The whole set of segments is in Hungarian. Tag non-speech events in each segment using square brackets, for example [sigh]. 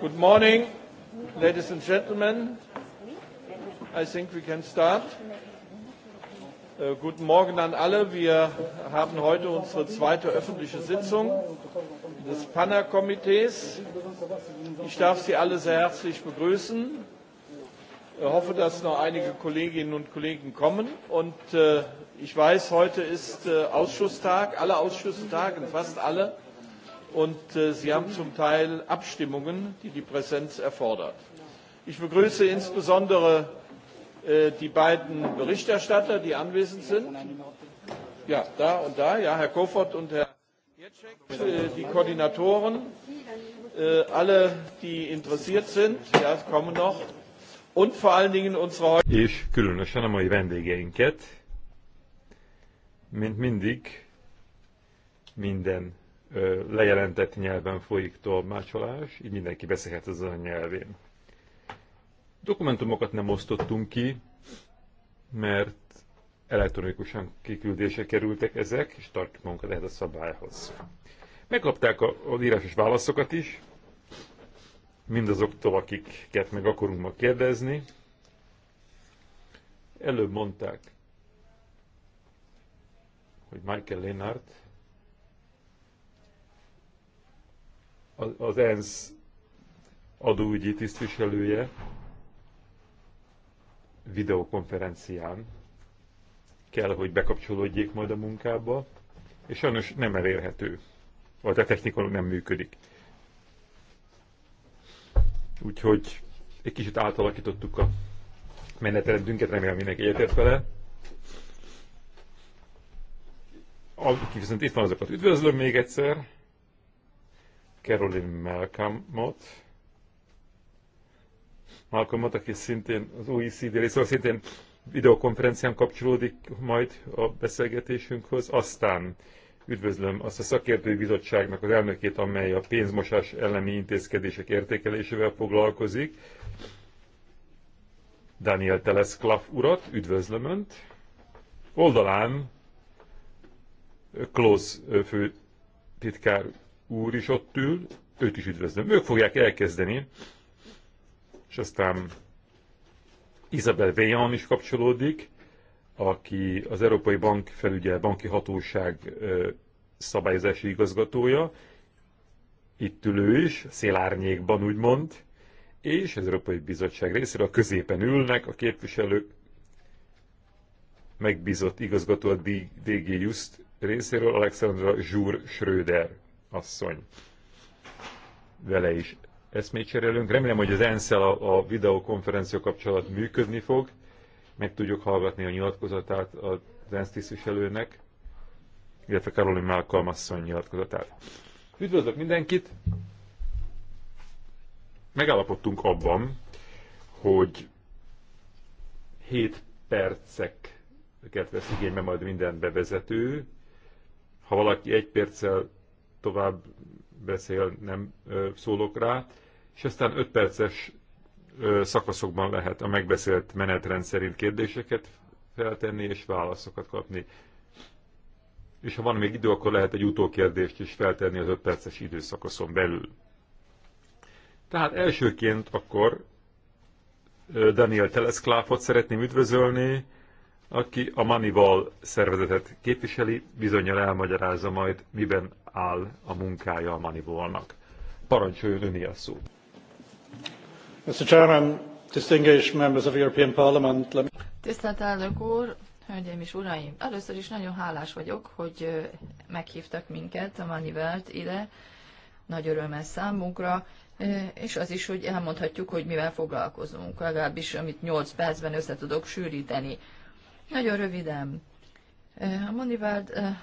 Good morning, ladies and gentlemen. I think we can start. Uh, guten Morgen an alle. Wir haben heute unsere zweite öffentliche Sitzung des PANA-Komitees. Ich darf Sie alle sehr herzlich begrüßen. Ich hoffe, dass noch einige Kolleginnen und Kollegen kommen und äh, Ich weiß, heute ist äh, Ausschusstag, alle Ausschüsse tagen, fast alle. Und äh, Sie haben zum Teil Abstimmungen, die die Präsenz erfordert. Ich begrüße insbesondere äh, die beiden Berichterstatter, die anwesend sind. Ja, da und da, ja, Herr Kofod und Herr Jetschek, äh, die Koordinatoren, äh, alle, die interessiert sind, ja, kommen noch, und vor allen Dingen unsere... És különösen a mai vendégeinket, mint mindig, minden ö, lejelentett nyelven folyik tolmácsolás, így mindenki beszélhet az a nyelvén. Dokumentumokat nem osztottunk ki, mert elektronikusan kiküldése kerültek ezek, és tartjuk magunkat ehhez a szabályhoz. Megkapták az írásos válaszokat is, mindazoktól, akiket meg akarunk ma kérdezni. Előbb mondták, hogy Michael Lennart az ENSZ adóügyi tisztviselője videokonferencián kell, hogy bekapcsolódjék majd a munkába, és sajnos nem elérhető, vagy a technika nem működik. Úgyhogy egy kicsit átalakítottuk a menetrendünket, remélem mindenki egyetért vele. Aki viszont itt van, azokat üdvözlöm még egyszer. Caroline Malcolmot. Malcolmot, aki szintén az OECD részéről szóval szintén videokonferencián kapcsolódik majd a beszélgetésünkhöz. Aztán üdvözlöm azt a szakértői bizottságnak az elnökét, amely a pénzmosás elleni intézkedések értékelésével foglalkozik. Daniel Telesklav urat, üdvözlöm Önt. Oldalán Klósz főtitkár úr is ott ül, őt is üdvözlöm. Ők fogják elkezdeni, és aztán Isabel Véjan is kapcsolódik, aki az Európai Bank felügyel, banki hatóság szabályozási igazgatója, itt ülő is, szélárnyékban úgymond, és az Európai Bizottság részéről a középen ülnek a képviselők, megbízott igazgató a DG Just részéről Alexandra Zsúr Schröder asszony. Vele is eszmét cserélünk. Remélem, hogy az ensz a, a videokonferencia kapcsolat működni fog. Meg tudjuk hallgatni a nyilatkozatát az ENSZ tisztviselőnek, illetve Karolin Malcolm asszony nyilatkozatát. Üdvözlök mindenkit! Megállapodtunk abban, hogy 7 kert vesz igénybe majd minden bevezető, ha valaki egy perccel tovább beszél, nem ö, szólok rá, és aztán 5 perces ö, szakaszokban lehet a megbeszélt menetrend szerint kérdéseket feltenni és válaszokat kapni. És ha van még idő, akkor lehet egy utókérdést is feltenni az 5 perces időszakaszon belül. Tehát elsőként akkor Daniel Teleszkláfot szeretném üdvözölni, aki a Manival szervezetet képviseli, bizonyal elmagyarázza majd, miben áll a munkája a Manivalnak. Parancsoljon öné a szó. Mr. Chairman, distinguished members of European Parliament, let me... Tisztelt elnök úr, hölgyeim és uraim! Először is nagyon hálás vagyok, hogy meghívtak minket, a Manivelt ide. Nagy öröm számunkra, és az is, hogy elmondhatjuk, hogy mivel foglalkozunk, legalábbis amit 8 percben össze tudok sűríteni. Nagyon röviden. Eh, a Monivald eh,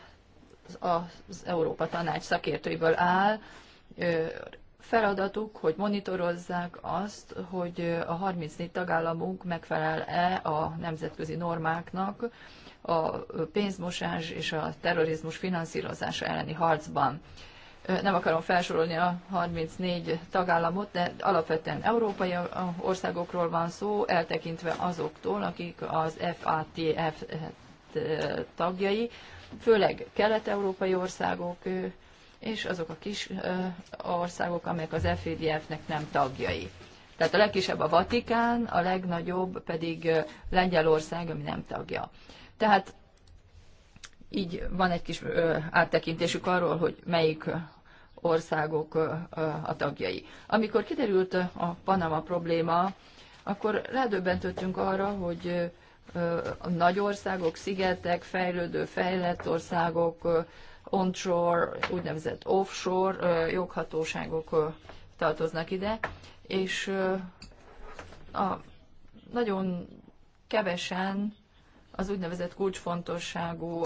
az Európa Tanács szakértőiből áll. Eh, feladatuk, hogy monitorozzák azt, hogy a 34 tagállamunk megfelel-e a nemzetközi normáknak a pénzmosás és a terrorizmus finanszírozása elleni harcban nem akarom felsorolni a 34 tagállamot, de alapvetően európai országokról van szó, eltekintve azoktól, akik az FATF tagjai, főleg kelet-európai országok, és azok a kis országok, amelyek az FADF-nek nem tagjai. Tehát a legkisebb a Vatikán, a legnagyobb pedig Lengyelország, ami nem tagja. Tehát így van egy kis áttekintésük arról, hogy melyik országok a tagjai. Amikor kiderült a Panama probléma, akkor rádöbbentődtünk arra, hogy a nagy országok, szigetek, fejlődő, fejlett országok, onshore, úgynevezett offshore joghatóságok tartoznak ide, és a nagyon kevesen az úgynevezett kulcsfontosságú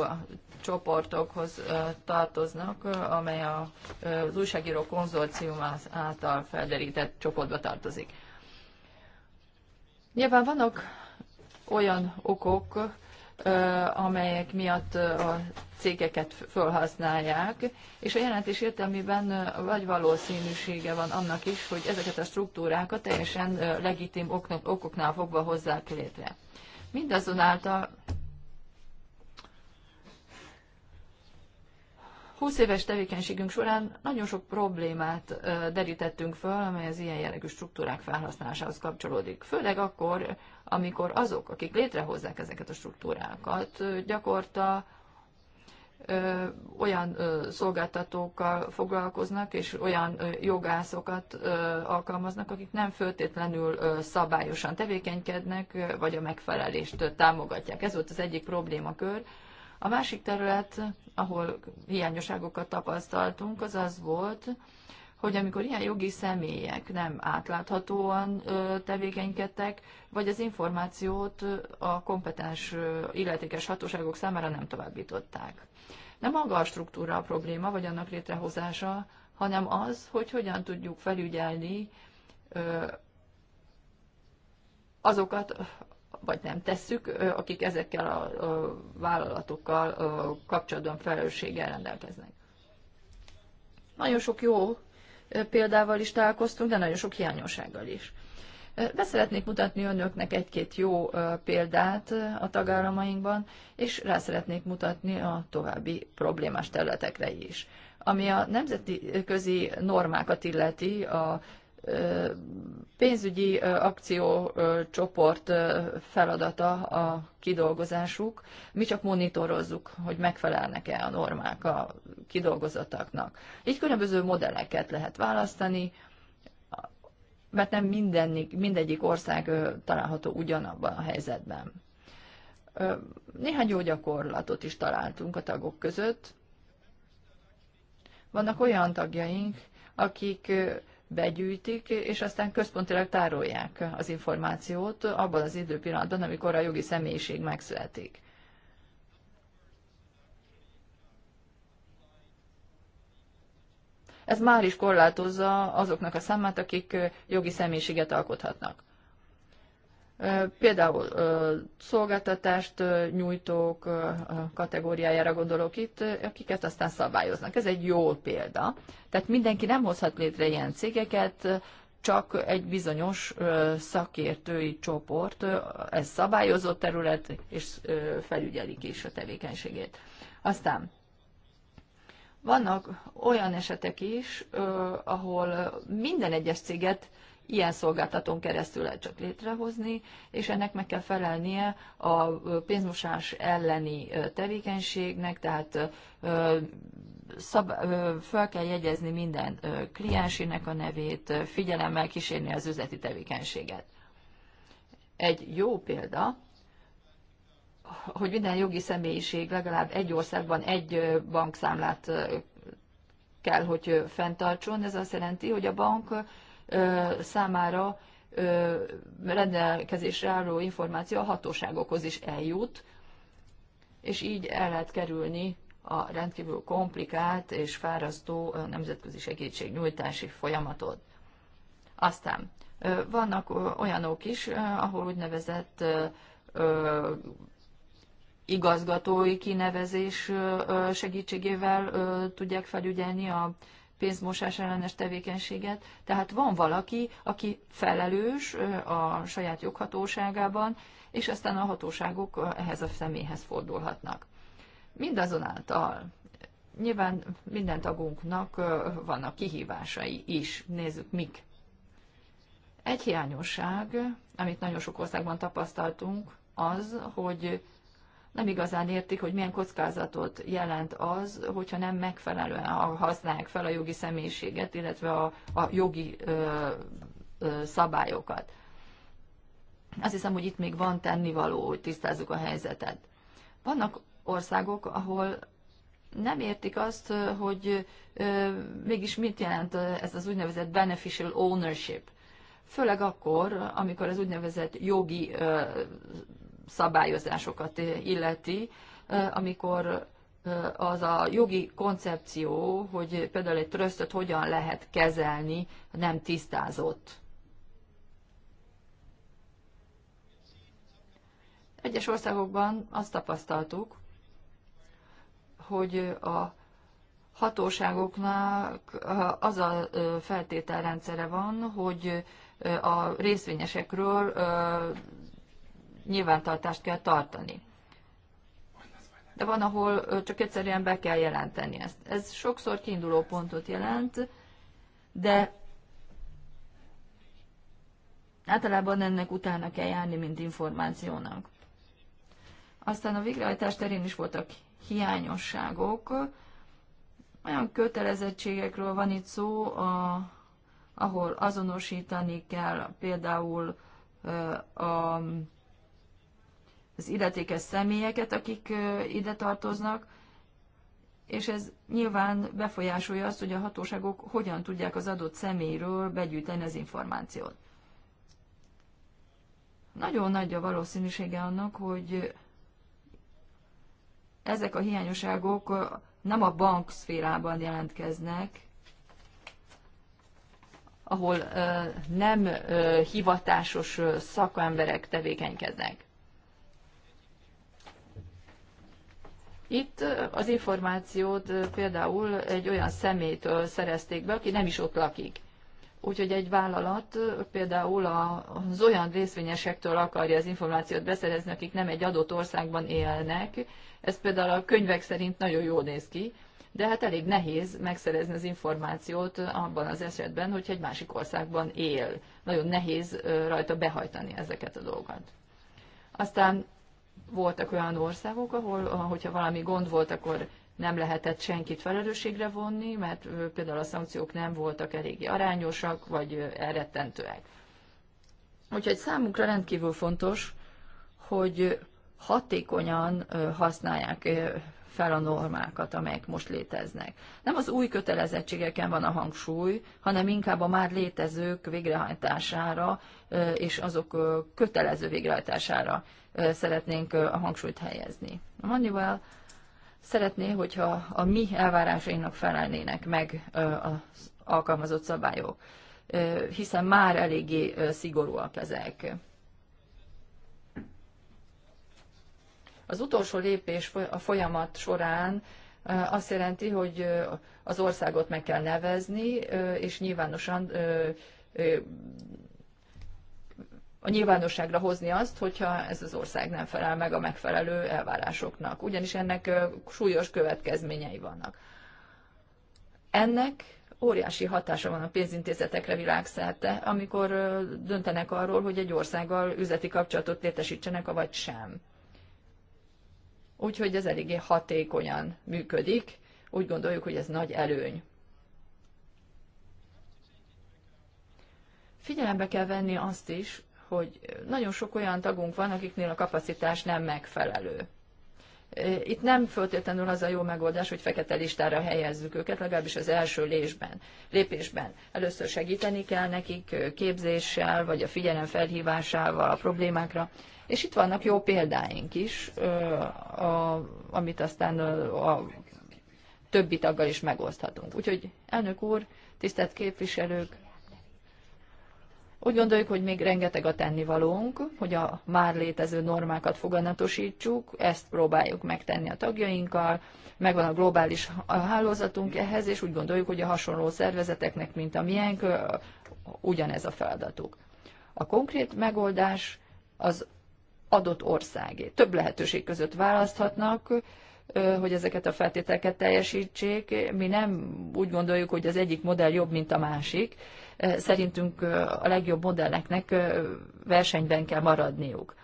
csoportokhoz tartoznak, amely az újságíró konzorcium által felderített csoportba tartozik. Nyilván vannak olyan okok, amelyek miatt a cégeket felhasználják, és a jelentés értelmében vagy valószínűsége van annak is, hogy ezeket a struktúrákat teljesen legitim okoknál fogva hozzák létre. Mindazonáltal 20 éves tevékenységünk során nagyon sok problémát derítettünk föl, amely az ilyen jellegű struktúrák felhasználásához kapcsolódik. Főleg akkor, amikor azok, akik létrehozzák ezeket a struktúrákat, gyakorta olyan szolgáltatókkal foglalkoznak, és olyan jogászokat alkalmaznak, akik nem föltétlenül szabályosan tevékenykednek, vagy a megfelelést támogatják. Ez volt az egyik problémakör. A másik terület, ahol hiányosságokat tapasztaltunk, az az volt, hogy amikor ilyen jogi személyek nem átláthatóan tevékenykedtek, vagy az információt a kompetens illetékes hatóságok számára nem továbbították. Nem maga a struktúra a probléma, vagy annak létrehozása, hanem az, hogy hogyan tudjuk felügyelni azokat, vagy nem tesszük, akik ezekkel a vállalatokkal kapcsolatban felelősséggel rendelkeznek. Nagyon sok jó példával is találkoztunk, de nagyon sok hiányossággal is. Beszeretnék mutatni önöknek egy-két jó példát a tagállamainkban, és rá szeretnék mutatni a további problémás területekre is. Ami a nemzeti közi normákat illeti, a pénzügyi akciócsoport feladata a kidolgozásuk. Mi csak monitorozzuk, hogy megfelelnek-e a normák a kidolgozottaknak. Így különböző modelleket lehet választani, mert nem minden, mindegyik ország található ugyanabban a helyzetben. Néhány jó gyakorlatot is találtunk a tagok között. Vannak olyan tagjaink, akik begyűjtik, és aztán központilag tárolják az információt abban az időpillanatban, amikor a jogi személyiség megszületik. ez már is korlátozza azoknak a számát, akik jogi személyiséget alkothatnak. Például szolgáltatást nyújtók kategóriájára gondolok itt, akiket aztán szabályoznak. Ez egy jó példa. Tehát mindenki nem hozhat létre ilyen cégeket, csak egy bizonyos szakértői csoport, ez szabályozott terület, és felügyelik is a tevékenységét. Aztán vannak olyan esetek is, ahol minden egyes céget ilyen szolgáltatón keresztül lehet csak létrehozni, és ennek meg kell felelnie a pénzmosás elleni tevékenységnek, tehát fel kell jegyezni minden kliensének a nevét, figyelemmel kísérni az üzleti tevékenységet. Egy jó példa, hogy minden jogi személyiség legalább egy országban egy bankszámlát kell, hogy fenntartson. Ez azt jelenti, hogy a bank számára rendelkezésre álló információ a hatóságokhoz is eljut, és így el lehet kerülni a rendkívül komplikált és fárasztó nemzetközi segítségnyújtási folyamatot. Aztán vannak olyanok is, ahol úgynevezett igazgatói kinevezés segítségével tudják felügyelni a pénzmosás ellenes tevékenységet. Tehát van valaki, aki felelős a saját joghatóságában, és aztán a hatóságok ehhez a személyhez fordulhatnak. Mindazonáltal nyilván minden tagunknak vannak kihívásai is. Nézzük, mik. Egy hiányosság, amit nagyon sok országban tapasztaltunk, az, hogy nem igazán értik, hogy milyen kockázatot jelent az, hogyha nem megfelelően használják fel a jogi személyiséget, illetve a, a jogi ö, ö, szabályokat. Azt hiszem, hogy itt még van tennivaló, hogy tisztázzuk a helyzetet. Vannak országok, ahol nem értik azt, hogy ö, mégis mit jelent ez az úgynevezett beneficial ownership. Főleg akkor, amikor az úgynevezett jogi ö, szabályozásokat illeti, amikor az a jogi koncepció, hogy például egy trösztöt hogyan lehet kezelni, nem tisztázott. Egyes országokban azt tapasztaltuk, hogy a hatóságoknak az a feltételrendszere van, hogy a részvényesekről nyilvántartást kell tartani. De van, ahol csak egyszerűen be kell jelenteni ezt. Ez sokszor kiinduló pontot jelent, de általában ennek utána kell járni, mint információnak. Aztán a végrehajtás terén is voltak hiányosságok. Olyan kötelezettségekről van itt szó, a, ahol azonosítani kell például a, a az illetékes személyeket, akik ide tartoznak, és ez nyilván befolyásolja azt, hogy a hatóságok hogyan tudják az adott személyről begyűjteni az információt. Nagyon nagy a valószínűsége annak, hogy ezek a hiányosságok nem a bankszférában jelentkeznek, ahol nem hivatásos szakemberek tevékenykednek. Itt az információt például egy olyan szemétől szerezték be, aki nem is ott lakik. Úgyhogy egy vállalat például az olyan részvényesektől akarja az információt beszerezni, akik nem egy adott országban élnek. Ez például a könyvek szerint nagyon jól néz ki, de hát elég nehéz megszerezni az információt abban az esetben, hogyha egy másik országban él. Nagyon nehéz rajta behajtani ezeket a dolgokat. Aztán voltak olyan országok, ahol, hogyha valami gond volt, akkor nem lehetett senkit felelősségre vonni, mert például a szankciók nem voltak eléggé arányosak, vagy elrettentőek. Úgyhogy számunkra rendkívül fontos, hogy hatékonyan használják fel a normákat, amelyek most léteznek. Nem az új kötelezettségeken van a hangsúly, hanem inkább a már létezők végrehajtására és azok kötelező végrehajtására szeretnénk a hangsúlyt helyezni. Manuel, szeretné, hogyha a mi elvárásainak felelnének meg az alkalmazott szabályok, hiszen már eléggé szigorúak ezek. Az utolsó lépés a folyamat során azt jelenti, hogy az országot meg kell nevezni, és nyilvánosan a nyilvánosságra hozni azt, hogyha ez az ország nem felel meg a megfelelő elvárásoknak, ugyanis ennek súlyos következményei vannak. Ennek óriási hatása van a pénzintézetekre világszerte, amikor döntenek arról, hogy egy országgal üzleti kapcsolatot létesítsenek, vagy sem. Úgyhogy ez eléggé hatékonyan működik, úgy gondoljuk, hogy ez nagy előny. Figyelembe kell venni azt is, hogy nagyon sok olyan tagunk van, akiknél a kapacitás nem megfelelő. Itt nem föltétlenül az a jó megoldás, hogy fekete listára helyezzük őket, legalábbis az első lésben, lépésben. Először segíteni kell nekik képzéssel, vagy a figyelem felhívásával a problémákra. És itt vannak jó példáink is, amit aztán a többi taggal is megoszthatunk. Úgyhogy, elnök úr, tisztelt képviselők, úgy gondoljuk, hogy még rengeteg a tennivalónk, hogy a már létező normákat foganatosítsuk, ezt próbáljuk megtenni a tagjainkkal, megvan a globális hálózatunk ehhez, és úgy gondoljuk, hogy a hasonló szervezeteknek, mint a miénk, ugyanez a feladatuk. A konkrét megoldás az adott országé. Több lehetőség között választhatnak, hogy ezeket a feltételeket teljesítsék. Mi nem úgy gondoljuk, hogy az egyik modell jobb, mint a másik, szerintünk a legjobb modelleknek versenyben kell maradniuk.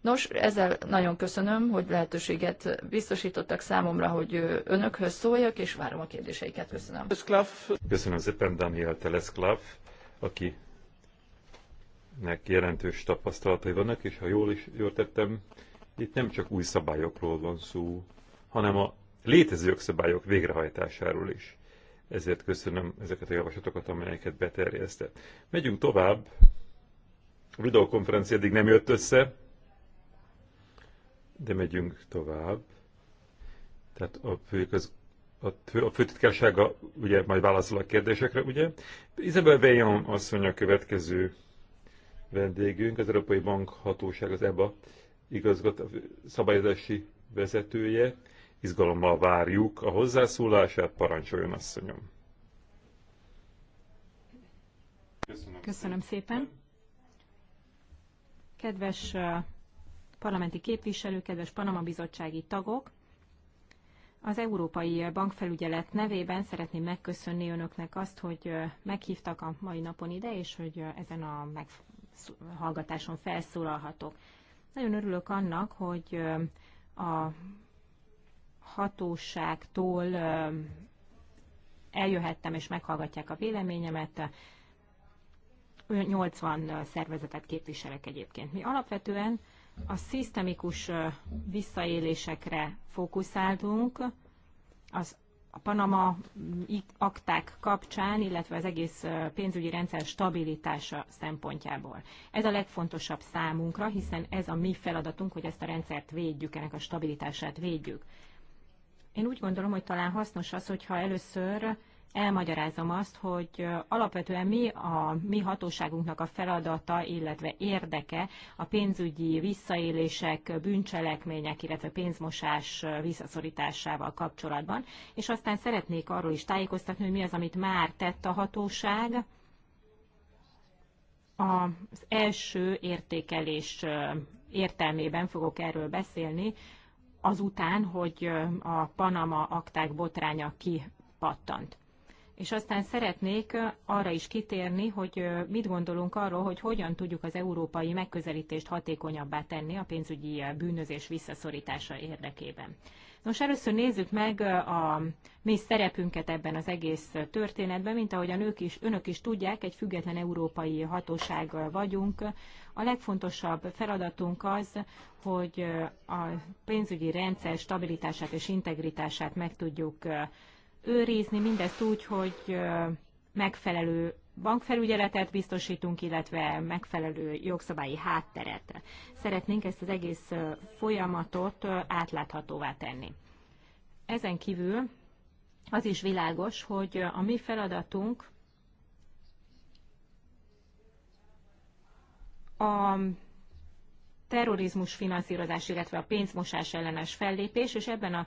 Nos, ezzel nagyon köszönöm, hogy lehetőséget biztosítottak számomra, hogy önökhöz szóljak, és várom a kérdéseiket. Köszönöm. Köszönöm szépen Daniel Telesklav, aki nek jelentős tapasztalatai vannak, és ha jól is tettem, itt nem csak új szabályokról van szó, hanem a létező jogszabályok végrehajtásáról is ezért köszönöm ezeket a javaslatokat, amelyeket beterjesztett. Megyünk tovább. A videokonferencia eddig nem jött össze, de megyünk tovább. Tehát a, köz, a, fő, a főtitkársága ugye majd válaszol a kérdésekre, ugye? Isabel Veillon asszony a következő vendégünk, az Európai Bank Hatóság, az EBA igazgató szabályozási vezetője. Izgalommal várjuk a hozzászólását, parancsoljon asszonyom. Köszönöm, Köszönöm szépen. Kedves parlamenti képviselő, kedves Panama bizottsági tagok, az Európai Bankfelügyelet nevében szeretném megköszönni önöknek azt, hogy meghívtak a mai napon ide, és hogy ezen a meghallgatáson felszólalhatok. Nagyon örülök annak, hogy a hatóságtól eljöhettem, és meghallgatják a véleményemet. 80 szervezetet képviselek egyébként. Mi alapvetően a szisztemikus visszaélésekre fókuszáltunk, az a Panama akták kapcsán, illetve az egész pénzügyi rendszer stabilitása szempontjából. Ez a legfontosabb számunkra, hiszen ez a mi feladatunk, hogy ezt a rendszert védjük, ennek a stabilitását védjük. Én úgy gondolom, hogy talán hasznos az, hogyha először elmagyarázom azt, hogy alapvetően mi a mi hatóságunknak a feladata, illetve érdeke a pénzügyi visszaélések, bűncselekmények, illetve pénzmosás visszaszorításával kapcsolatban. És aztán szeretnék arról is tájékoztatni, hogy mi az, amit már tett a hatóság, az első értékelés értelmében fogok erről beszélni, azután, hogy a Panama akták botránya kipattant. És aztán szeretnék arra is kitérni, hogy mit gondolunk arról, hogy hogyan tudjuk az európai megközelítést hatékonyabbá tenni a pénzügyi bűnözés visszaszorítása érdekében. Nos, először nézzük meg a mi szerepünket ebben az egész történetben, mint ahogy a nők is, önök is tudják, egy független európai hatóság vagyunk. A legfontosabb feladatunk az, hogy a pénzügyi rendszer stabilitását és integritását meg tudjuk őrizni, mindezt úgy, hogy megfelelő bankfelügyeletet biztosítunk, illetve megfelelő jogszabályi hátteret. Szeretnénk ezt az egész folyamatot átláthatóvá tenni. Ezen kívül az is világos, hogy a mi feladatunk a terrorizmus finanszírozás, illetve a pénzmosás ellenes fellépés, és ebben a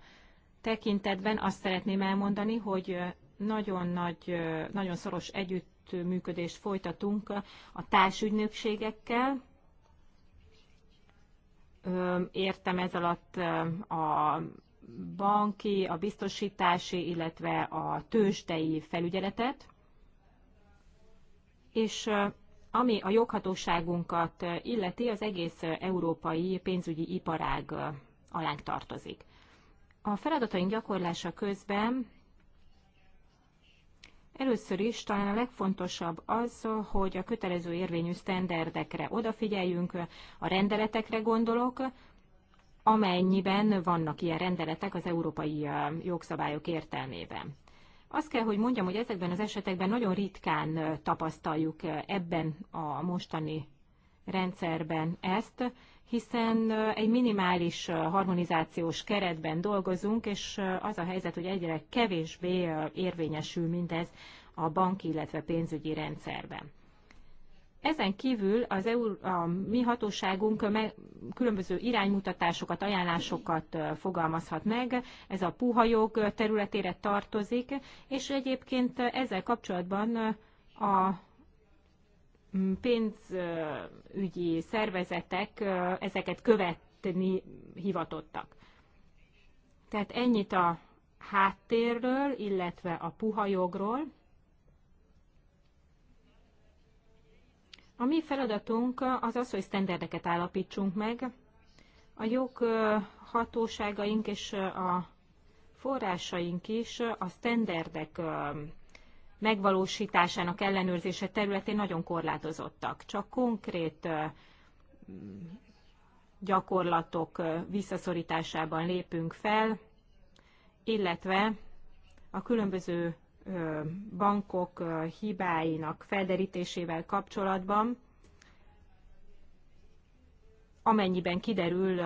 tekintetben azt szeretném elmondani, hogy nagyon, nagy, nagyon szoros együtt együttműködést folytatunk a társügynökségekkel. Értem ez alatt a banki, a biztosítási, illetve a tőzsdei felügyeletet. És ami a joghatóságunkat illeti, az egész európai pénzügyi iparág alánk tartozik. A feladataink gyakorlása közben Először is talán a legfontosabb az, hogy a kötelező érvényű sztenderdekre odafigyeljünk, a rendeletekre gondolok, amennyiben vannak ilyen rendeletek az európai jogszabályok értelmében. Azt kell, hogy mondjam, hogy ezekben az esetekben nagyon ritkán tapasztaljuk ebben a mostani rendszerben ezt, hiszen egy minimális harmonizációs keretben dolgozunk, és az a helyzet, hogy egyre kevésbé érvényesül mindez a banki, illetve pénzügyi rendszerben. Ezen kívül az EU, a mi hatóságunk különböző iránymutatásokat, ajánlásokat fogalmazhat meg. Ez a puhajog területére tartozik, és egyébként ezzel kapcsolatban a pénzügyi szervezetek ezeket követni hivatottak. Tehát ennyit a háttérről, illetve a puha jogról. A mi feladatunk az az, hogy sztenderdeket állapítsunk meg. A jog hatóságaink és a forrásaink is a sztenderdek megvalósításának ellenőrzése területén nagyon korlátozottak. Csak konkrét gyakorlatok visszaszorításában lépünk fel, illetve a különböző bankok hibáinak felderítésével kapcsolatban, amennyiben kiderül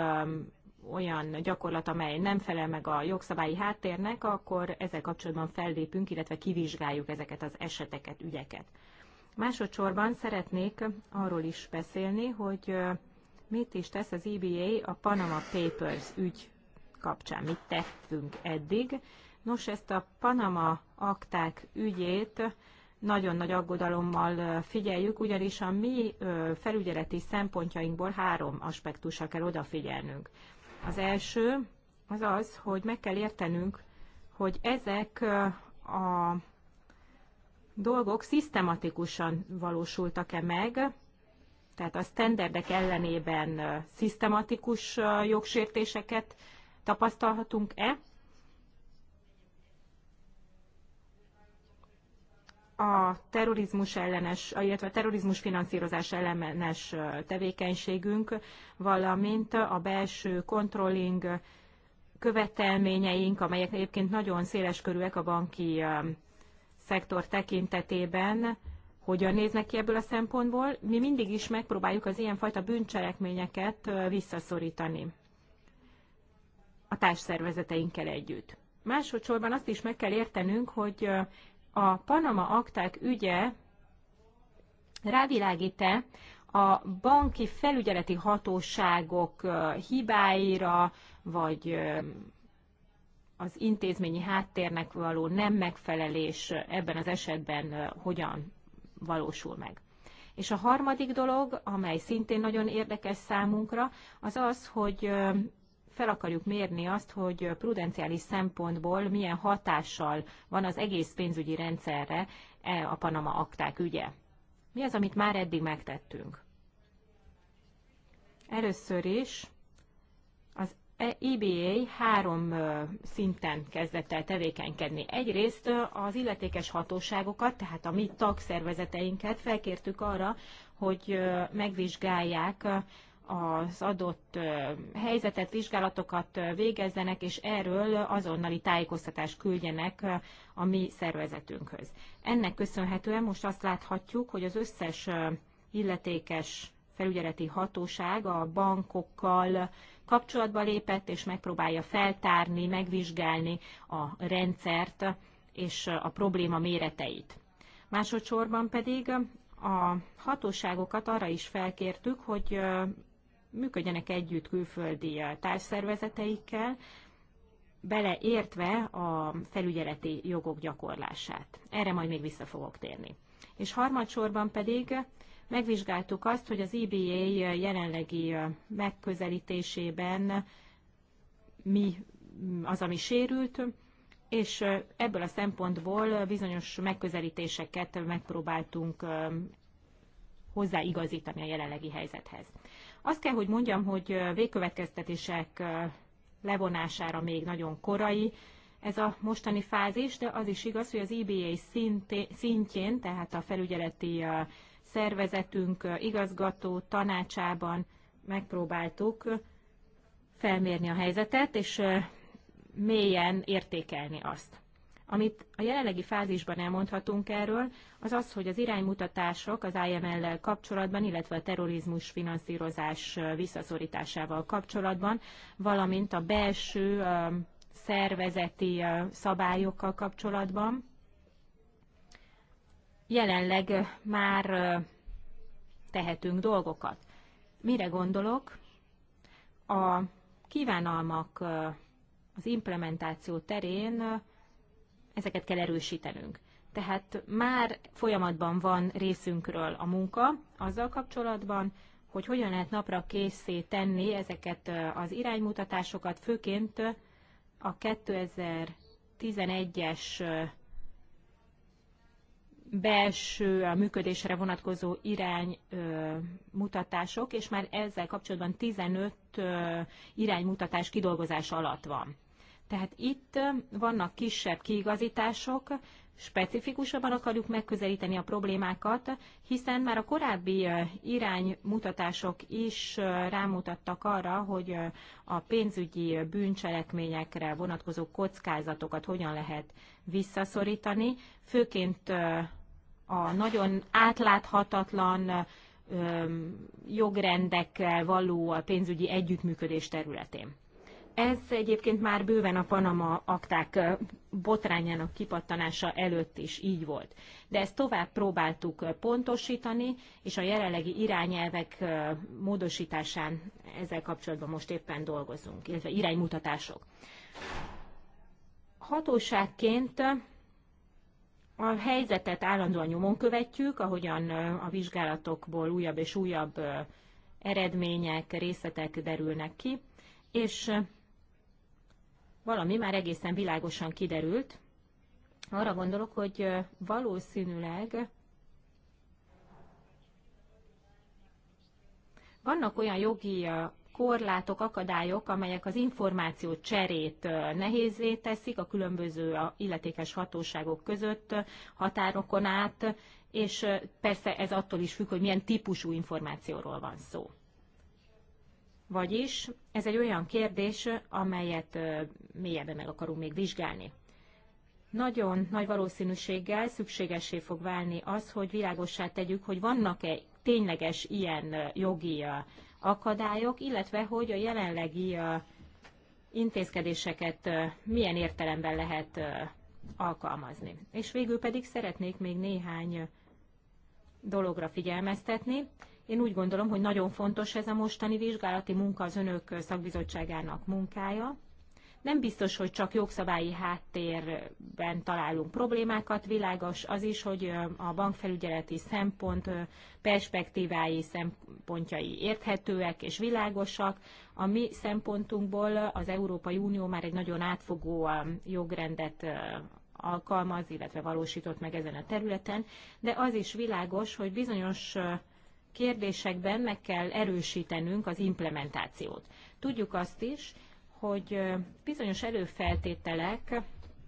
olyan gyakorlat, amely nem felel meg a jogszabályi háttérnek, akkor ezzel kapcsolatban fellépünk, illetve kivizsgáljuk ezeket az eseteket, ügyeket. Másodszorban szeretnék arról is beszélni, hogy mit is tesz az EBA a Panama Papers ügy kapcsán, mit tettünk eddig. Nos, ezt a Panama akták ügyét nagyon nagy aggodalommal figyeljük, ugyanis a mi felügyeleti szempontjainkból három aspektusra kell odafigyelnünk. Az első az az, hogy meg kell értenünk, hogy ezek a dolgok szisztematikusan valósultak-e meg, tehát a sztenderdek ellenében szisztematikus jogsértéseket tapasztalhatunk-e, a terrorizmus ellenes, illetve a terrorizmus finanszírozás ellenes tevékenységünk, valamint a belső kontrolling követelményeink, amelyek egyébként nagyon széles széleskörűek a banki szektor tekintetében, hogyan néznek ki ebből a szempontból. Mi mindig is megpróbáljuk az ilyenfajta bűncselekményeket visszaszorítani a társszervezeteinkkel együtt. Másodszorban azt is meg kell értenünk, hogy a Panama akták ügye rávilágít-e a banki felügyeleti hatóságok hibáira, vagy az intézményi háttérnek való nem megfelelés ebben az esetben hogyan valósul meg. És a harmadik dolog, amely szintén nagyon érdekes számunkra, az az, hogy fel akarjuk mérni azt, hogy prudenciális szempontból milyen hatással van az egész pénzügyi rendszerre e a Panama akták ügye. Mi az, amit már eddig megtettünk? Először is az EBA három szinten kezdett el tevékenykedni. Egyrészt az illetékes hatóságokat, tehát a mi tagszervezeteinket felkértük arra, hogy megvizsgálják az adott helyzetet, vizsgálatokat végezzenek, és erről azonnali tájékoztatást küldjenek a mi szervezetünkhöz. Ennek köszönhetően most azt láthatjuk, hogy az összes illetékes felügyeleti hatóság a bankokkal kapcsolatba lépett, és megpróbálja feltárni, megvizsgálni a rendszert és a probléma méreteit. Másodszorban pedig a hatóságokat arra is felkértük, hogy működjenek együtt külföldi eh, társszervezeteikkel, beleértve a felügyeleti jogok gyakorlását. Erre majd még vissza fogok térni. És harmadsorban pedig megvizsgáltuk azt, hogy az EBA eh, jelenlegi eh, megközelítésében mi mm, az, ami sérült, és ebből a szempontból bizonyos megközelítéseket megpróbáltunk hozzáigazítani a jelenlegi helyzethez. Azt kell, hogy mondjam, hogy végkövetkeztetések levonására még nagyon korai ez a mostani fázis, de az is igaz, hogy az IBA szintjén, tehát a felügyeleti szervezetünk igazgató tanácsában megpróbáltuk felmérni a helyzetet, és mélyen értékelni azt. Amit a jelenlegi fázisban elmondhatunk erről, az az, hogy az iránymutatások az IML-lel kapcsolatban, illetve a terrorizmus finanszírozás visszaszorításával kapcsolatban, valamint a belső szervezeti szabályokkal kapcsolatban. Jelenleg már tehetünk dolgokat. Mire gondolok? A kívánalmak az implementáció terén ezeket kell erősítenünk. Tehát már folyamatban van részünkről a munka azzal kapcsolatban, hogy hogyan lehet napra készé tenni ezeket eh, az iránymutatásokat, főként a 2011-es eh, belső a működésre vonatkozó iránymutatások, eh, és már ezzel kapcsolatban 15 iránymutatás kidolgozás alatt van. Tehát itt vannak kisebb kiigazítások, specifikusabban akarjuk megközelíteni a problémákat, hiszen már a korábbi iránymutatások is rámutattak arra, hogy a pénzügyi bűncselekményekre vonatkozó kockázatokat hogyan lehet visszaszorítani, főként a nagyon átláthatatlan jogrendekkel való pénzügyi együttműködés területén. Ez egyébként már bőven a Panama akták botrányának kipattanása előtt is így volt. De ezt tovább próbáltuk pontosítani, és a jelenlegi irányelvek módosításán ezzel kapcsolatban most éppen dolgozunk, illetve iránymutatások. Hatóságként a helyzetet állandóan nyomon követjük, ahogyan a vizsgálatokból újabb és újabb eredmények, részletek derülnek ki, és valami már egészen világosan kiderült. Arra gondolok, hogy valószínűleg vannak olyan jogi korlátok, akadályok, amelyek az információ cserét nehézé teszik a különböző illetékes hatóságok között, határokon át, és persze ez attól is függ, hogy milyen típusú információról van szó. Vagyis ez egy olyan kérdés, amelyet mélyebben meg akarunk még vizsgálni. Nagyon nagy valószínűséggel szükségesé fog válni az, hogy világossá tegyük, hogy vannak-e tényleges ilyen jogi akadályok, illetve hogy a jelenlegi intézkedéseket milyen értelemben lehet alkalmazni. És végül pedig szeretnék még néhány dologra figyelmeztetni. Én úgy gondolom, hogy nagyon fontos ez a mostani vizsgálati munka az önök szakbizottságának munkája. Nem biztos, hogy csak jogszabályi háttérben találunk problémákat, világos az is, hogy a bankfelügyeleti szempont perspektívái szempontjai érthetőek és világosak. A mi szempontunkból az Európai Unió már egy nagyon átfogó jogrendet alkalmaz, illetve valósított meg ezen a területen, de az is világos, hogy bizonyos kérdésekben meg kell erősítenünk az implementációt. Tudjuk azt is, hogy bizonyos előfeltételek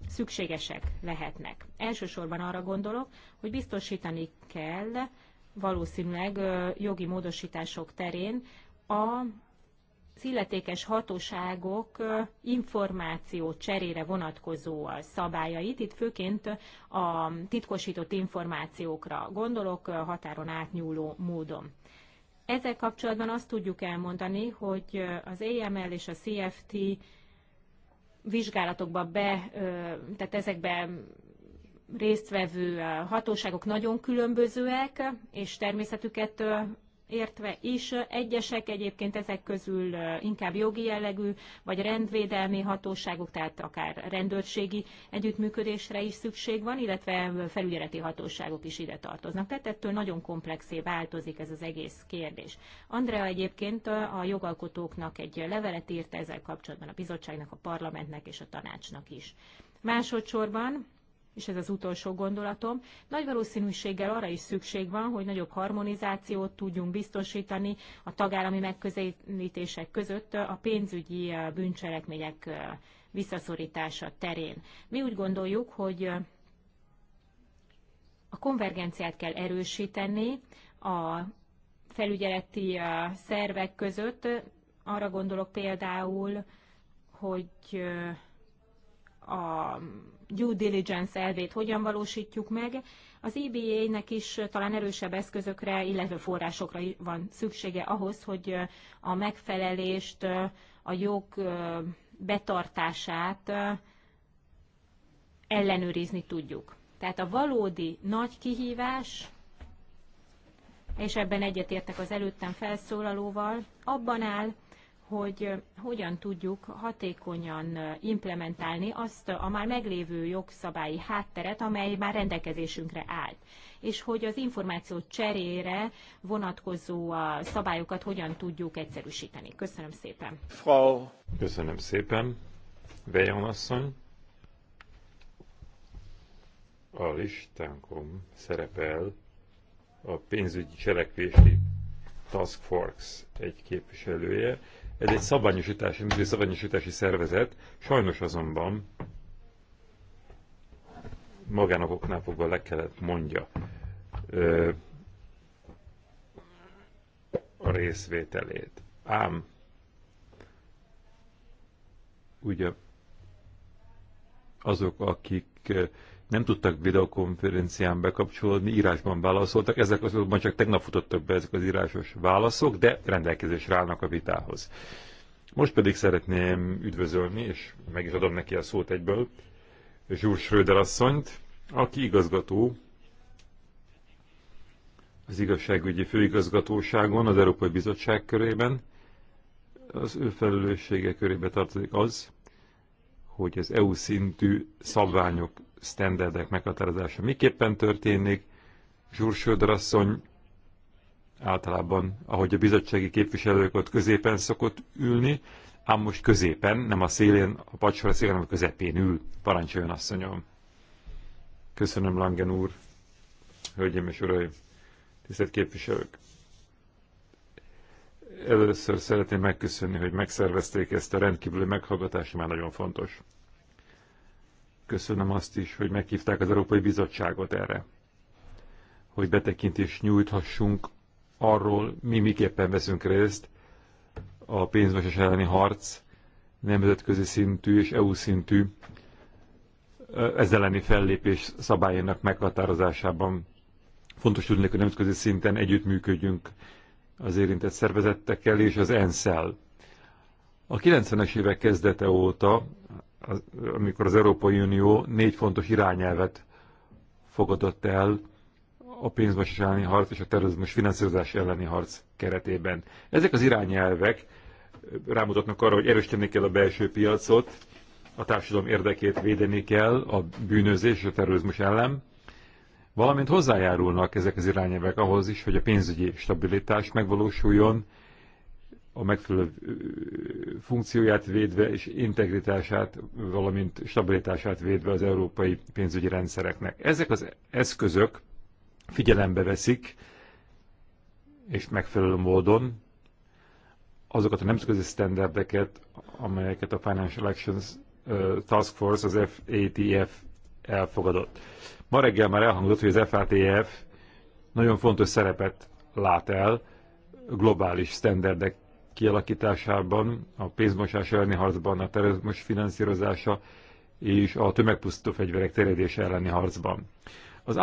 szükségesek lehetnek. Elsősorban arra gondolok, hogy biztosítani kell valószínűleg jogi módosítások terén a az illetékes hatóságok információ cserére vonatkozó szabályait. Itt főként a titkosított információkra gondolok határon átnyúló módon. Ezzel kapcsolatban azt tudjuk elmondani, hogy az AML és a CFT vizsgálatokba be, tehát ezekben résztvevő hatóságok nagyon különbözőek, és természetüket értve is. Egyesek egyébként ezek közül inkább jogi jellegű, vagy rendvédelmi hatóságok, tehát akár rendőrségi együttműködésre is szükség van, illetve felügyeleti hatóságok is ide tartoznak. Tehát ettől nagyon komplexé változik ez az egész kérdés. Andrea egyébként a jogalkotóknak egy levelet írt ezzel kapcsolatban a bizottságnak, a parlamentnek és a tanácsnak is. Másodszorban és ez az utolsó gondolatom, nagy valószínűséggel arra is szükség van, hogy nagyobb harmonizációt tudjunk biztosítani a tagállami megközelítések között a pénzügyi bűncselekmények visszaszorítása terén. Mi úgy gondoljuk, hogy a konvergenciát kell erősíteni a felügyeleti szervek között. Arra gondolok például, hogy a due diligence elvét hogyan valósítjuk meg. Az EBA-nek is talán erősebb eszközökre, illetve forrásokra van szüksége ahhoz, hogy a megfelelést, a jog betartását ellenőrizni tudjuk. Tehát a valódi nagy kihívás, és ebben egyetértek az előttem felszólalóval, abban áll, hogy hogyan tudjuk hatékonyan implementálni azt a már meglévő jogszabályi hátteret, amely már rendelkezésünkre állt, és hogy az információ cserére vonatkozó szabályokat hogyan tudjuk egyszerűsíteni. Köszönöm szépen. Frau. Köszönöm szépen. Vejon asszony. A listánkon szerepel a pénzügyi cselekvési Task Force egy képviselője, ez egy szabványosítási, műző szabványosítási szervezet, sajnos azonban magánokoknál fogva le kellett mondja ö, a részvételét. Ám ugye azok, akik nem tudtak videokonferencián bekapcsolódni, írásban válaszoltak, ezek azokban csak tegnap futottak be ezek az írásos válaszok, de rendelkezésre állnak a vitához. Most pedig szeretném üdvözölni, és meg is adom neki a szót egyből, Zsúr Schröder asszonyt, aki igazgató az igazságügyi főigazgatóságon, az Európai Bizottság körében. Az ő felelőssége körébe tartozik az, hogy az EU szintű szabványok sztenderdek meghatározása miképpen történik. Zsúr Söder asszony általában, ahogy a bizottsági képviselők ott középen szokott ülni, ám most középen, nem a szélén, a pacsora szélén, hanem a közepén ül. Parancsoljon, asszonyom! Köszönöm, Langen úr! Hölgyeim és uraim! Tisztelt képviselők! Először szeretném megköszönni, hogy megszervezték ezt a rendkívüli meghallgatást, már nagyon fontos. Köszönöm azt is, hogy meghívták az Európai Bizottságot erre, hogy betekintést nyújthassunk arról, mi miképpen veszünk részt a pénzmosás elleni harc nemzetközi szintű és EU szintű ezzel elleni fellépés szabályainak meghatározásában. Fontos tudni, hogy nemzetközi szinten együttműködjünk az érintett szervezettekkel és az ENSZ-el. A 90-es évek kezdete óta az, amikor az Európai Unió négy fontos irányelvet fogadott el a pénzmosás elleni harc és a terrorizmus finanszírozás elleni harc keretében. Ezek az irányelvek rámutatnak arra, hogy erősíteni kell a belső piacot, a társadalom érdekét védeni kell a bűnözés és a terrorizmus ellen, valamint hozzájárulnak ezek az irányelvek ahhoz is, hogy a pénzügyi stabilitás megvalósuljon, a megfelelő funkcióját védve és integritását, valamint stabilitását védve az európai pénzügyi rendszereknek. Ezek az eszközök figyelembe veszik, és megfelelő módon azokat a nemzetközi standardeket, amelyeket a Financial Actions Task Force, az FATF elfogadott. Ma reggel már elhangzott, hogy az FATF nagyon fontos szerepet lát el globális standardek kialakításában, a pénzmosás elleni harcban, a terrorizmus finanszírozása és a tömegpusztító fegyverek terjedése elleni harcban. Az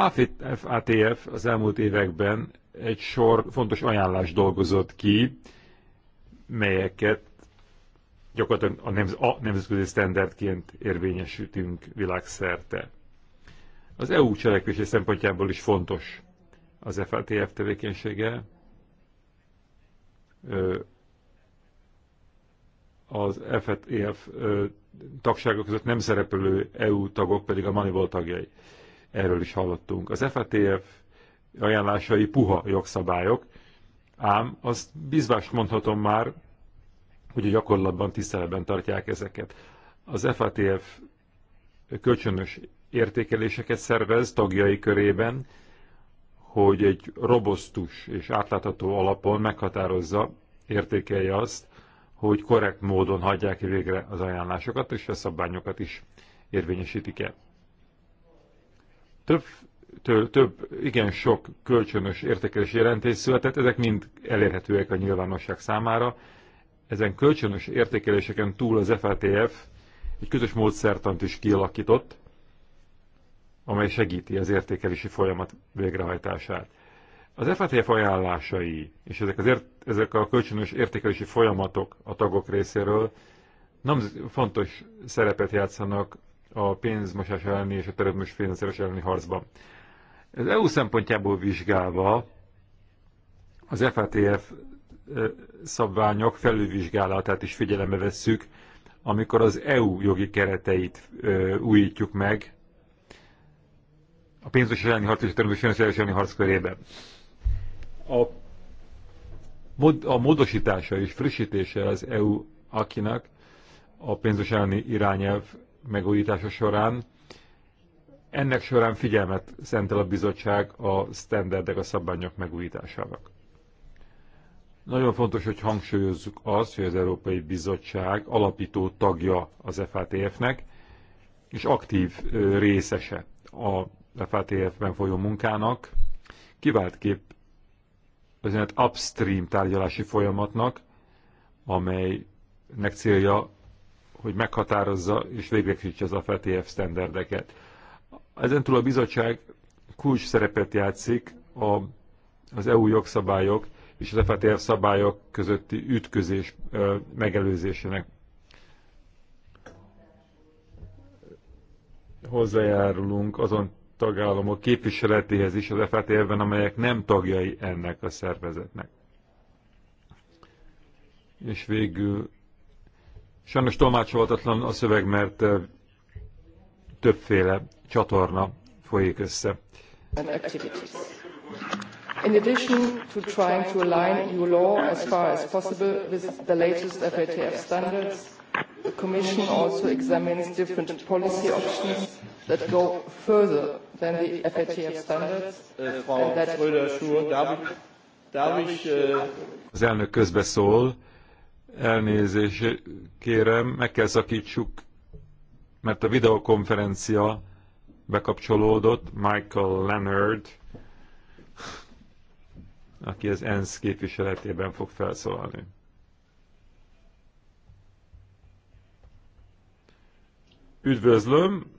ATF az elmúlt években egy sor fontos ajánlást dolgozott ki, melyeket gyakorlatilag a, nemz a nemzetközi standardként érvényesítünk világszerte. Az EU cselekvési szempontjából is fontos az FATF tevékenysége, az FETF tagsága között nem szerepelő EU tagok pedig a Manival tagjai. Erről is hallottunk. Az FETF e ajánlásai puha jogszabályok, ám azt bizvást mondhatom már, hogy a gyakorlatban tiszteletben tartják ezeket. Az FATF e kölcsönös értékeléseket szervez tagjai körében, hogy egy robosztus és átlátható alapon meghatározza, értékelje azt, hogy korrekt módon hagyják végre az ajánlásokat, és a szabványokat is érvényesítik-e. Több, több, igen sok kölcsönös értékelés jelentés született, ezek mind elérhetőek a nyilvánosság számára. Ezen kölcsönös értékeléseken túl az FATF egy közös módszertant is kialakított, amely segíti az értékelési folyamat végrehajtását. Az FATF ajánlásai és ezek, az ért, ezek a kölcsönös értékelési folyamatok a tagok részéről nem fontos szerepet játszanak a pénzmosás elleni és a teremtős finanszírozás elleni harcban. Az EU szempontjából vizsgálva az FATF szabványok felülvizsgálatát is figyelembe vesszük, amikor az EU jogi kereteit újítjuk meg a pénzmosás elleni harc és a teremtős elleni harc körében a, mod, a módosítása és frissítése az EU akinak a pénzös elleni irányelv megújítása során. Ennek során figyelmet szentel a bizottság a standardek, a szabványok megújításának. Nagyon fontos, hogy hangsúlyozzuk azt, hogy az Európai Bizottság alapító tagja az FATF-nek, és aktív részese a FATF-ben folyó munkának. Kiváltképp úgynevezett upstream tárgyalási folyamatnak, amelynek célja, hogy meghatározza és véglegesítse az AFETF sztenderdeket. Ezen túl a bizottság kulcs szerepet játszik a, az EU jogszabályok és az FATF e szabályok közötti ütközés ö, megelőzésének hozzájárulunk azon tagállamok képviseletéhez is az FATF-ben, amelyek nem tagjai ennek a szervezetnek. És végül sajnos tolmácsolhatatlan a szöveg, mert többféle csatorna folyik össze. In addition to trying to align your law as far as possible with the latest FATF standards, The Commission also examines different policy options that go further than the FATF standards. Uh, Frau that... Schröder-Schur, darf ich, darf äh, äh, Az elnök közbe szól, elnézést kérem, meg kell szakítsuk, mert a videokonferencia bekapcsolódott Michael Leonard, aki az ENSZ képviseletében fog felszólalni. Üdvözlöm!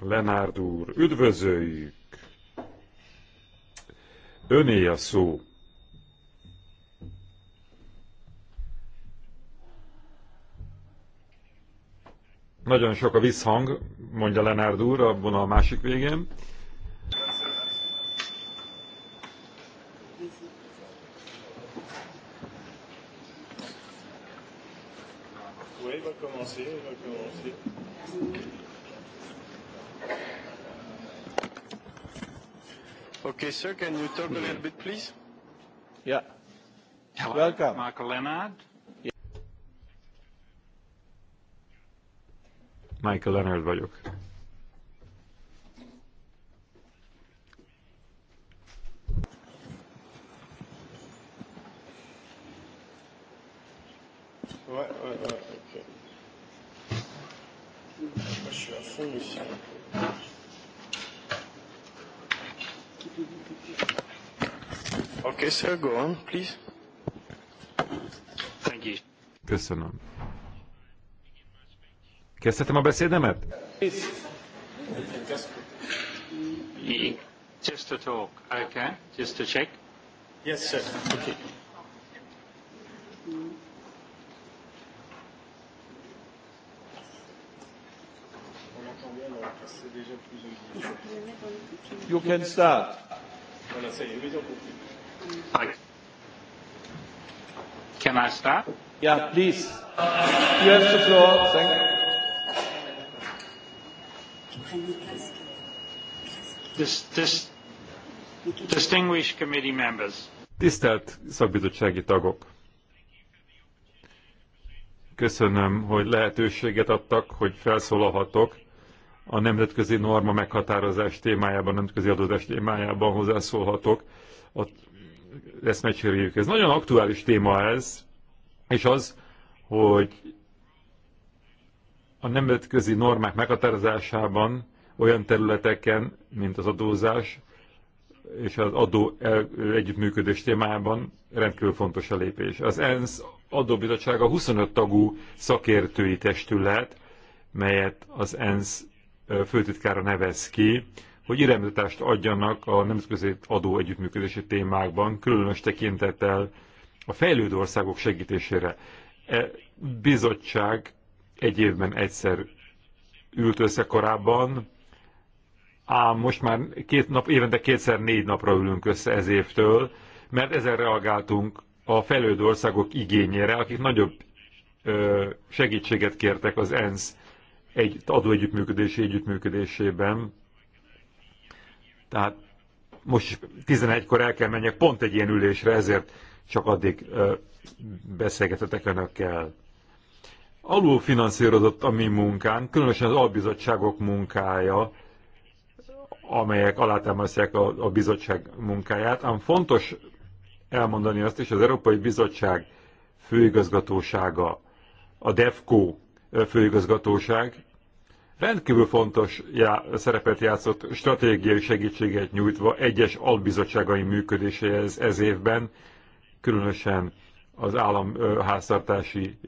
Lenárd úr, üdvözöljük! Öné a szó. Nagyon sok a visszhang, mondja Lenárd úr, abban a másik végén. sir. Can you talk a little bit, please? Yeah. Hello, Welcome. Michael Leonard. Yeah. Michael Leonard vagyok. Ouais, ouais, ouais, ok. Je suis à fond ici. Okay, sir, go on, please. Thank you. Köszönöm. Kezdhetem a beszédemet? Just to talk, okay? Just to check? Yes, sir. Okay. You can start. Hi. Can I start? Yeah, please. You have the floor. Thank you. distinguished committee members. Tisztelt szakbizottsági tagok! Köszönöm, hogy lehetőséget adtak, hogy felszólalhatok a nemzetközi norma meghatározás témájában, nemzetközi adózás témájában hozzászólhatok. Ott ezt megcseréljük. Ez nagyon aktuális téma ez, és az, hogy a nemzetközi normák meghatározásában olyan területeken, mint az adózás és az adó együttműködés témájában rendkívül fontos a lépés. Az ENSZ adóbizottsága 25 tagú szakértői testület, melyet az ENSZ főtitkára nevez ki, hogy irányítást adjanak a nemzetközi adó együttműködési témákban, különös tekintettel a fejlődő országok segítésére. E bizottság egy évben egyszer ült össze korábban, ám most már két nap, évente kétszer négy napra ülünk össze ez évtől, mert ezzel reagáltunk a fejlődő országok igényére, akik nagyobb segítséget kértek az ENSZ egy együttműködési együttműködésében. Tehát most is 11-kor el kell menjek pont egy ilyen ülésre, ezért csak addig beszélgetetek önökkel. Alul finanszírozott a mi munkán, különösen az albizottságok munkája, amelyek alátámasztják a, a bizottság munkáját. Ám fontos elmondani azt is, az Európai Bizottság főigazgatósága, a DEFCO főigazgatóság rendkívül fontos já, szerepet játszott stratégiai segítséget nyújtva egyes albizottságai működéséhez ez évben, különösen az államháztartási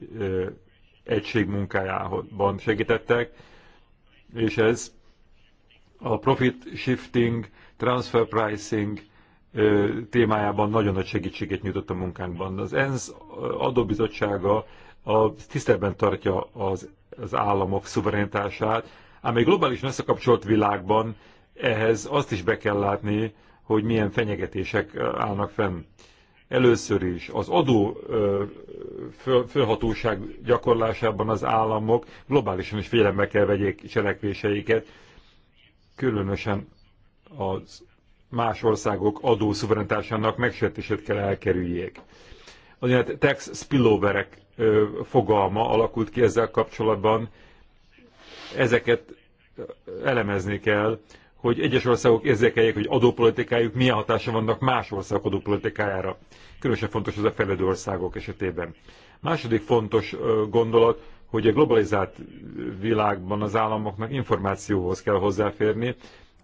egység munkájában segítettek, és ez a profit shifting, transfer pricing témájában nagyon nagy segítséget nyújtott a munkánkban. Az ENSZ adóbizottsága a tiszteletben tartja az, az államok szuverenitását, ám egy globális összekapcsolt világban ehhez azt is be kell látni, hogy milyen fenyegetések állnak fenn. Először is az adó főhatóság fölhatóság gyakorlásában az államok globálisan is figyelembe kell vegyék cselekvéseiket, különösen az más országok szuverenitásának megsértését kell elkerüljék. Az tax spilloverek fogalma alakult ki ezzel kapcsolatban. Ezeket elemezni kell, hogy egyes országok érzékeljék, hogy adópolitikájuk milyen hatása vannak más országok adópolitikájára. Különösen fontos ez a fejlődő országok esetében. Második fontos gondolat, hogy a globalizált világban az államoknak információhoz kell hozzáférni,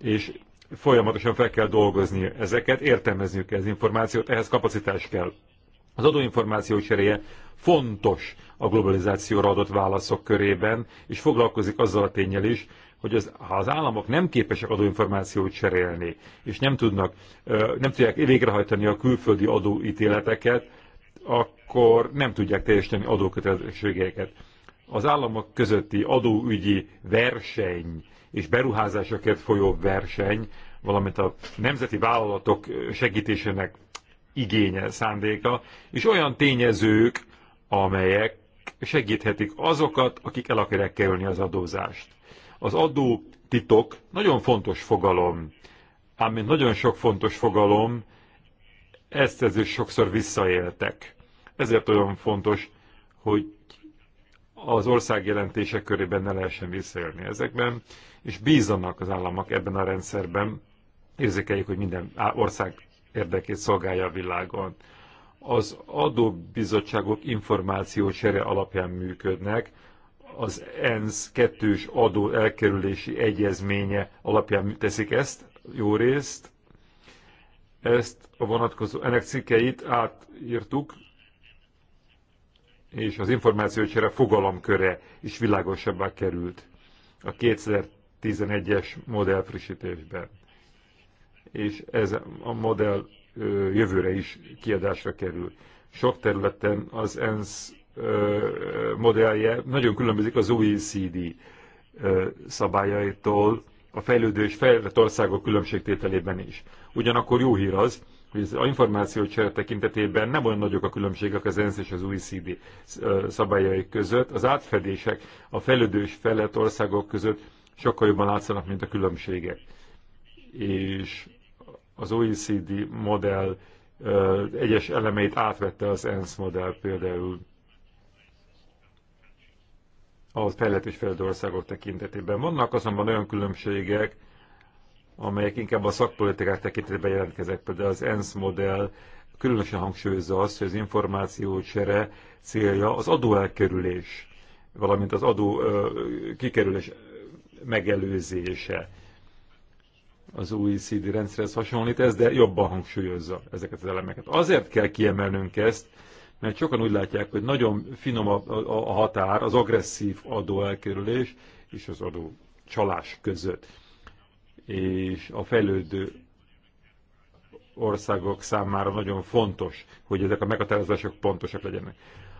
és folyamatosan fel kell dolgozni ezeket, értelmezniük kell az információt, ehhez kapacitás kell. Az adóinformáció cseréje fontos a globalizációra adott válaszok körében, és foglalkozik azzal a tényel is, hogy az, ha az államok nem képesek adóinformációt cserélni, és nem, tudnak, nem tudják végrehajtani a külföldi adóítéleteket, akkor nem tudják teljesíteni adókötelezettségeket. Az államok közötti adóügyi verseny és beruházásokért folyó verseny, valamint a nemzeti vállalatok segítésének igénye, szándéka, és olyan tényezők, amelyek segíthetik azokat, akik el akarják kerülni az adózást. Az adó titok nagyon fontos fogalom, ám mint nagyon sok fontos fogalom, ezt ezért sokszor visszaéltek. Ezért olyan fontos, hogy az országjelentések körében ne lehessen visszaélni ezekben, és bízanak az államok ebben a rendszerben, érzékeljük, hogy minden ország érdekét szolgálja a világon. Az adóbizottságok információcsere alapján működnek, az ENSZ kettős adó elkerülési egyezménye alapján teszik ezt, jó részt. Ezt a vonatkozó, ennek cikkeit átírtuk, és az információcsere fogalomköre is világosabbá került a 2011-es modell frissítésben és ez a modell jövőre is kiadásra kerül. Sok területen az ENSZ modellje nagyon különbözik az OECD szabályaitól, a fejlődő és fejlett országok különbségtételében is. Ugyanakkor jó hír az, hogy az információcsere tekintetében nem olyan nagyok a különbségek az ENSZ és az OECD szabályai között. Az átfedések a fejlődő és fejlett országok között sokkal jobban látszanak, mint a különbségek. És az OECD modell egyes elemeit átvette az ENSZ modell például a fejlett és fejlődő országok tekintetében. Vannak azonban olyan különbségek, amelyek inkább a szakpolitikák tekintetében jelentkeznek. Például az ENSZ modell különösen hangsúlyozza azt, hogy az csere célja az adóelkerülés, valamint az adó kikerülés megelőzése az OECD rendszerhez hasonlít ez, de jobban hangsúlyozza ezeket az elemeket. Azért kell kiemelnünk ezt, mert sokan úgy látják, hogy nagyon finom a, a, a határ, az agresszív adó elkerülés és az adó csalás között. És a fejlődő országok számára nagyon fontos, hogy ezek a meghatározások pontosak legyenek.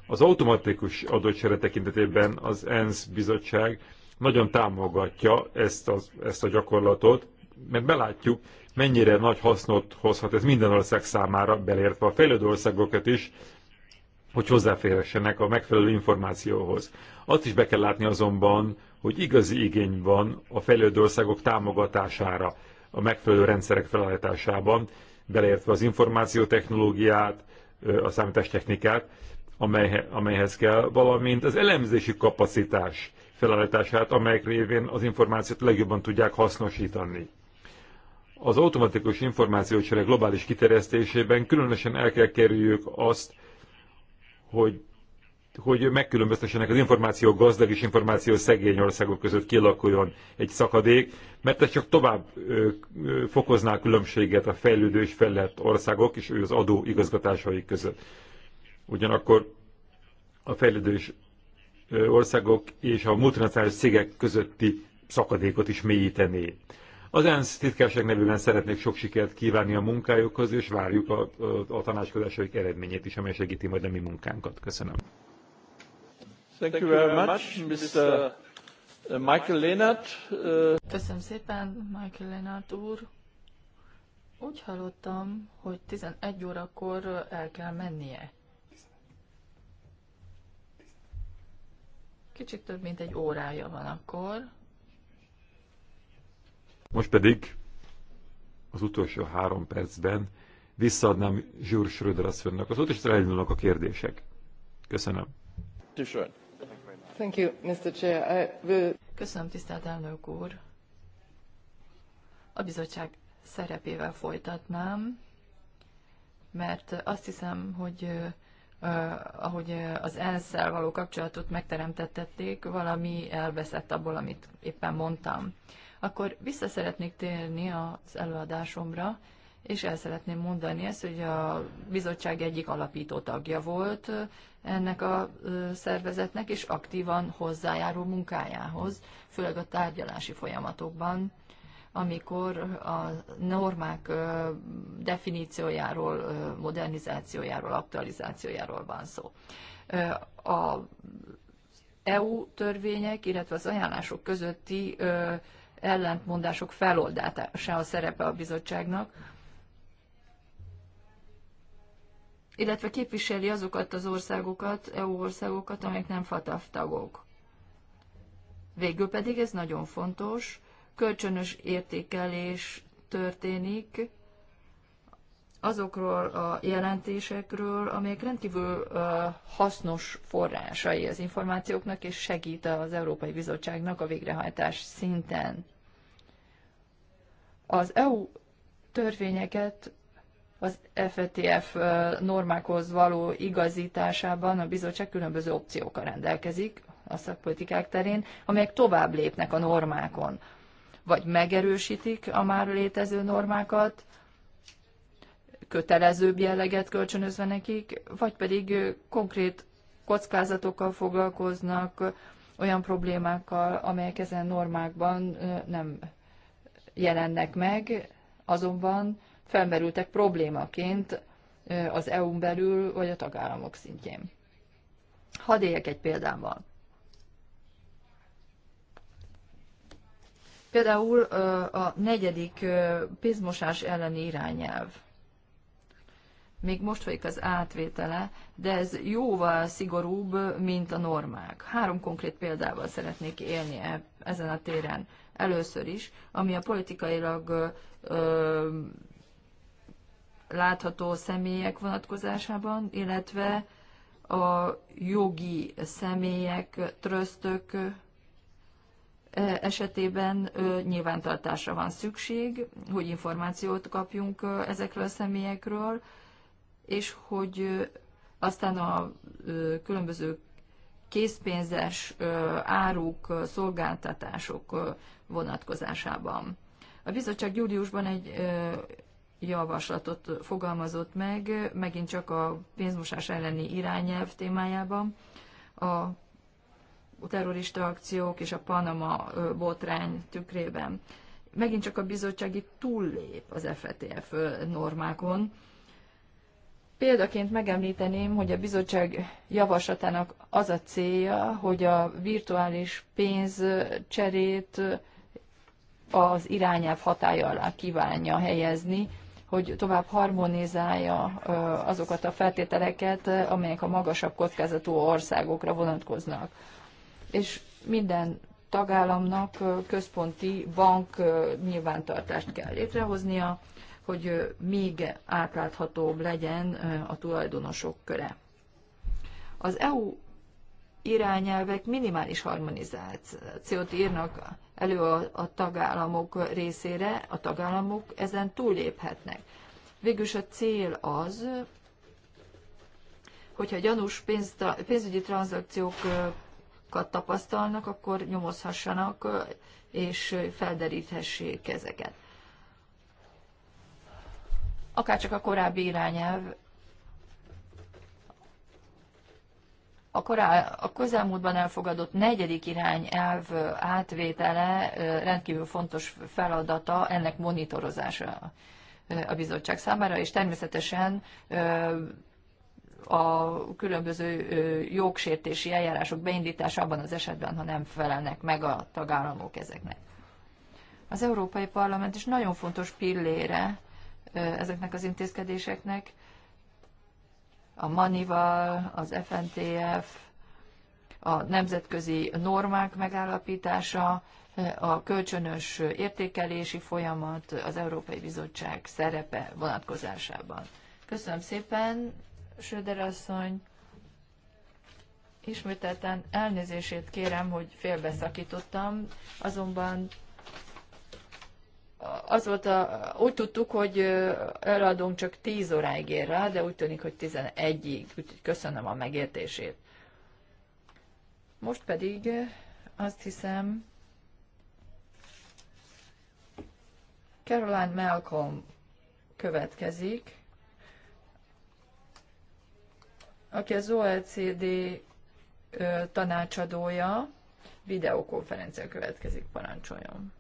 Az automatikus adócsere tekintetében az ENSZ bizottság nagyon támogatja ezt, az, ezt a gyakorlatot, mert belátjuk, mennyire nagy hasznot hozhat ez minden ország számára, belértve a fejlődő országokat is, hogy hozzáférhessenek a megfelelő információhoz. Azt is be kell látni azonban, hogy igazi igény van a fejlődő országok támogatására, a megfelelő rendszerek felállításában, beleértve az információtechnológiát, a számítástechnikát, amely, amelyhez kell, valamint az elemzési kapacitás felállítását, amelyek révén az információt legjobban tudják hasznosítani az automatikus információcsere globális kiterjesztésében különösen el kell kerüljük azt, hogy hogy megkülönböztessenek az információ gazdag és információ szegény országok között kialakuljon egy szakadék, mert ez csak tovább ö, ö, fokozná a különbséget a fejlődő és fejlett országok és ő az adó igazgatásai között. Ugyanakkor a fejlődő országok és a multinacionális cégek közötti szakadékot is mélyítené. Az ENSZ titkárság nevében szeretnék sok sikert kívánni a munkájukhoz, és várjuk a, a, a tanácskozásaik eredményét is, amely segíti majd a mi munkánkat. Köszönöm. Thank you very much, Mr. Uh, Michael Lénert. Uh, Köszönöm szépen, Michael Lénert úr. Úgy hallottam, hogy 11 órakor uh, el kell mennie. Kicsit több mint egy órája van akkor. Most pedig az utolsó három percben visszaadnám Zsúr Schröder asszonynak az ott, és elindulnak a kérdések. Köszönöm. Thank you, Mr. Chair. I will... Köszönöm, tisztelt elnök úr. A bizottság szerepével folytatnám, mert azt hiszem, hogy ahogy az ensz való kapcsolatot megteremtették, valami elveszett abból, amit éppen mondtam akkor vissza szeretnék térni az előadásomra, és el szeretném mondani ezt, hogy a bizottság egyik alapító tagja volt ennek a szervezetnek, és aktívan hozzájárul munkájához, főleg a tárgyalási folyamatokban, amikor a normák definíciójáról, modernizációjáról, aktualizációjáról van szó. A EU törvények, illetve az ajánlások közötti ellentmondások feloldása a szerepe a bizottságnak, illetve képviseli azokat az országokat, EU országokat, amelyek nem FATAF tagok. Végül pedig ez nagyon fontos, kölcsönös értékelés történik azokról a jelentésekről, amelyek rendkívül hasznos forrásai az információknak, és segít az Európai Bizottságnak a végrehajtás szinten. Az EU törvényeket az FETF e normákhoz való igazításában a bizottság különböző opciókkal rendelkezik a szakpolitikák terén, amelyek tovább lépnek a normákon, vagy megerősítik a már létező normákat, kötelezőbb jelleget kölcsönözve nekik, vagy pedig konkrét kockázatokkal foglalkoznak, olyan problémákkal, amelyek ezen normákban nem jelennek meg, azonban felmerültek problémaként az EU-n belül vagy a tagállamok szintjén. Hadd éljek egy példával. Például a negyedik pénzmosás elleni irányelv még most folyik az átvétele, de ez jóval szigorúbb, mint a normák. Három konkrét példával szeretnék élni e ezen a téren. Először is, ami a politikailag ö, látható személyek vonatkozásában, illetve a jogi személyek, trösztök esetében nyilvántartásra van szükség, hogy információt kapjunk ezekről a személyekről, és hogy aztán a különböző készpénzes áruk, szolgáltatások vonatkozásában. A bizottság júliusban egy javaslatot fogalmazott meg, megint csak a pénzmosás elleni irányelv témájában. A terrorista akciók és a Panama botrány tükrében. Megint csak a bizottsági túllép az FETF normákon, Példaként megemlíteném, hogy a bizottság javaslatának az a célja, hogy a virtuális pénzcserét az irányelv hatája alá kívánja helyezni, hogy tovább harmonizálja azokat a feltételeket, amelyek a magasabb kockázatú országokra vonatkoznak. És minden tagállamnak központi bank nyilvántartást kell létrehoznia, hogy még átláthatóbb legyen a tulajdonosok köre. Az EU irányelvek minimális harmonizációt írnak elő a, a tagállamok részére, a tagállamok ezen túléphetnek. Végülis a cél az, hogyha gyanús pénz, pénzügyi tranzakciókat tapasztalnak, akkor nyomozhassanak és felderíthessék ezeket akárcsak a korábbi irányelv, a, korá, a közelmúltban elfogadott negyedik irányelv átvétele rendkívül fontos feladata, ennek monitorozása a bizottság számára, és természetesen a különböző jogsértési eljárások beindítása abban az esetben, ha nem felelnek meg a tagállamok ezeknek. Az Európai Parlament is nagyon fontos pillére ezeknek az intézkedéseknek, a Manival, az FNTF, a nemzetközi normák megállapítása, a kölcsönös értékelési folyamat az Európai Bizottság szerepe vonatkozásában. Köszönöm szépen, Söder asszony. Ismételten elnézését kérem, hogy félbeszakítottam, azonban az volt a, úgy tudtuk, hogy előadónk csak 10 óráig ér rá, de úgy tűnik, hogy 11-ig, úgyhogy köszönöm a megértését. Most pedig azt hiszem, Caroline Malcolm következik, aki az OECD tanácsadója, videokonferencia következik, parancsoljon.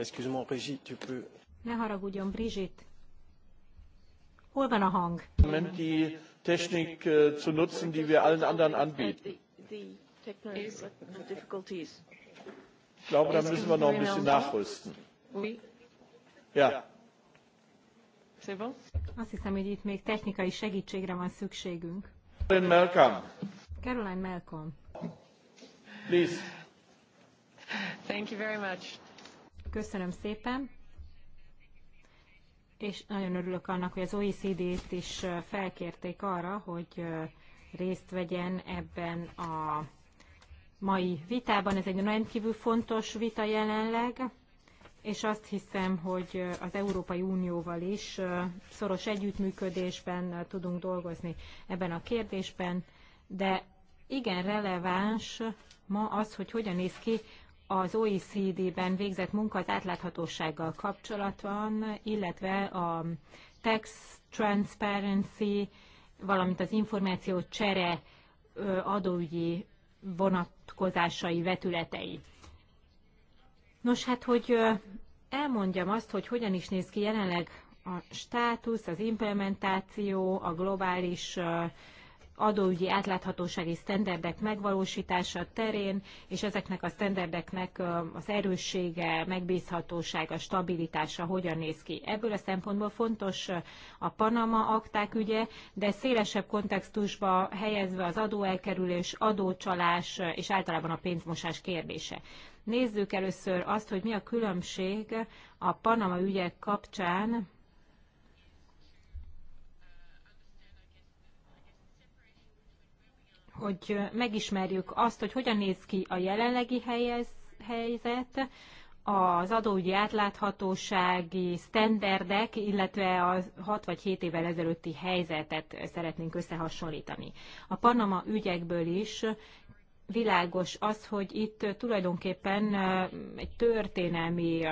Excuse-moi, Brigitte, tu peux... Ne haragudjon, Brigitte. Hol van a hang? ...die Technik uh, zu nutzen, die wir allen anderen anbieten. Äh, ich glaube, da müssen wir noch ein bisschen nachrüsten. Ja. Azt hiszem, hogy itt még technikai segítségre van szükségünk. Caroline Malcolm. Caroline Malcolm. Please. Thank you very much. Köszönöm szépen, és nagyon örülök annak, hogy az OECD-t is felkérték arra, hogy részt vegyen ebben a mai vitában. Ez egy rendkívül fontos vita jelenleg, és azt hiszem, hogy az Európai Unióval is szoros együttműködésben tudunk dolgozni ebben a kérdésben, de igen releváns ma az, hogy hogyan néz ki az OECD-ben végzett munka az átláthatósággal kapcsolatban, illetve a tax transparency, valamint az információ csere adóügyi vonatkozásai, vetületei. Nos, hát, hogy elmondjam azt, hogy hogyan is néz ki jelenleg a státusz, az implementáció, a globális adóügyi átláthatósági sztenderdek megvalósítása terén, és ezeknek a sztenderdeknek az erőssége, megbízhatósága, stabilitása hogyan néz ki. Ebből a szempontból fontos a Panama akták ügye, de szélesebb kontextusba helyezve az adóelkerülés, adócsalás és általában a pénzmosás kérdése. Nézzük először azt, hogy mi a különbség a Panama ügyek kapcsán hogy megismerjük azt, hogy hogyan néz ki a jelenlegi helyez, helyzet, az adóügyi átláthatósági sztenderdek, illetve a 6 vagy 7 évvel ezelőtti helyzetet szeretnénk összehasonlítani. A Panama ügyekből is világos az, hogy itt tulajdonképpen egy történelmi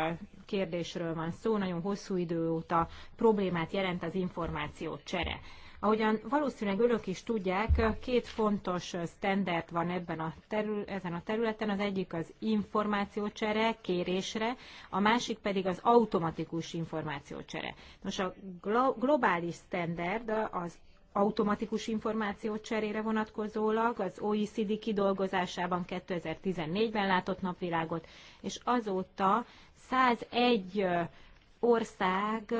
kérdésről van szó, nagyon hosszú idő óta problémát jelent az információ csere. Ahogyan valószínűleg önök is tudják, két fontos standard van ebben a terül, ezen a területen. Az egyik az információcsere, kérésre, a másik pedig az automatikus információcsere. Nos, a globális standard az automatikus cserére vonatkozólag az OECD kidolgozásában 2014-ben látott napvilágot, és azóta 101 ország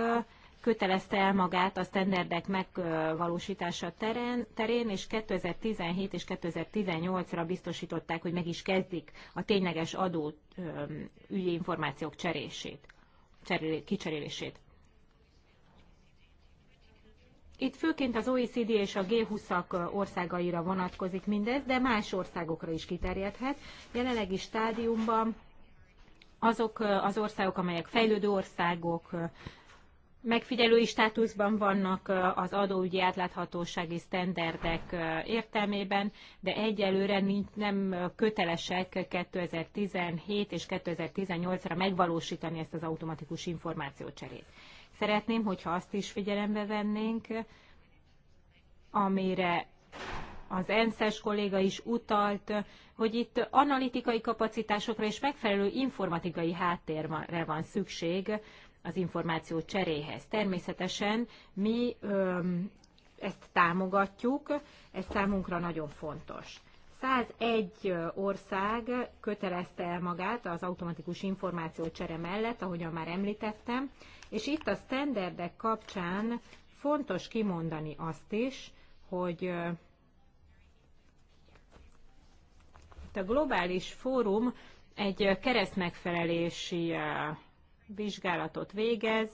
kötelezte el magát a standardek megvalósítása terén, terén, és 2017 és 2018-ra biztosították, hogy meg is kezdik a tényleges adó ügyi információk cserését, cserél, kicserélését. Itt főként az OECD és a G20-ak országaira vonatkozik mindez, de más országokra is kiterjedhet. Jelenlegi stádiumban azok az országok, amelyek fejlődő országok, megfigyelői státuszban vannak az adóügyi átláthatósági sztenderdek értelmében, de egyelőre nem kötelesek 2017 és 2018-ra megvalósítani ezt az automatikus információcserét. Szeretném, hogyha azt is figyelembe vennénk, amire az ensz kolléga is utalt, hogy itt analitikai kapacitásokra és megfelelő informatikai háttérre van szükség az információ cseréhez. Természetesen mi ezt támogatjuk, ez számunkra nagyon fontos. 101 ország kötelezte el magát az automatikus információcsere mellett, ahogyan már említettem, és itt a standardek kapcsán fontos kimondani azt is, hogy a globális fórum egy keresztmegfelelési vizsgálatot végez,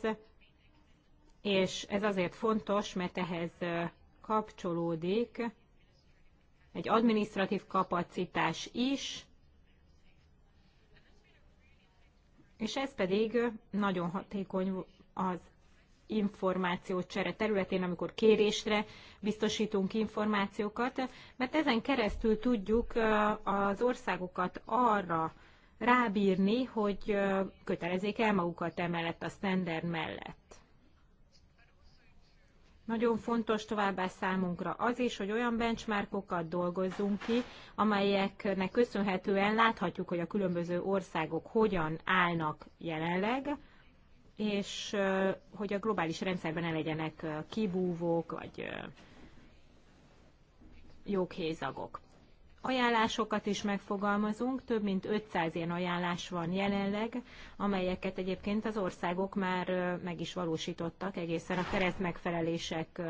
és ez azért fontos, mert ehhez kapcsolódik egy administratív kapacitás is, és ez pedig nagyon hatékony az információcsere területén, amikor kérésre biztosítunk információkat, mert ezen keresztül tudjuk az országokat arra rábírni, hogy kötelezzék el magukat emellett a standard mellett. Nagyon fontos továbbá számunkra az is, hogy olyan benchmarkokat dolgozzunk ki, amelyeknek köszönhetően láthatjuk, hogy a különböző országok hogyan állnak jelenleg, és hogy a globális rendszerben ne legyenek kibúvók vagy joghézagok. Ajánlásokat is megfogalmazunk, több mint 500 ilyen ajánlás van jelenleg, amelyeket egyébként az országok már meg is valósítottak egészen a kereszt megfelelések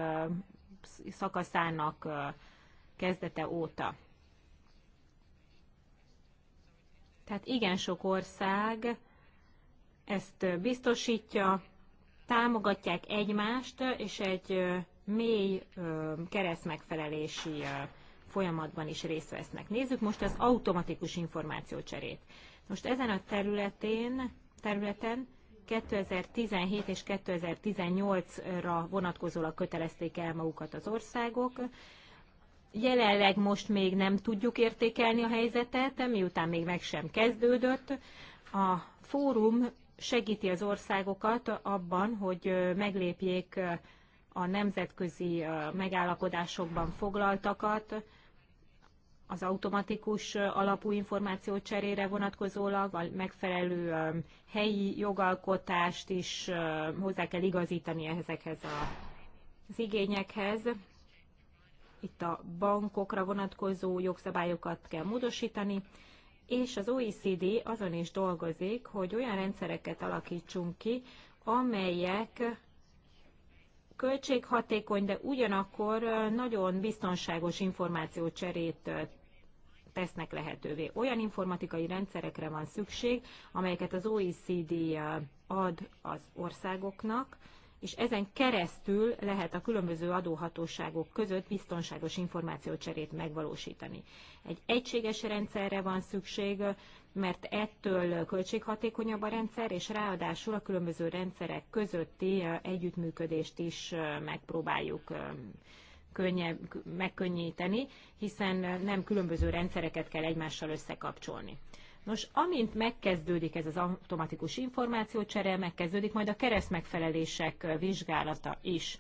szakaszának kezdete óta. Tehát igen sok ország ezt biztosítja, támogatják egymást, és egy mély keresztmegfelelési folyamatban is részt vesznek. Nézzük most az automatikus információcserét. Most ezen a területén, területen 2017 és 2018-ra vonatkozólag kötelezték el magukat az országok. Jelenleg most még nem tudjuk értékelni a helyzetet, miután még meg sem kezdődött. A fórum segíti az országokat abban, hogy meglépjék a nemzetközi megállapodásokban foglaltakat, az automatikus alapú információ cserére vonatkozólag a megfelelő helyi jogalkotást is hozzá kell igazítani ezekhez az igényekhez. Itt a bankokra vonatkozó jogszabályokat kell módosítani, és az OECD azon is dolgozik, hogy olyan rendszereket alakítsunk ki, amelyek költséghatékony, de ugyanakkor nagyon biztonságos információcserét tesznek lehetővé. Olyan informatikai rendszerekre van szükség, amelyeket az OECD ad az országoknak, és ezen keresztül lehet a különböző adóhatóságok között biztonságos információcserét megvalósítani. Egy egységes rendszerre van szükség, mert ettől költséghatékonyabb a rendszer, és ráadásul a különböző rendszerek közötti együttműködést is megpróbáljuk könnyebb, megkönnyíteni, hiszen nem különböző rendszereket kell egymással összekapcsolni. Nos, amint megkezdődik ez az automatikus információcsere, megkezdődik majd a keresztmegfelelések vizsgálata is.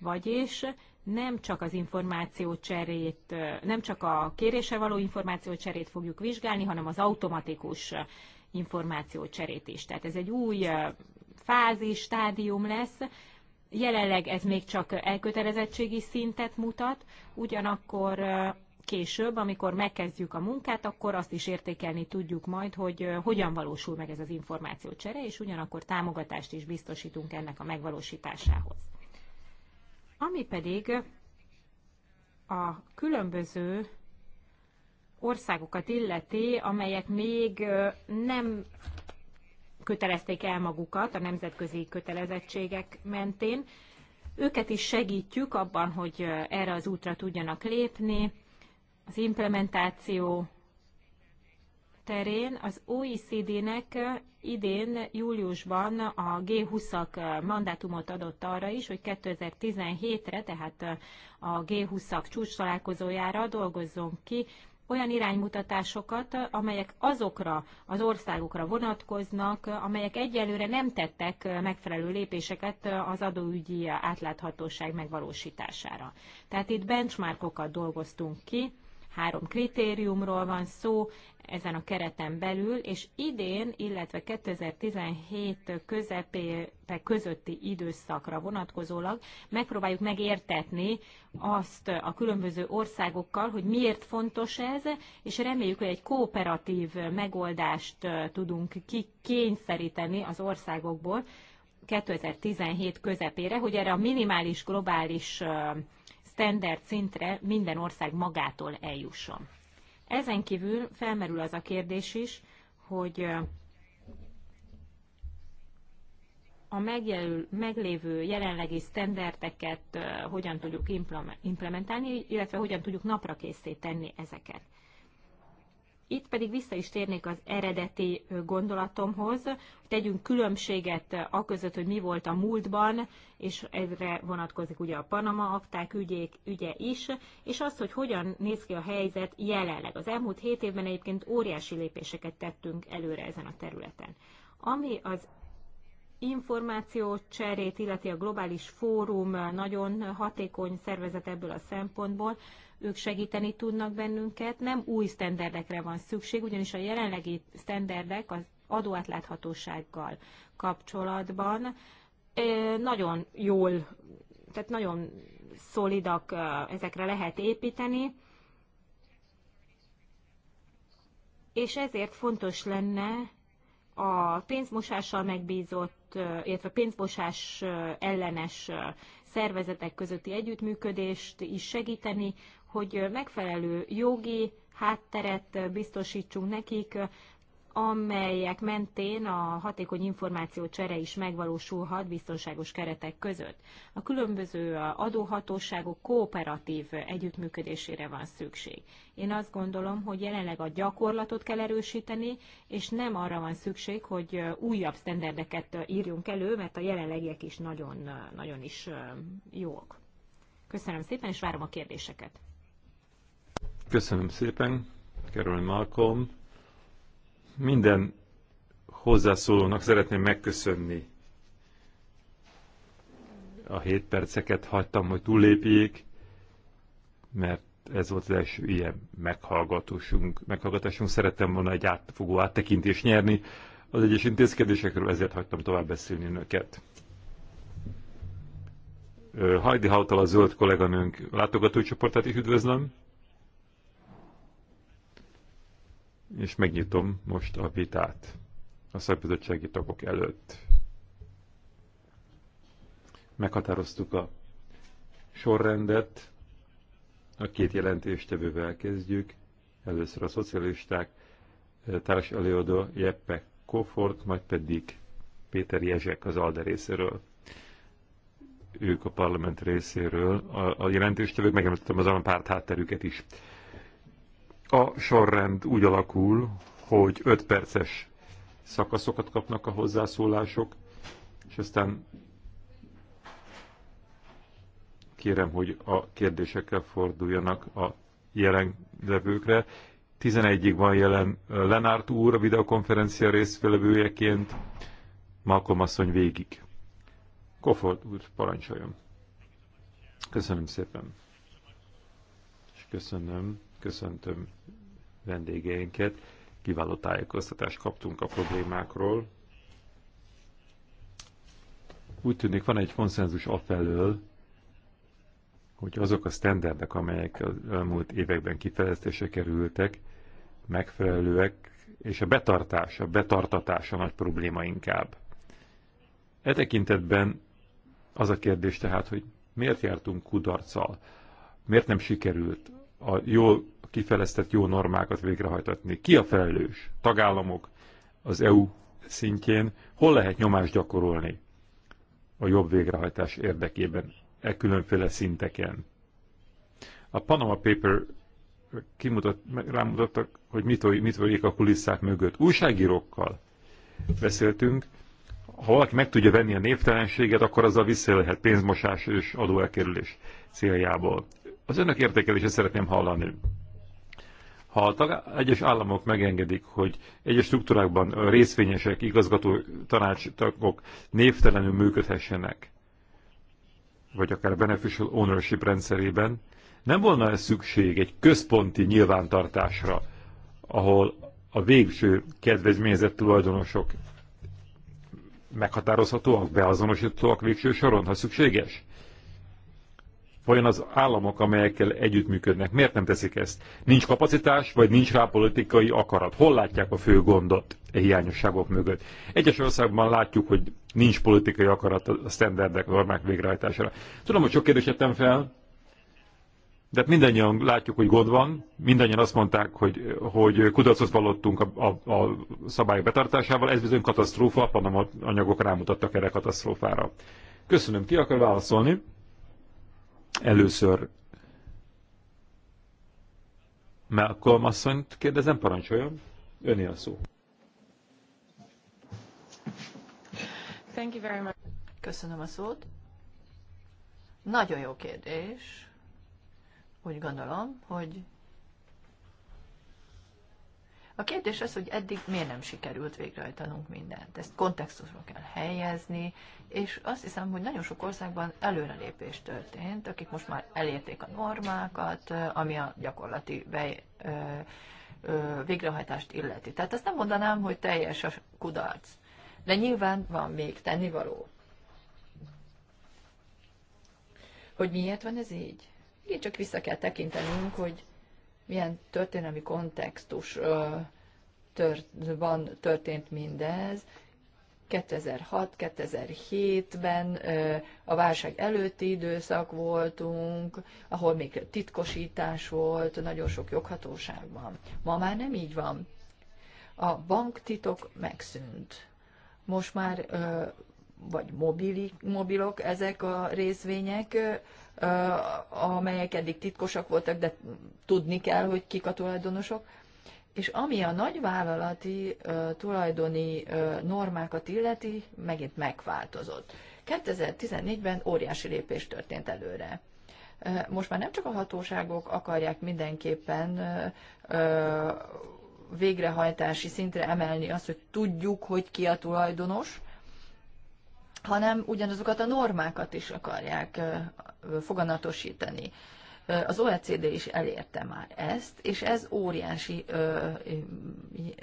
Vagyis nem csak az információ cserét, nem csak a kérése való információ cserét fogjuk vizsgálni, hanem az automatikus információ cserét is. Tehát ez egy új fázis, stádium lesz. Jelenleg ez még csak elkötelezettségi szintet mutat, ugyanakkor később, amikor megkezdjük a munkát, akkor azt is értékelni tudjuk majd, hogy hogyan valósul meg ez az információcsere, és ugyanakkor támogatást is biztosítunk ennek a megvalósításához. Ami pedig a különböző országokat illeti, amelyek még nem kötelezték el magukat a nemzetközi kötelezettségek mentén. Őket is segítjük abban, hogy erre az útra tudjanak lépni. Az implementáció terén az OECD-nek idén júliusban a G20-ak mandátumot adott arra is, hogy 2017-re, tehát a G20-ak csúcs találkozójára dolgozzon ki olyan iránymutatásokat, amelyek azokra az országokra vonatkoznak, amelyek egyelőre nem tettek megfelelő lépéseket az adóügyi átláthatóság megvalósítására. Tehát itt benchmarkokat dolgoztunk ki, Három kritériumról van szó ezen a kereten belül, és idén, illetve 2017 közepé közötti időszakra vonatkozólag megpróbáljuk megértetni azt a különböző országokkal, hogy miért fontos ez, és reméljük, hogy egy kooperatív megoldást tudunk kikényszeríteni az országokból, 2017 közepére, hogy erre a minimális globális standard szintre minden ország magától eljusson. Ezen kívül felmerül az a kérdés is, hogy a megjelül, meglévő jelenlegi sztenderteket hogyan tudjuk implementálni, illetve hogyan tudjuk napra tenni ezeket. Itt pedig vissza is térnék az eredeti gondolatomhoz, hogy tegyünk különbséget a között, hogy mi volt a múltban, és ezre vonatkozik ugye a Panama akták ügyék, ügye is, és az, hogy hogyan néz ki a helyzet jelenleg. Az elmúlt hét évben egyébként óriási lépéseket tettünk előre ezen a területen. Ami az információ cserét, illeti a Globális Fórum nagyon hatékony szervezet ebből a szempontból. Ők segíteni tudnak bennünket. Nem új sztenderdekre van szükség, ugyanis a jelenlegi sztenderdek az adóátláthatósággal kapcsolatban eh, nagyon jól, tehát nagyon szolidak eh, ezekre lehet építeni, és ezért fontos lenne a pénzmosással megbízott, illetve pénzmosás ellenes szervezetek közötti együttműködést is segíteni, hogy megfelelő jogi hátteret biztosítsunk nekik, amelyek mentén a hatékony információ csere is megvalósulhat biztonságos keretek között. A különböző adóhatóságok kooperatív együttműködésére van szükség. Én azt gondolom, hogy jelenleg a gyakorlatot kell erősíteni, és nem arra van szükség, hogy újabb sztenderdeket írjunk elő, mert a jelenlegiek is nagyon, nagyon is jók. Köszönöm szépen, és várom a kérdéseket. Köszönöm szépen, Kerül Malcolm minden hozzászólónak szeretném megköszönni a 7 perceket hagytam, hogy túllépjék, mert ez volt az első ilyen meghallgatásunk. meghallgatásunk. Szerettem volna egy átfogó áttekintést nyerni az egyes intézkedésekről, ezért hagytam tovább beszélni önöket. Hajdi Hautal, a zöld kolléganőnk látogatócsoportát is üdvözlöm. és megnyitom most a vitát a szakbizottsági tagok előtt. Meghatároztuk a sorrendet, a két jelentéstevővel kezdjük. Először a szocialisták, eh, társ előadó Jeppe Kofort, majd pedig Péter Jezsek az ALDE részéről. Ők a parlament részéről. A, a jelentéstevők megemlítettem az állampárt hátterüket is. A sorrend úgy alakul, hogy 5 perces szakaszokat kapnak a hozzászólások, és aztán kérem, hogy a kérdésekkel forduljanak a jelenlevőkre. 11-ig van jelen Lenárt úr a videokonferencia részfelevőjeként, Malcolm asszony végig. Kofolt úr, parancsoljon. Köszönöm szépen. És köszönöm Köszöntöm vendégeinket. Kiváló tájékoztatást kaptunk a problémákról. Úgy tűnik, van egy konszenzus afelől, hogy azok a standardek, amelyek az elmúlt években kifejlesztésre kerültek, megfelelőek, és a betartás, a betartatás a nagy probléma inkább. E tekintetben az a kérdés tehát, hogy miért jártunk kudarccal? Miért nem sikerült a jól kifejlesztett jó normákat végrehajtatni. Ki a felelős? Tagállamok az EU szintjén. Hol lehet nyomást gyakorolni a jobb végrehajtás érdekében e különféle szinteken? A Panama Paper kimutat, rámutattak, hogy mit, mit vagyik a kulisszák mögött. Újságírókkal beszéltünk, ha valaki meg tudja venni a névtelenséget, akkor azzal vissza pénzmosás és adóelkerülés céljából. Az önök értékelését szeretném hallani. Ha a tag, egyes államok megengedik, hogy egyes struktúrákban részvényesek, igazgató tanácstagok névtelenül működhessenek, vagy akár beneficial ownership rendszerében, nem volna ez szükség egy központi nyilvántartásra, ahol a végső kedvezményezett tulajdonosok meghatározhatóak, beazonosítóak végső soron, ha szükséges? vajon az államok, amelyekkel együttműködnek, miért nem teszik ezt? Nincs kapacitás, vagy nincs rá politikai akarat? Hol látják a fő gondot a e hiányosságok mögött? Egyes országban látjuk, hogy nincs politikai akarat a standardek, a normák végrehajtására. Tudom, hogy sok kérdést tettem fel, de hát mindannyian látjuk, hogy gond van, mindannyian azt mondták, hogy, hogy kudarcot vallottunk a, a, a szabályok betartásával, ez bizony katasztrófa, a Panama anyagok rámutattak erre katasztrófára. Köszönöm, ki akar válaszolni? Először Malcolm asszonyt kérdezem, parancsoljon. Öné a szó. Thank you very much. Köszönöm a szót. Nagyon jó kérdés. Úgy gondolom, hogy a kérdés az, hogy eddig miért nem sikerült végrehajtanunk mindent. Ezt kontextusban kell helyezni, és azt hiszem, hogy nagyon sok országban előrelépés történt, akik most már elérték a normákat, ami a gyakorlati be, ö, ö, végrehajtást illeti. Tehát azt nem mondanám, hogy teljes a kudarc. De nyilván van még tennivaló. Hogy miért van ez így? Így csak vissza kell tekintenünk, hogy milyen történelmi kontextus van történt mindez. 2006-2007-ben a válság előtti időszak voltunk, ahol még titkosítás volt nagyon sok joghatóságban. Ma már nem így van. A banktitok megszűnt. Most már, vagy mobili, mobilok ezek a részvények, amelyek eddig titkosak voltak, de tudni kell, hogy kik a tulajdonosok. És ami a nagyvállalati tulajdoni normákat illeti, megint megváltozott. 2014-ben óriási lépés történt előre. Most már nem csak a hatóságok akarják mindenképpen végrehajtási szintre emelni azt, hogy tudjuk, hogy ki a tulajdonos, hanem ugyanazokat a normákat is akarják foganatosítani. Az OECD is elérte már ezt, és ez óriási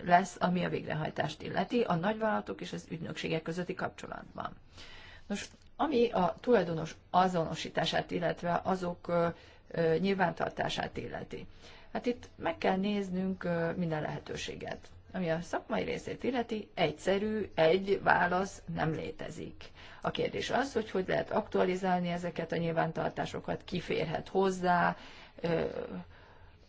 lesz, ami a végrehajtást illeti a nagyvállalatok és az ügynökségek közötti kapcsolatban. Nos, ami a tulajdonos azonosítását, illetve azok nyilvántartását illeti. Hát itt meg kell néznünk minden lehetőséget. Ami a szakmai részét illeti, egyszerű, egy válasz nem létezik. A kérdés az, hogy hogy lehet aktualizálni ezeket a nyilvántartásokat, ki férhet hozzá,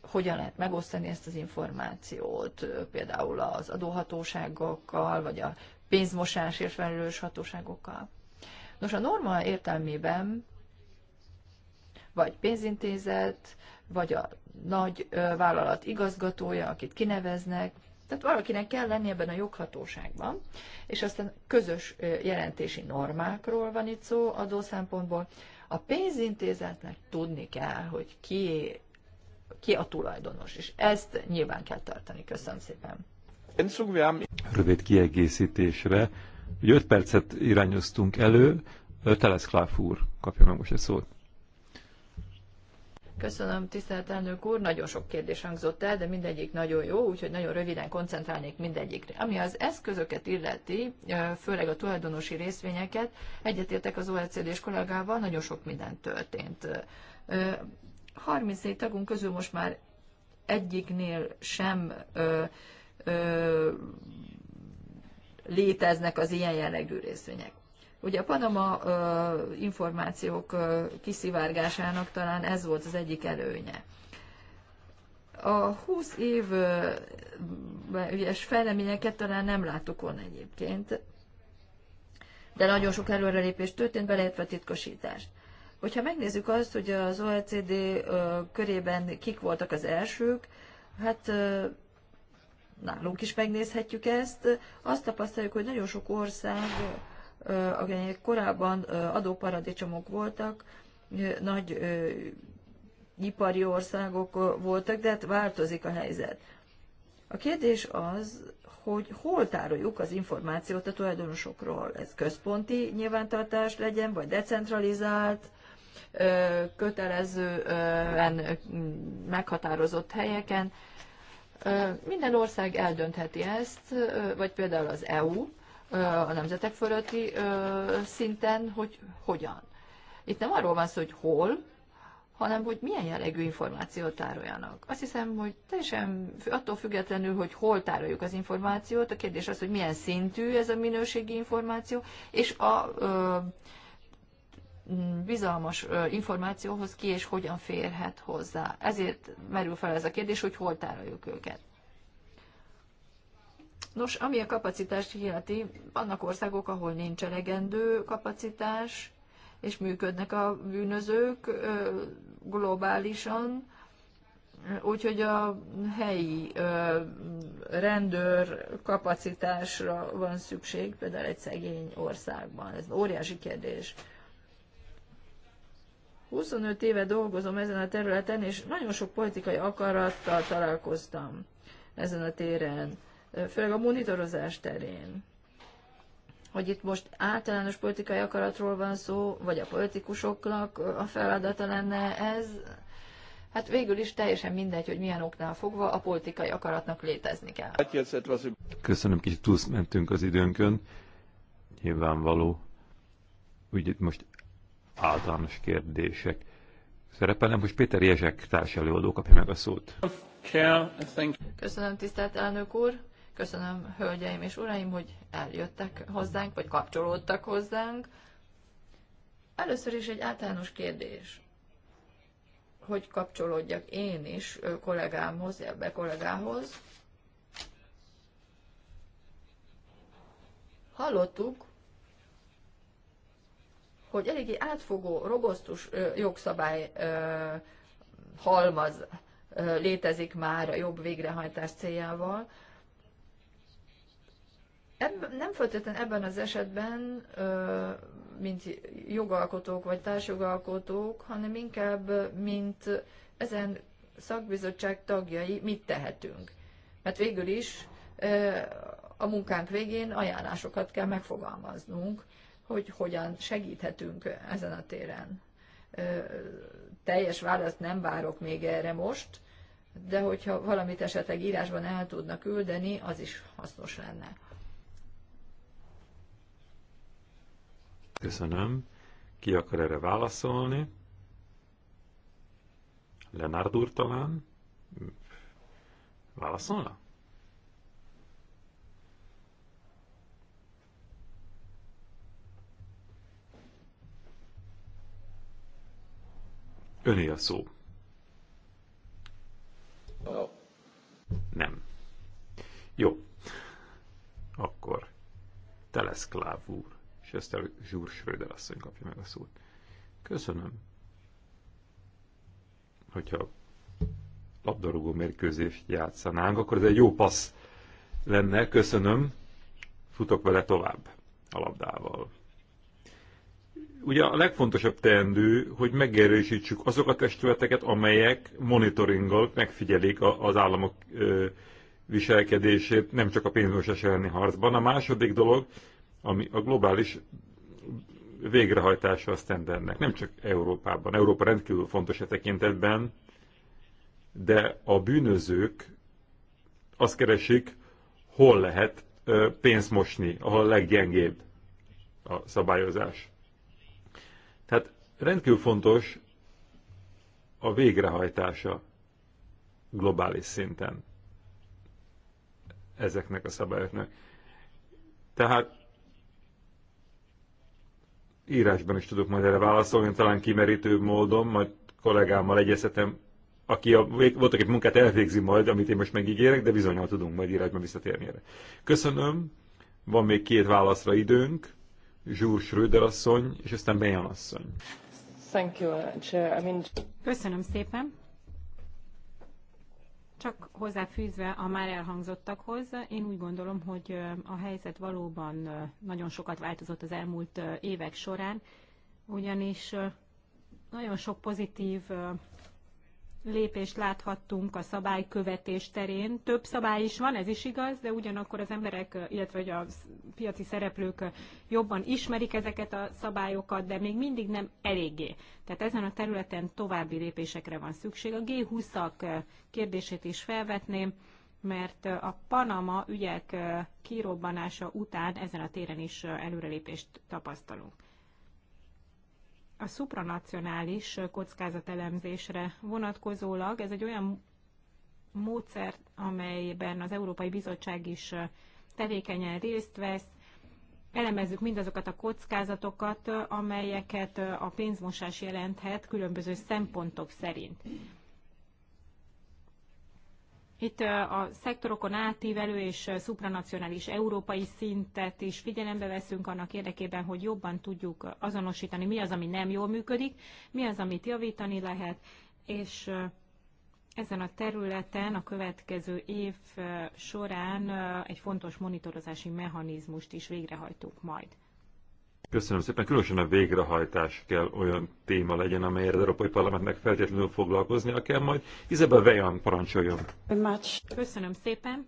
hogyan lehet megosztani ezt az információt, például az adóhatóságokkal, vagy a pénzmosásért felelős hatóságokkal. Nos, a norma értelmében vagy pénzintézet, vagy a nagy vállalat igazgatója, akit kineveznek, tehát valakinek kell lenni ebben a joghatóságban, és aztán közös jelentési normákról van itt szó adó szempontból. A pénzintézetnek tudni kell, hogy ki, ki a tulajdonos, és ezt nyilván kell tartani. Köszönöm szépen. Rövid kiegészítésre, hogy 5 percet irányoztunk elő, Teleszkláf úr kapja meg most a szót. Köszönöm, tisztelt elnök úr. Nagyon sok kérdés hangzott el, de mindegyik nagyon jó, úgyhogy nagyon röviden koncentrálnék mindegyikre. Ami az eszközöket illeti, főleg a tulajdonosi részvényeket, egyetértek az OECD-s kollégával, nagyon sok minden történt. 34 tagunk közül most már egyiknél sem ö, ö, léteznek az ilyen jellegű részvények. Ugye a Panama információk kiszivárgásának talán ez volt az egyik előnye. A 20 év ügyes fejleményeket talán nem láttuk volna egyébként, de nagyon sok előrelépés történt, beleértve a titkosítást. Hogyha megnézzük azt, hogy az OECD körében kik voltak az elsők, hát nálunk is megnézhetjük ezt. Azt tapasztaljuk, hogy nagyon sok ország akik korábban adóparadicsomok voltak, nagy ipari országok voltak, de hát változik a helyzet. A kérdés az, hogy hol tároljuk az információt a tulajdonosokról. Ez központi nyilvántartás legyen, vagy decentralizált, kötelezően meghatározott helyeken. Minden ország eldöntheti ezt, vagy például az EU, a nemzetek fölötti szinten, hogy hogyan. Itt nem arról van szó, hogy hol, hanem hogy milyen jellegű információt tároljanak. Azt hiszem, hogy teljesen attól függetlenül, hogy hol tároljuk az információt, a kérdés az, hogy milyen szintű ez a minőségi információ, és a ö, bizalmas információhoz ki és hogyan férhet hozzá. Ezért merül fel ez a kérdés, hogy hol tároljuk őket. Nos, ami a kapacitást illeti, vannak országok, ahol nincs elegendő kapacitás, és működnek a bűnözők globálisan, úgyhogy a helyi rendőr kapacitásra van szükség, például egy szegény országban. Ez óriási kérdés. 25 éve dolgozom ezen a területen, és nagyon sok politikai akarattal találkoztam ezen a téren főleg a monitorozás terén. Hogy itt most általános politikai akaratról van szó, vagy a politikusoknak a feladata lenne ez, hát végül is teljesen mindegy, hogy milyen oknál fogva a politikai akaratnak létezni kell. Köszönöm, kicsit túlmentünk az időnkön. Nyilvánvaló. úgy itt most általános kérdések Szerepelem, Most Péter Jezsek társelőadó kapja meg a szót. Köszönöm, tisztelt elnök úr. Köszönöm, hölgyeim és uraim, hogy eljöttek hozzánk, vagy kapcsolódtak hozzánk. Először is egy általános kérdés, hogy kapcsolódjak én is kollégámhoz, ebbe kollégához. Hallottuk, hogy eléggé átfogó, robosztus jogszabály halmaz létezik már a jobb végrehajtás céljával, ebben, nem feltétlenül ebben az esetben, mint jogalkotók vagy társjogalkotók, hanem inkább, mint ezen szakbizottság tagjai mit tehetünk. Mert végül is a munkánk végén ajánlásokat kell megfogalmaznunk, hogy hogyan segíthetünk ezen a téren. Teljes választ nem várok még erre most, de hogyha valamit esetleg írásban el tudna küldeni, az is hasznos lenne. Köszönöm. Ki akar erre válaszolni? Lenárd úr talán? Válaszolna? Öné a szó. Nem. Jó. Akkor. Teleszkláv úr. Kesztel Zsúr Schröder asszony kapja meg a szót. Köszönöm. Hogyha labdarúgó mérkőzést játszanánk, akkor ez egy jó passz lenne, köszönöm. Futok vele tovább a labdával. Ugye a legfontosabb teendő, hogy megerősítsük azok a testületeket, amelyek monitoringgal megfigyelik az államok viselkedését, nem csak a pénzmosás elleni harcban. A második dolog, ami a globális végrehajtása a standardnek. Nem csak Európában. Európa rendkívül fontos a e tekintetben, de a bűnözők azt keresik, hol lehet pénzt mosni, ahol a leggyengébb a szabályozás. Tehát rendkívül fontos a végrehajtása globális szinten ezeknek a szabályoknak. Tehát írásban is tudok majd erre válaszolni, talán kimerítő módon, majd kollégámmal egyeztetem, aki a, volt, aki munkát elvégzi majd, amit én most megígérek, de bizonyal tudunk majd írásban visszatérni erre. Köszönöm, van még két válaszra időnk, Zsúr Schröder asszony, és aztán Bejan asszony. Thank you, uh, Chair. I mean... Köszönöm szépen. Csak hozzáfűzve a már elhangzottakhoz, én úgy gondolom, hogy a helyzet valóban nagyon sokat változott az elmúlt évek során, ugyanis nagyon sok pozitív lépést láthattunk a szabálykövetés terén. Több szabály is van, ez is igaz, de ugyanakkor az emberek, illetve a piaci szereplők jobban ismerik ezeket a szabályokat, de még mindig nem eléggé. Tehát ezen a területen további lépésekre van szükség. A G20-ak kérdését is felvetném, mert a Panama ügyek kirobbanása után ezen a téren is előrelépést tapasztalunk a szupranacionális kockázatelemzésre vonatkozólag ez egy olyan módszer, amelyben az Európai Bizottság is tevékenyen részt vesz. Elemezzük mindazokat a kockázatokat, amelyeket a pénzmosás jelenthet különböző szempontok szerint. Itt a szektorokon átívelő és szupranacionális európai szintet is figyelembe veszünk annak érdekében, hogy jobban tudjuk azonosítani, mi az, ami nem jól működik, mi az, amit javítani lehet, és ezen a területen a következő év során egy fontos monitorozási mechanizmust is végrehajtunk majd. Köszönöm szépen. Különösen a végrehajtás kell olyan téma legyen, amelyre az Európai Parlamentnek feltétlenül foglalkoznia kell majd. Izabel Vejan parancsoljon. Köszönöm szépen.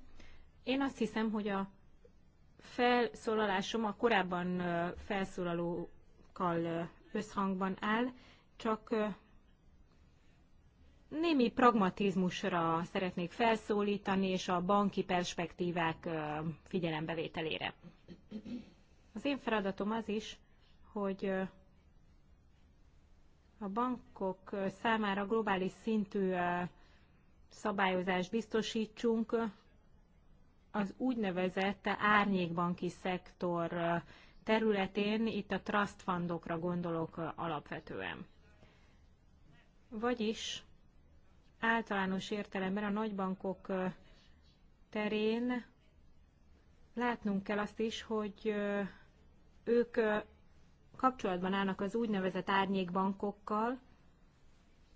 Én azt hiszem, hogy a felszólalásom a korábban felszólalókkal összhangban áll, csak némi pragmatizmusra szeretnék felszólítani, és a banki perspektívák figyelembevételére. Az én feladatom az is, hogy a bankok számára globális szintű szabályozást biztosítsunk az úgynevezett árnyékbanki szektor területén, itt a trust fundokra gondolok alapvetően. Vagyis általános értelemben a nagybankok terén látnunk kell azt is, hogy ők kapcsolatban állnak az úgynevezett árnyékbankokkal,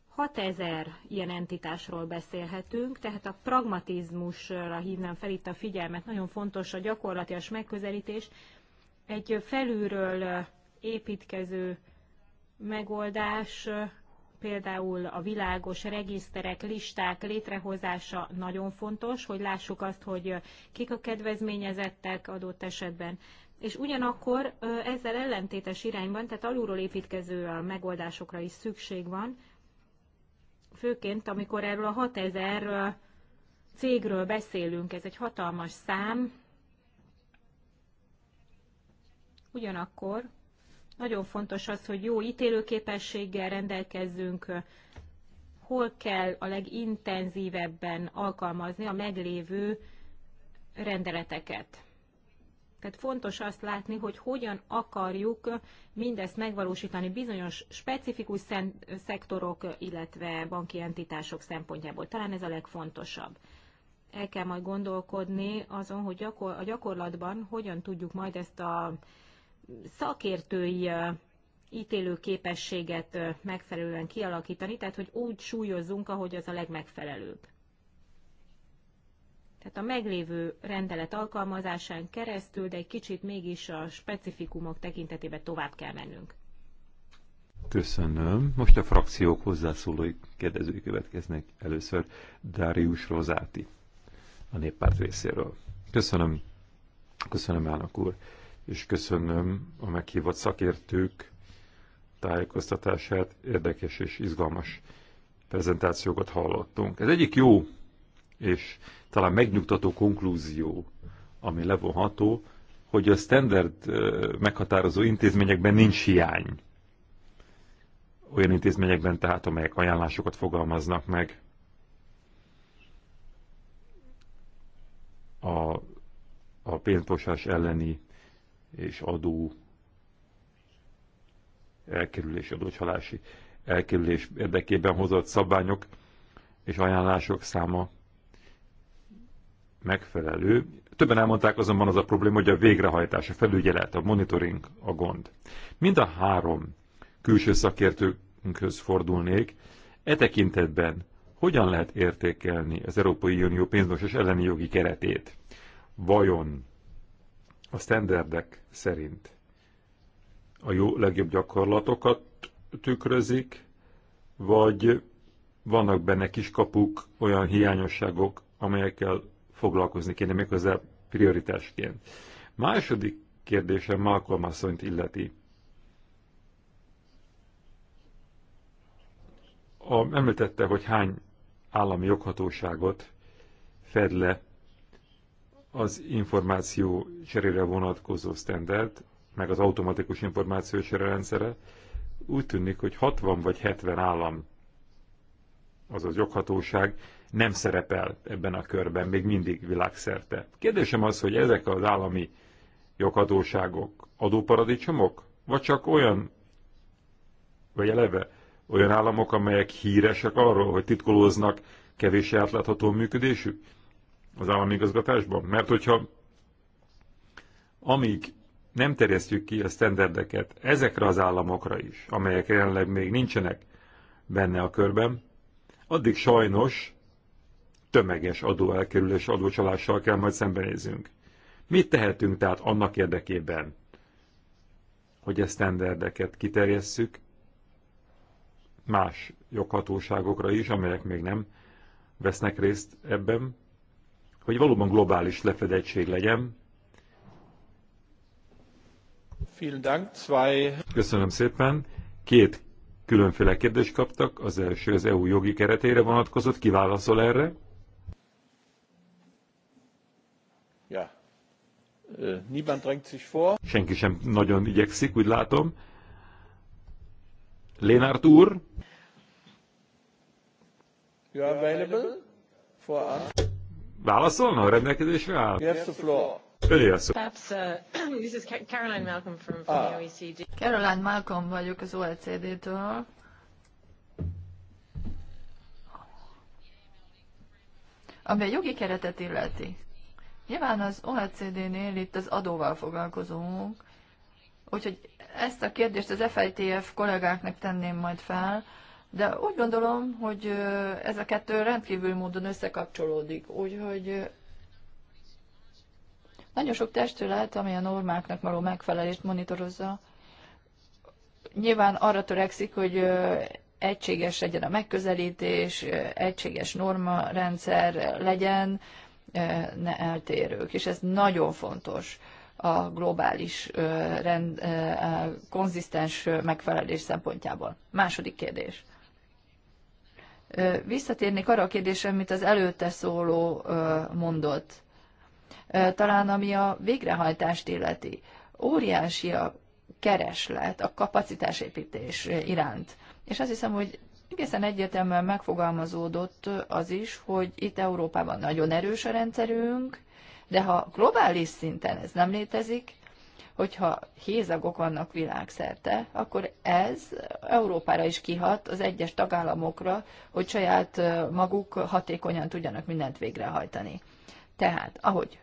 6000 ilyen entitásról beszélhetünk, tehát a pragmatizmusra hívnám fel itt a figyelmet, nagyon fontos a gyakorlatias megközelítés. Egy felülről építkező megoldás, például a világos regiszterek, listák létrehozása nagyon fontos, hogy lássuk azt, hogy kik a kedvezményezettek adott esetben és ugyanakkor ezzel ellentétes irányban, tehát alulról építkező megoldásokra is szükség van, főként amikor erről a 6000 cégről beszélünk, ez egy hatalmas szám, ugyanakkor nagyon fontos az, hogy jó ítélőképességgel rendelkezzünk, hol kell a legintenzívebben alkalmazni a meglévő rendeleteket. Tehát fontos azt látni, hogy hogyan akarjuk mindezt megvalósítani bizonyos specifikus szektorok, illetve banki entitások szempontjából. Talán ez a legfontosabb. El kell majd gondolkodni azon, hogy gyakor- a gyakorlatban hogyan tudjuk majd ezt a szakértői ítélőképességet megfelelően kialakítani, tehát hogy úgy súlyozzunk, ahogy az a legmegfelelőbb tehát a meglévő rendelet alkalmazásán keresztül, de egy kicsit mégis a specifikumok tekintetében tovább kell mennünk. Köszönöm. Most a frakciók hozzászólói kérdezői következnek. Először Dárius Rozáti a néppárt részéről. Köszönöm. Köszönöm, elnök úr. És köszönöm a meghívott szakértők tájékoztatását. Érdekes és izgalmas prezentációkat hallottunk. Ez egyik jó és talán megnyugtató konklúzió, ami levonható, hogy a standard meghatározó intézményekben nincs hiány. Olyan intézményekben tehát, amelyek ajánlásokat fogalmaznak meg. A, a pénzposás elleni és adó elkerülés, adócsalási elkerülés érdekében hozott szabványok és ajánlások száma megfelelő. Többen elmondták azonban az a probléma, hogy a végrehajtás, a felügyelet, a monitoring a gond. Mind a három külső szakértőnkhöz fordulnék, e tekintetben hogyan lehet értékelni az Európai Unió és elleni jogi keretét? Vajon a standardek szerint a jó legjobb gyakorlatokat tükrözik, vagy vannak benne kiskapuk, olyan hiányosságok, amelyekkel foglalkozni kéne méghozzá prioritásként. Második kérdésem Malcolm asszonyt illeti. A, említette, hogy hány állami joghatóságot fed le az információ cserére vonatkozó standard, meg az automatikus információ cserére rendszere. Úgy tűnik, hogy 60 vagy 70 állam, azaz joghatóság nem szerepel ebben a körben, még mindig világszerte. Kérdésem az, hogy ezek az állami joghatóságok adóparadicsomok, vagy csak olyan, vagy eleve olyan államok, amelyek híresek arról, hogy titkolóznak kevés átlátható működésük az állami igazgatásban? Mert hogyha amíg nem terjesztjük ki a standardeket ezekre az államokra is, amelyek jelenleg még nincsenek benne a körben, addig sajnos tömeges adóelkerülés, adócsalással kell majd szembenézünk. Mit tehetünk tehát annak érdekében, hogy a e sztenderdeket kiterjesszük más joghatóságokra is, amelyek még nem vesznek részt ebben, hogy valóban globális lefedettség legyen. Köszönöm szépen. Két különféle kérdést kaptak. Az első az EU jogi keretére vonatkozott. Kiválaszol erre? Niemand drängt sich vor. Senki sem nagyon igyekszik, úgy látom. Lénárt úr? You are available for us? Válaszolna a rendelkezésre áll? You have the floor. Öné Perhaps, uh, [clears throat] this is Caroline Malcolm from, from ah. the OECD. Caroline Malcolm vagyok az OECD-től. Ami a jogi keretet illeti. Nyilván az OECD-nél itt az adóval foglalkozunk, úgyhogy ezt a kérdést az FITF kollégáknak tenném majd fel, de úgy gondolom, hogy ez a kettő rendkívül módon összekapcsolódik, úgyhogy nagyon sok testület, ami a normáknak való megfelelést monitorozza, nyilván arra törekszik, hogy egységes legyen a megközelítés, egységes rendszer legyen, ne eltérők, és ez nagyon fontos a globális rend, konzisztens megfelelés szempontjából. Második kérdés. Visszatérnék arra a kérdésre, amit az előtte szóló mondott. Talán ami a végrehajtást illeti. Óriási a kereslet a kapacitásépítés iránt. És azt hiszem, hogy egészen egyértelműen megfogalmazódott az is, hogy itt Európában nagyon erős a rendszerünk, de ha globális szinten ez nem létezik, hogyha hézagok vannak világszerte, akkor ez Európára is kihat az egyes tagállamokra, hogy saját maguk hatékonyan tudjanak mindent végrehajtani. Tehát, ahogy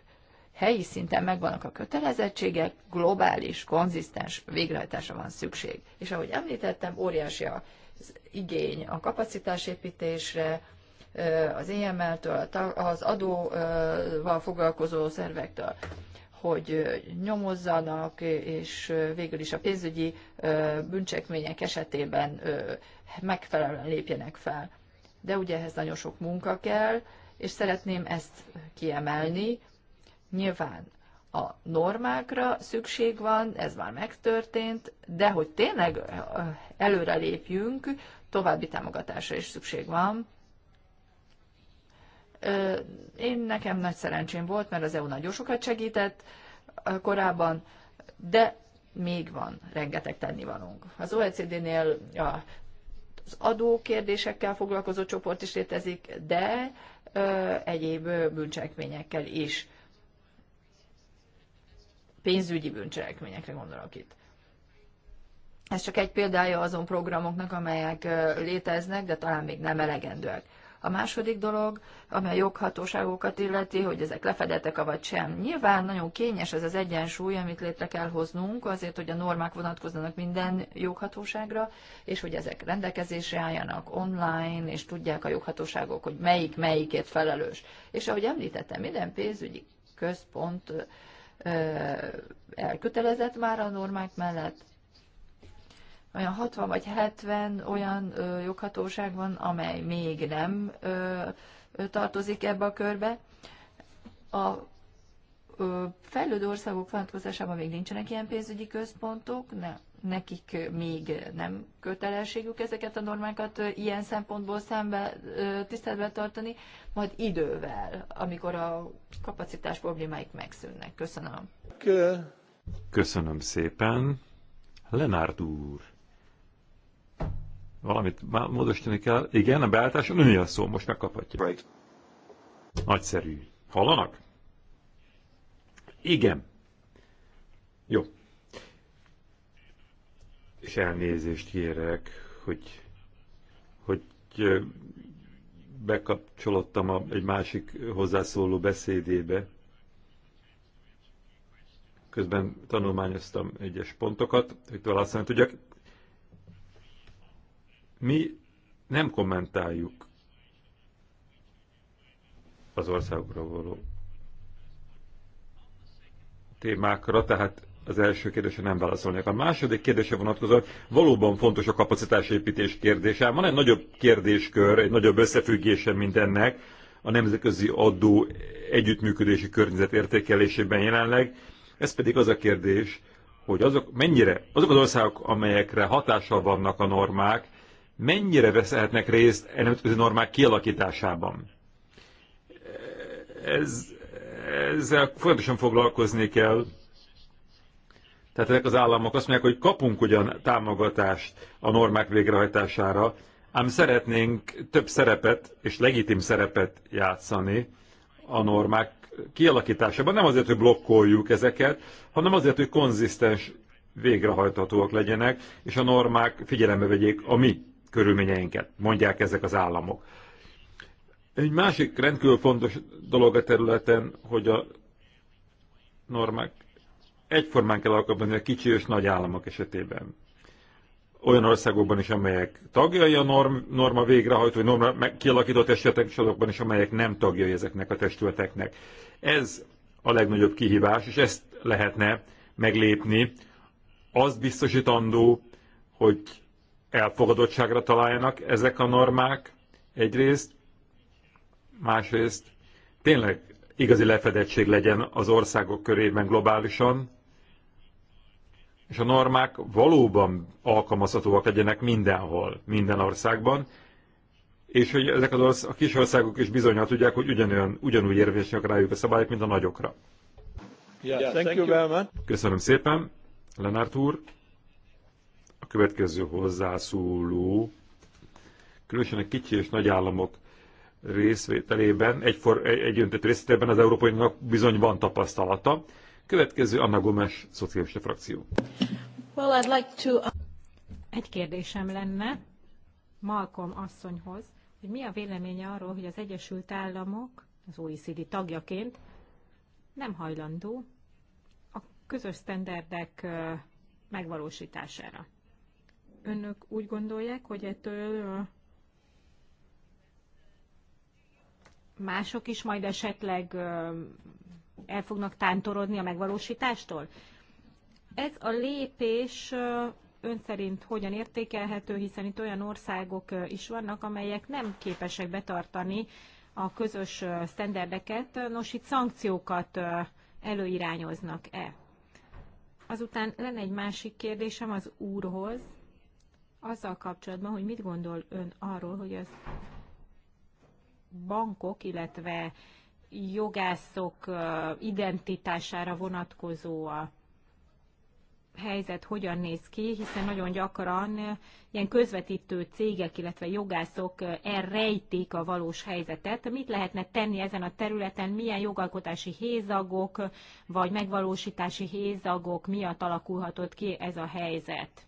helyi szinten megvannak a kötelezettségek, globális, konzisztens végrehajtásra van szükség. És ahogy említettem, óriási a igény a kapacitásépítésre, az EML-től, az adóval foglalkozó szervektől, hogy nyomozzanak, és végül is a pénzügyi bűncsekmények esetében megfelelően lépjenek fel. De ugye ehhez nagyon sok munka kell, és szeretném ezt kiemelni. Nyilván a normákra szükség van, ez már megtörtént, de hogy tényleg előrelépjünk, további támogatásra is szükség van. Én nekem nagy szerencsém volt, mert az EU nagyon sokat segített korábban, de még van rengeteg tennivalónk. Az OECD-nél az adó kérdésekkel foglalkozó csoport is létezik, de egyéb bűncselekményekkel is. Pénzügyi bűncselekményekre gondolok itt. Ez csak egy példája azon programoknak, amelyek léteznek, de talán még nem elegendőek. A második dolog, amely a joghatóságokat illeti, hogy ezek lefedettek vagy sem. Nyilván nagyon kényes ez az egyensúly, amit létre kell hoznunk, azért, hogy a normák vonatkozzanak minden joghatóságra, és hogy ezek rendelkezésre álljanak online, és tudják a joghatóságok, hogy melyik melyikért felelős. És ahogy említettem, minden pénzügyi központ elkötelezett már a normák mellett, olyan 60 vagy 70 olyan ö, joghatóság van, amely még nem ö, tartozik ebbe a körbe. A ö, fejlődő országok vonatkozásában még nincsenek ilyen pénzügyi központok, ne, nekik még nem kötelességük ezeket a normákat ilyen szempontból szembe tiszteletbe tartani, majd idővel, amikor a kapacitás problémáik megszűnnek. Köszönöm. Köszönöm szépen. Lenárd úr. Valamit módosítani kell. Igen, a beállításon önnél szó, most megkaphatja. Right. Nagyszerű. Hallanak? Igen. Jó. És elnézést kérek, hogy, hogy bekapcsolottam a, egy másik hozzászóló beszédébe. Közben tanulmányoztam egyes pontokat, hogy talán tudjak. Mi nem kommentáljuk az országokra való témákra, tehát az első kérdésre nem válaszolnék. A második kérdése vonatkozóan valóban fontos a kapacitásépítés kérdése. Van egy nagyobb kérdéskör, egy nagyobb összefüggése mindennek a nemzetközi adó együttműködési környezet értékelésében jelenleg. Ez pedig az a kérdés, hogy azok mennyire, azok az országok, amelyekre hatással vannak a normák, mennyire veszhetnek részt e nemzetközi normák kialakításában. Ez, ezzel fontosan foglalkozni kell. Tehát ezek az államok azt mondják, hogy kapunk ugyan támogatást a normák végrehajtására, ám szeretnénk több szerepet és legitim szerepet játszani a normák kialakításában. Nem azért, hogy blokkoljuk ezeket, hanem azért, hogy konzisztens végrehajthatóak legyenek, és a normák figyelembe vegyék a mi körülményeinket, mondják ezek az államok. Egy másik rendkívül fontos dolog a területen, hogy a normák egyformán kell alkalmazni a kicsi és nagy államok esetében. Olyan országokban is, amelyek tagjai a norm, norma végrehajtó, norma meg, kialakított testületek, és azokban is, amelyek nem tagjai ezeknek a testületeknek. Ez a legnagyobb kihívás, és ezt lehetne meglépni. Azt biztosítandó, hogy elfogadottságra találjanak ezek a normák egyrészt, másrészt tényleg igazi lefedettség legyen az országok körében globálisan, és a normák valóban alkalmazhatóak legyenek mindenhol, minden országban, és hogy ezek az orsz- a kis országok is bizonyal tudják, hogy ugyanolyan, ugyanúgy érvényesek rájuk a szabályok, mint a nagyokra. Yeah, thank you very much. Köszönöm szépen, Lenárt úr következő hozzászóló, különösen a kicsi és nagy államok részvételében, egyfor, öntető részvételében az Európai Uniónak bizony van tapasztalata. Következő Anna Gomes, szocialista frakció. Well, I'd like to... Egy kérdésem lenne Malcolm asszonyhoz, hogy mi a véleménye arról, hogy az Egyesült Államok az OECD tagjaként nem hajlandó a közös sztenderdek megvalósítására önök úgy gondolják, hogy ettől mások is majd esetleg el fognak tántorodni a megvalósítástól? Ez a lépés ön szerint hogyan értékelhető, hiszen itt olyan országok is vannak, amelyek nem képesek betartani a közös sztenderdeket, nos itt szankciókat előirányoznak-e? Azután lenne egy másik kérdésem az úrhoz azzal kapcsolatban, hogy mit gondol ön arról, hogy az bankok, illetve jogászok identitására vonatkozó a helyzet hogyan néz ki, hiszen nagyon gyakran ilyen közvetítő cégek, illetve jogászok elrejtik a valós helyzetet. Mit lehetne tenni ezen a területen, milyen jogalkotási hézagok vagy megvalósítási hézagok miatt alakulhatott ki ez a helyzet?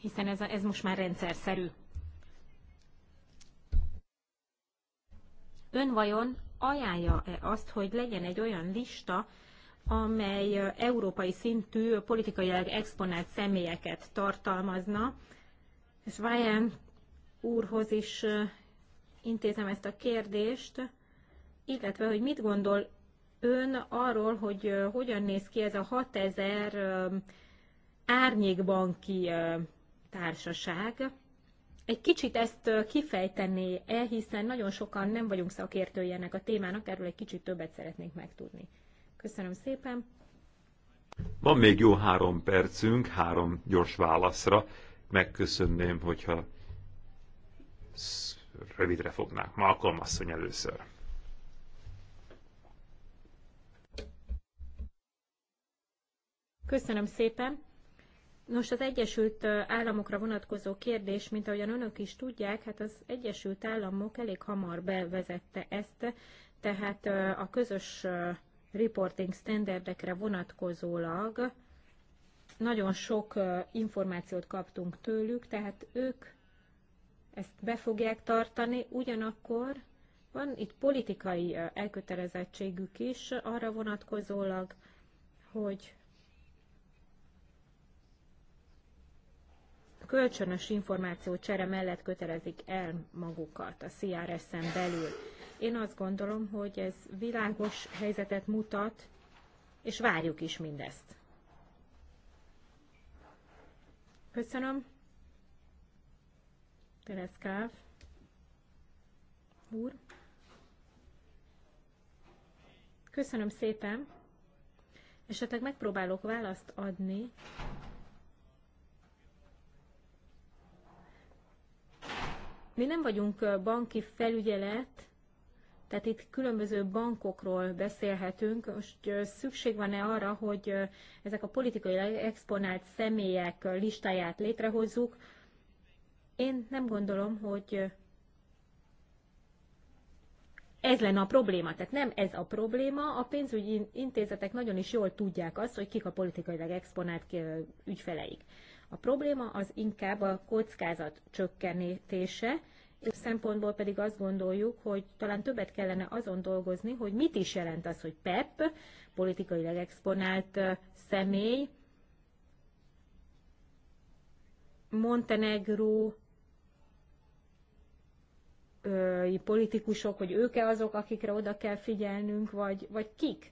hiszen ez, a, ez most már rendszer szerű. Ön vajon ajánlja-e azt, hogy legyen egy olyan lista, amely európai szintű politikai exponált személyeket tartalmazna. És Ryan úrhoz is intézem ezt a kérdést, illetve hogy mit gondol ön arról, hogy hogyan néz ki ez a 6000 árnyékbanki társaság. Egy kicsit ezt kifejtené -e, hiszen nagyon sokan nem vagyunk szakértői ennek a témának, erről egy kicsit többet szeretnénk megtudni. Köszönöm szépen. Van még jó három percünk, három gyors válaszra. Megköszönném, hogyha rövidre fognák. Malcolm asszony először. Köszönöm szépen. Nos, az Egyesült Államokra vonatkozó kérdés, mint ahogyan önök is tudják, hát az Egyesült Államok elég hamar bevezette ezt, tehát a közös reporting standardekre vonatkozólag nagyon sok információt kaptunk tőlük, tehát ők ezt be fogják tartani, ugyanakkor van itt politikai elkötelezettségük is arra vonatkozólag, hogy kölcsönös információ csere mellett kötelezik el magukat a CRS-en belül. Én azt gondolom, hogy ez világos helyzetet mutat, és várjuk is mindezt. Köszönöm. Tereszkáv úr. Köszönöm szépen. Esetleg megpróbálok választ adni Mi nem vagyunk banki felügyelet, tehát itt különböző bankokról beszélhetünk. Most szükség van-e arra, hogy ezek a politikai exponált személyek listáját létrehozzuk? Én nem gondolom, hogy ez lenne a probléma. Tehát nem ez a probléma, a pénzügyi intézetek nagyon is jól tudják azt, hogy kik a politikailag exponált ügyfeleik. A probléma az inkább a kockázat csökkenítése, és szempontból pedig azt gondoljuk, hogy talán többet kellene azon dolgozni, hogy mit is jelent az, hogy PEP, politikailag exponált személy, Montenegró politikusok, hogy ők-e azok, akikre oda kell figyelnünk, vagy, vagy kik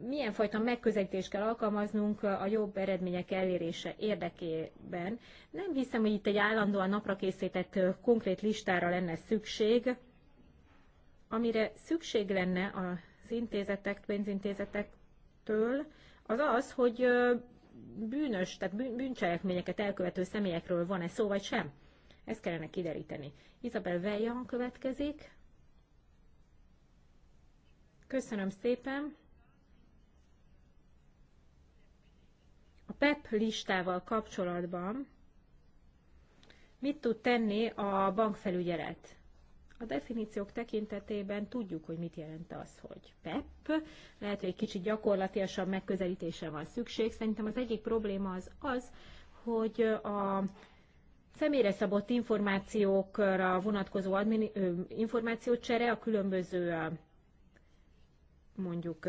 milyen fajta megközelítést kell alkalmaznunk a jobb eredmények elérése érdekében. Nem hiszem, hogy itt egy állandóan napra készített konkrét listára lenne szükség, amire szükség lenne az intézetek, pénzintézetektől, az az, hogy bűnös, tehát bűncselekményeket elkövető személyekről van-e szó, vagy sem. Ezt kellene kideríteni. Isabel Vejan következik. Köszönöm szépen. PEP listával kapcsolatban mit tud tenni a bankfelügyelet? A definíciók tekintetében tudjuk, hogy mit jelent az, hogy PEP. Lehet, hogy egy kicsit gyakorlatilasabb megközelítésre van szükség. Szerintem az egyik probléma az az, hogy a személyre szabott információkra vonatkozó admin, információcsere a különböző mondjuk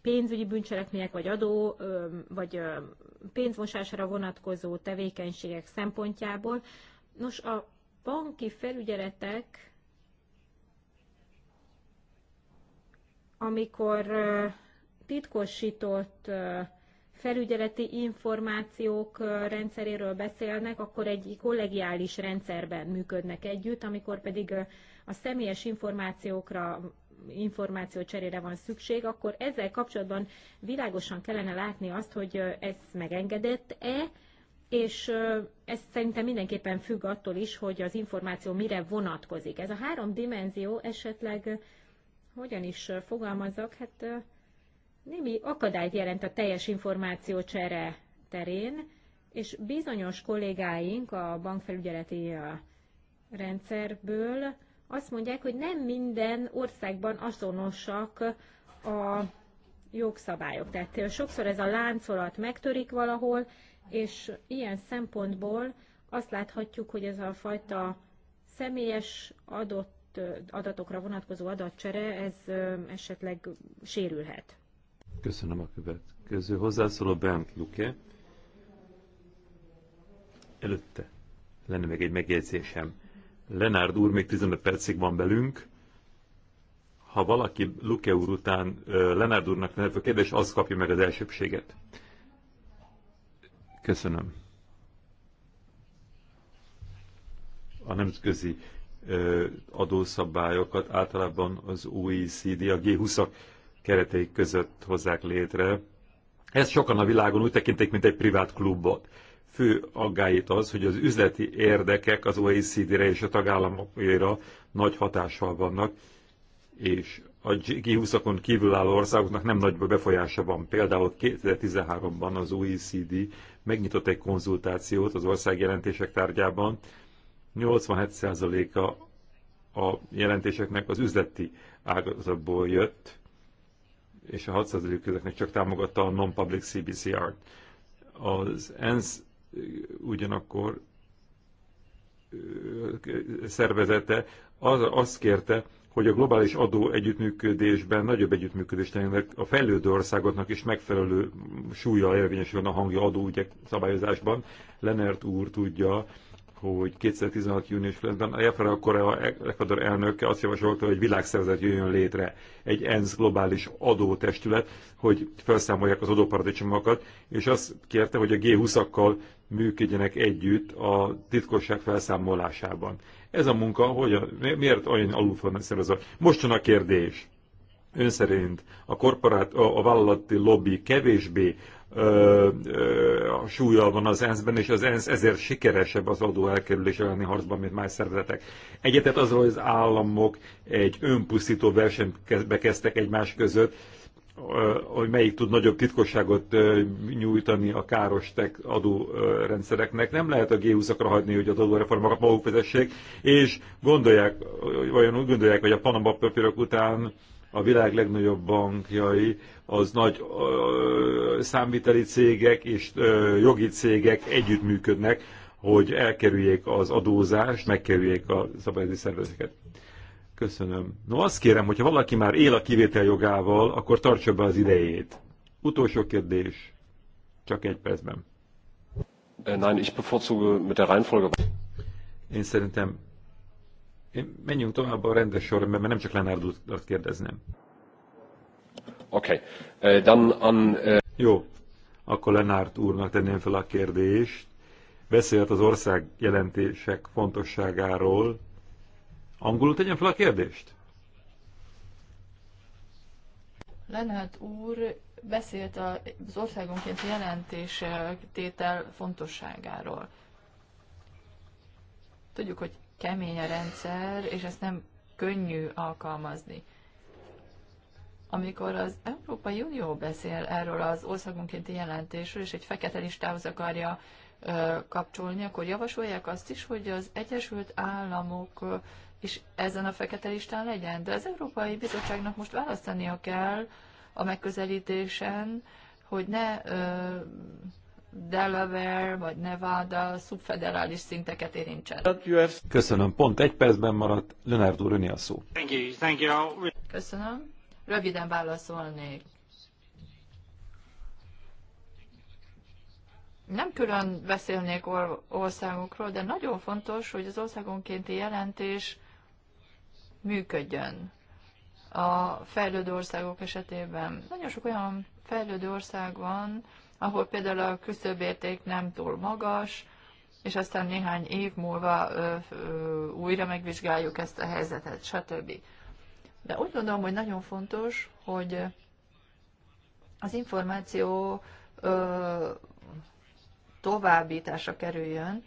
pénzügyi bűncselekmények, vagy adó, vagy pénzmosásra vonatkozó tevékenységek szempontjából. Nos, a banki felügyeletek, amikor titkosított felügyeleti információk rendszeréről beszélnek, akkor egy kollegiális rendszerben működnek együtt, amikor pedig a személyes információkra információ cserére van szükség, akkor ezzel kapcsolatban világosan kellene látni azt, hogy ez megengedett-e, és ez szerintem mindenképpen függ attól is, hogy az információ mire vonatkozik. Ez a három dimenzió esetleg, hogyan is fogalmazzak, hát némi akadályt jelent a teljes információ csere terén, és bizonyos kollégáink a bankfelügyeleti rendszerből azt mondják, hogy nem minden országban azonosak a jogszabályok. Tehát sokszor ez a láncolat megtörik valahol, és ilyen szempontból azt láthatjuk, hogy ez a fajta személyes adott adatokra vonatkozó adatcsere, ez esetleg sérülhet. Köszönöm a következő hozzászóló Bernd Luke. Előtte lenne még egy megjegyzésem Lenárd úr még 15 percig van belünk. Ha valaki Luke úr után Lenárd úrnak tenni a kérdés, az kapja meg az elsőbséget. Köszönöm. A nemzetközi adószabályokat általában az OECD, a G20-ak keretei között hozzák létre. Ezt sokan a világon úgy tekintik, mint egy privát klubot fő aggáit az, hogy az üzleti érdekek az OECD-re és a tagállamokra nagy hatással vannak, és a G20-akon kívülálló országoknak nem nagy befolyása van. Például 2013-ban az OECD megnyitott egy konzultációt az országjelentések tárgyában. 87%-a a jelentéseknek az üzleti ágazatból jött, és a 6% ezeknek csak támogatta a non-public CBCR-t. Az ENSZ ugyanakkor szervezete az, azt kérte, hogy a globális adó együttműködésben nagyobb együttműködést legyenek, a fejlődő országoknak is megfelelő súlya érvényesül a hangja adóügyek szabályozásban. Lenert úr tudja, hogy 2016. júniusban a Jeffrey Korea Ecuador elnöke azt javasolta, hogy egy világszervezet jöjjön létre, egy ENSZ globális adótestület, hogy felszámolják az adóparadicsomokat, és azt kérte, hogy a G20-akkal működjenek együtt a titkosság felszámolásában. Ez a munka hogy a miért olyan alulfinanszírozva? Most jön a kérdés. Ön szerint a, korporát, a, a vállalati lobby kevésbé ö, ö, a súlya van az ENSZ-ben, és az ENSZ ezért sikeresebb az adó elkerülés elleni harcban, mint más szervezetek. Egyetet azzal, hogy az államok egy önpusztító versenybe kezdtek egymás között, hogy melyik tud nagyobb titkosságot nyújtani a káros adó adórendszereknek. Nem lehet a g 20 hagyni, hogy az adóreformokat maguk vezessék, és gondolják, vajon úgy gondolják, hogy a Panama papírok után a világ legnagyobb bankjai, az nagy ö, számviteli cégek és ö, jogi cégek együttműködnek, hogy elkerüljék az adózást, megkerüljék a szabályozási szervezeteket. Köszönöm. No azt kérem, hogyha valaki már él a kivétel jogával, akkor tartsa be az idejét. Utolsó kérdés. Csak egy percben. Äh, nein, ich bevorzuge mit der Reihenfolge. Én szerintem én menjünk tovább a rendes sor, mert nem csak Lenárdot kérdezném. Oké. Okay. Äh, dann an... Äh, Jó. Akkor Lenárd úrnak tenném fel a kérdést. Beszélt az ország jelentések fontosságáról, Angolul tegyen fel a kérdést? Lenhát úr beszélt az országonként jelentés tétel fontosságáról. Tudjuk, hogy kemény a rendszer, és ezt nem könnyű alkalmazni. Amikor az Európai Unió beszél erről az országonkénti jelentésről, és egy fekete listához akarja ö, kapcsolni, akkor javasolják azt is, hogy az Egyesült Államok és ezen a fekete listán legyen. De az Európai Bizottságnak most választania kell a megközelítésen, hogy ne uh, Delaware vagy Nevada szubfederális szinteket érintsen. Köszönöm. Pont egy percben maradt Leonardo Röni a szó. Thank you. Thank you. Köszönöm. Röviden válaszolnék. nem külön beszélnék országokról, de nagyon fontos, hogy az országonkénti jelentés működjön a fejlődő országok esetében. Nagyon sok olyan fejlődő ország van, ahol például a küszöbérték nem túl magas, és aztán néhány év múlva ö, ö, újra megvizsgáljuk ezt a helyzetet, stb. De úgy gondolom, hogy nagyon fontos, hogy az információ ö, továbbítása kerüljön,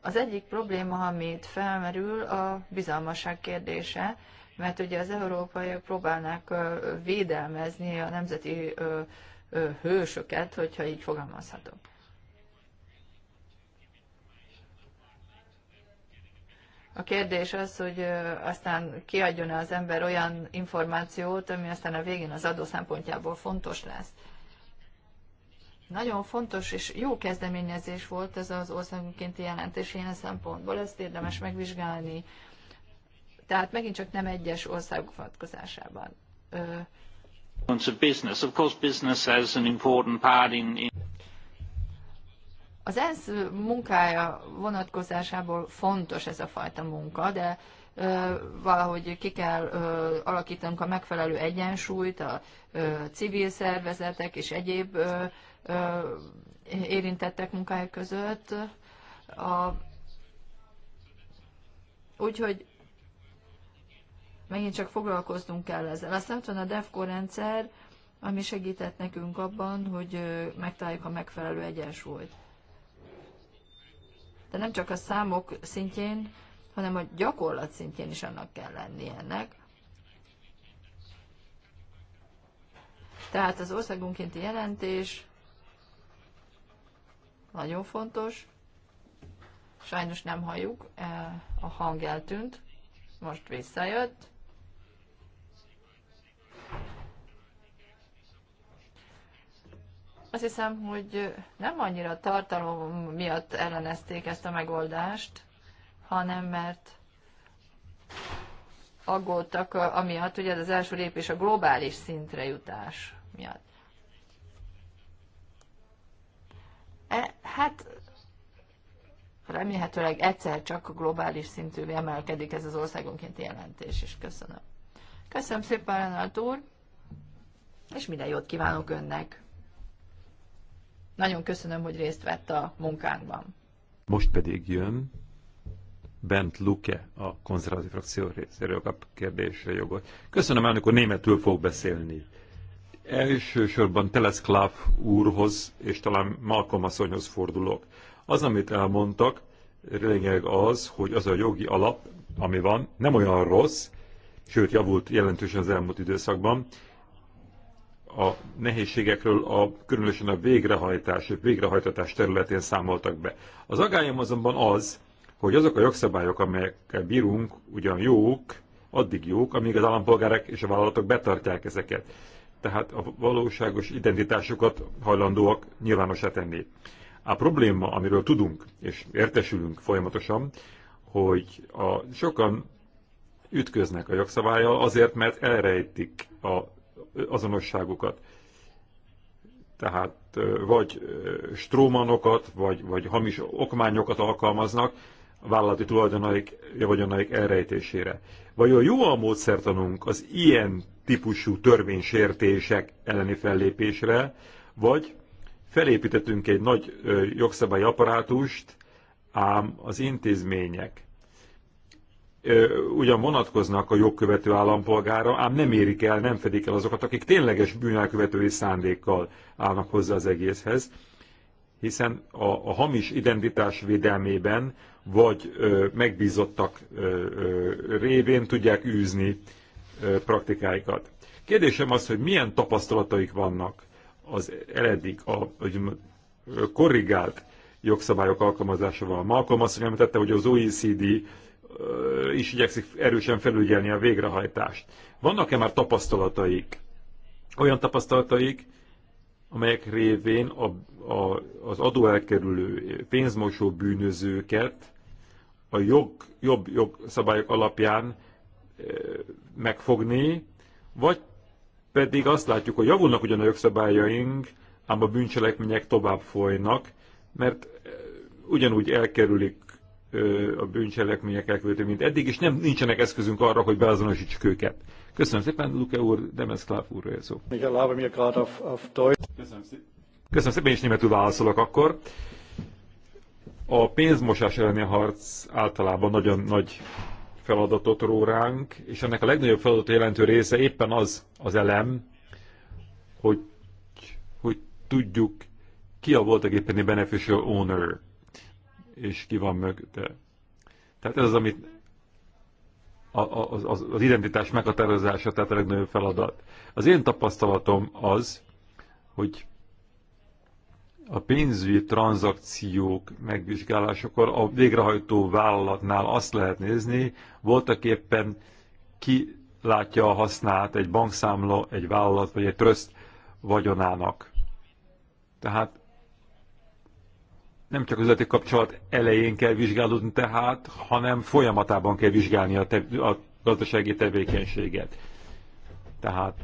az egyik probléma, amit felmerül, a bizalmasság kérdése, mert ugye az európaiak próbálnák védelmezni a nemzeti hősöket, hogyha így fogalmazhatok. A kérdés az, hogy aztán kiadjon -e az ember olyan információt, ami aztán a végén az adó szempontjából fontos lesz. Nagyon fontos és jó kezdeményezés volt ez az országunkénti jelentés ilyen szempontból, ezt érdemes megvizsgálni. Tehát megint csak nem egyes országok vonatkozásában. Az ENSZ munkája vonatkozásából fontos ez a fajta munka, de valahogy ki kell alakítanunk a megfelelő egyensúlyt a civil szervezetek és egyéb érintettek munkája között. A, úgyhogy megint csak foglalkoznunk kell ezzel. Aztán ott van a DEFCO rendszer, ami segített nekünk abban, hogy megtaláljuk a megfelelő egyensúlyt. De nem csak a számok szintjén, hanem a gyakorlat szintjén is annak kell lenni ennek. Tehát az országunkénti jelentés nagyon fontos. Sajnos nem halljuk, e, a hang eltűnt. Most visszajött. Azt hiszem, hogy nem annyira tartalom miatt ellenezték ezt a megoldást, hanem mert aggódtak e, amiatt, hogy ez az első lépés a globális szintre jutás miatt. E, hát remélhetőleg egyszer csak a globális szintűvé emelkedik ez az országonként jelentés, és köszönöm. Köszönöm szépen, Renát úr, és minden jót kívánok önnek. Nagyon köszönöm, hogy részt vett a munkánkban. Most pedig jön Bent Luke a konzervatív frakció részéről kap kérdésre jogot. Köszönöm, elnök úr, németül fog beszélni. Elsősorban Teleszkláv úrhoz és talán Malcolm asszonyhoz fordulok. Az, amit elmondtak, lényeg az, hogy az a jogi alap, ami van, nem olyan rossz, sőt javult jelentősen az elmúlt időszakban. A nehézségekről a, különösen a végrehajtás, végrehajtatás területén számoltak be. Az agályom azonban az, hogy azok a jogszabályok, amelyekkel bírunk, ugyan jók, addig jók, amíg az állampolgárok és a vállalatok betartják ezeket tehát a valóságos identitásokat hajlandóak nyilvánosra tenni. A probléma, amiről tudunk és értesülünk folyamatosan, hogy a, sokan ütköznek a jogszabályjal azért, mert elrejtik a azonosságukat. Tehát vagy strómanokat, vagy, vagy hamis okmányokat alkalmaznak, vállalati tulajdonaik, vagyonaik elrejtésére. Vajon jó a módszertanunk az ilyen típusú törvénysértések elleni fellépésre, vagy felépítettünk egy nagy jogszabályi apparátust, ám az intézmények ugyan vonatkoznak a jogkövető állampolgára, ám nem érik el, nem fedik el azokat, akik tényleges bűnelkövetői szándékkal állnak hozzá az egészhez, hiszen a, a hamis identitás védelmében vagy megbízottak révén tudják űzni praktikáikat. Kérdésem az, hogy milyen tapasztalataik vannak az eddig a, a korrigált jogszabályok alkalmazásával. Malcolm azt említette, hogy az OECD is igyekszik erősen felügyelni a végrehajtást. Vannak-e már tapasztalataik? Olyan tapasztalataik, amelyek révén a, a, az adóelkerülő pénzmosó bűnözőket a jog, jobb jogszabályok alapján e, megfogni, vagy pedig azt látjuk, hogy javulnak ugyan a jogszabályaink, ám a bűncselekmények tovább folynak, mert e, ugyanúgy elkerülik e, a bűncselekmények elkövető, mint eddig, és nem, nincsenek eszközünk arra, hogy beazonosítsuk őket. Köszönöm szépen, Luke úr, Demes Kláv úr, szó. Köszönöm szépen. Köszönöm szépen, és németül válaszolok akkor. A pénzmosás elleni harc általában nagyon nagy feladatot ró ránk, és ennek a legnagyobb feladat jelentő része éppen az az elem, hogy, hogy tudjuk, ki a voltak éppen a beneficial owner, és ki van mögötte. Tehát ez az, amit az, az, az identitás meghatározása, tehát a legnagyobb feladat. Az én tapasztalatom az, hogy a pénzügyi tranzakciók megvizsgálásakor a végrehajtó vállalatnál azt lehet nézni, voltak éppen ki látja a hasznát egy bankszámla, egy vállalat vagy egy tröszt vagyonának. Tehát nem csak üzleti kapcsolat elején kell vizsgálódni tehát, hanem folyamatában kell vizsgálni a, te, a gazdasági tevékenységet. Tehát,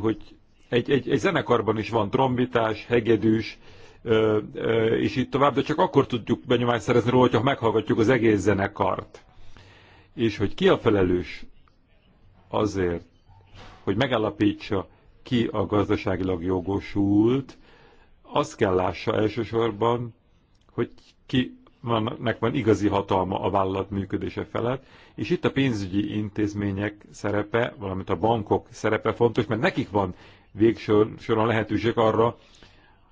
hogy egy, egy, egy zenekarban is van trombitás, hegedűs, ö, ö, és így tovább, de csak akkor tudjuk benyomást szerezni róla, hogyha meghallgatjuk az egész zenekart. És hogy ki a felelős azért, hogy megállapítsa, ki a gazdaságilag jogosult, azt kell lássa elsősorban, hogy ki vannak, van igazi hatalma a vállalat működése felett, és itt a pénzügyi intézmények szerepe, valamint a bankok szerepe fontos, mert nekik van végsoron lehetőség arra,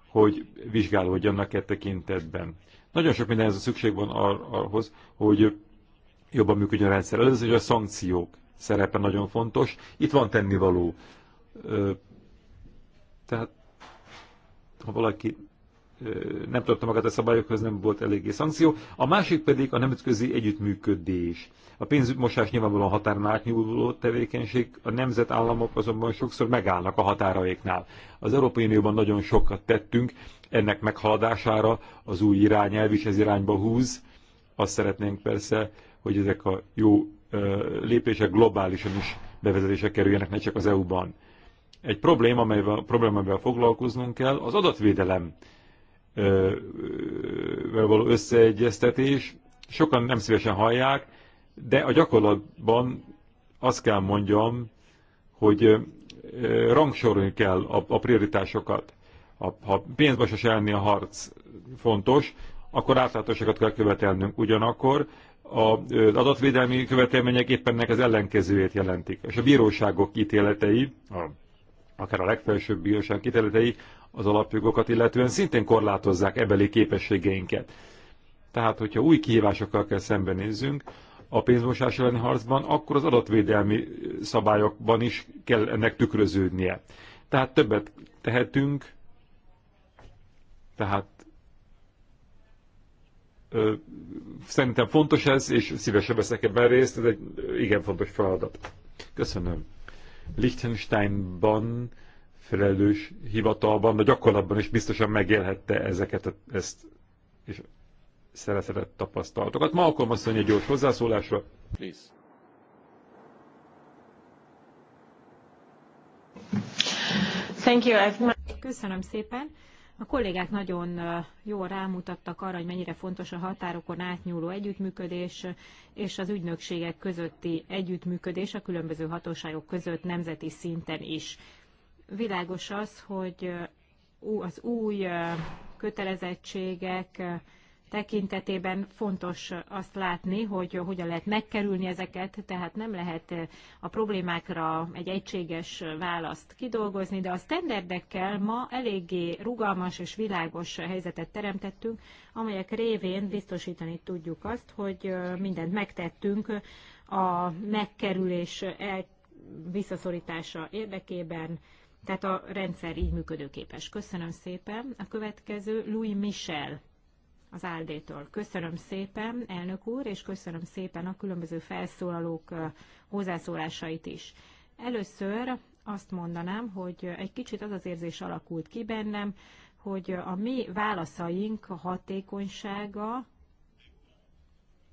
hogy vizsgálódjanak e tekintetben. Nagyon sok mindenhez szükség van ar- ahhoz, hogy jobban működjön a rendszer. az, hogy a szankciók szerepe nagyon fontos. Itt van tennivaló. Tehát, ha valaki nem tartotta magát a szabályokhoz, nem volt eléggé szankció. A másik pedig a nemzetközi együttműködés. A pénzmosás nyilvánvalóan határon átnyúló tevékenység, a nemzetállamok azonban sokszor megállnak a határaiknál. Az Európai Unióban nagyon sokat tettünk, ennek meghaladására az új irányelv is ez irányba húz. Azt szeretnénk persze, hogy ezek a jó lépések globálisan is bevezetése kerüljenek, ne csak az EU-ban. Egy probléma, amelyvel, problémával foglalkoznunk kell, az adatvédelem vel való összeegyeztetés. Sokan nem szívesen hallják, de a gyakorlatban azt kell mondjam, hogy rangsorolni kell a, a prioritásokat. A, ha pénzbe elni a harc fontos, akkor átlátosokat kell követelnünk. Ugyanakkor az adatvédelmi követelmények éppen ennek az ellenkezőjét jelentik. És a bíróságok ítéletei, a, akár a legfelsőbb bíróság ítéletei az alapjogokat, illetően szintén korlátozzák ebeli képességeinket. Tehát, hogyha új kihívásokkal kell szembenézzünk a pénzmosás elleni harcban, akkor az adatvédelmi szabályokban is kell ennek tükröződnie. Tehát többet tehetünk, tehát ö, szerintem fontos ez, és szívesen veszek ebben részt, ez egy igen fontos feladat. Köszönöm. Liechtensteinban felelős hivatalban, de gyakorlatban is biztosan megélhette ezeket, ezt, és szeretett tapasztalatokat. Ma akkor azt mondja gyors hozzászólásra. Please. Thank you. Köszönöm szépen. A kollégák nagyon jól rámutattak arra, hogy mennyire fontos a határokon átnyúló együttműködés és az ügynökségek közötti együttműködés a különböző hatóságok között nemzeti szinten is világos az, hogy az új kötelezettségek tekintetében fontos azt látni, hogy hogyan lehet megkerülni ezeket, tehát nem lehet a problémákra egy egységes választ kidolgozni, de a standardekkel ma eléggé rugalmas és világos helyzetet teremtettünk, amelyek révén biztosítani tudjuk azt, hogy mindent megtettünk a megkerülés visszaszorítása érdekében, tehát a rendszer így működőképes. Köszönöm szépen. A következő Louis Michel az Áldétől. Köszönöm szépen, elnök úr, és köszönöm szépen a különböző felszólalók hozzászólásait is. Először azt mondanám, hogy egy kicsit az az érzés alakult ki bennem, hogy a mi válaszaink a hatékonysága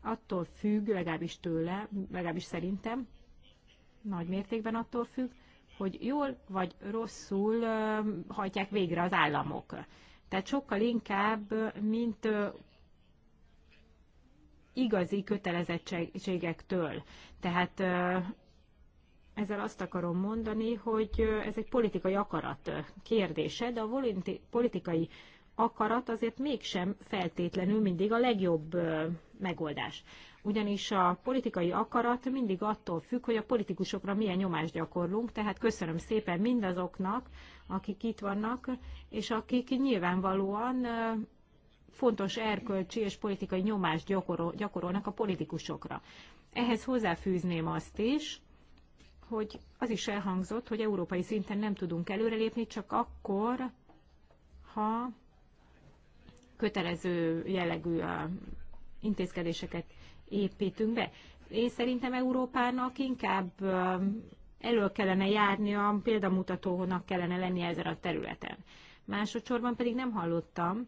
attól függ, legalábbis tőle, legalábbis szerintem, nagy mértékben attól függ, hogy jól vagy rosszul hajtják végre az államok. Tehát sokkal inkább, mint igazi kötelezettségektől. Tehát ezzel azt akarom mondani, hogy ez egy politikai akarat kérdése, de a politikai akarat azért mégsem feltétlenül mindig a legjobb megoldás ugyanis a politikai akarat mindig attól függ, hogy a politikusokra milyen nyomást gyakorlunk, tehát köszönöm szépen mindazoknak, akik itt vannak, és akik nyilvánvalóan fontos erkölcsi és politikai nyomást gyakorol, gyakorolnak a politikusokra. Ehhez hozzáfűzném azt is, hogy az is elhangzott, hogy európai szinten nem tudunk előrelépni, csak akkor, ha kötelező jellegű intézkedéseket építünk be. Én szerintem Európának inkább elő kellene járnia, példamutatónak kellene lenni ezen a területen. Másodszorban pedig nem hallottam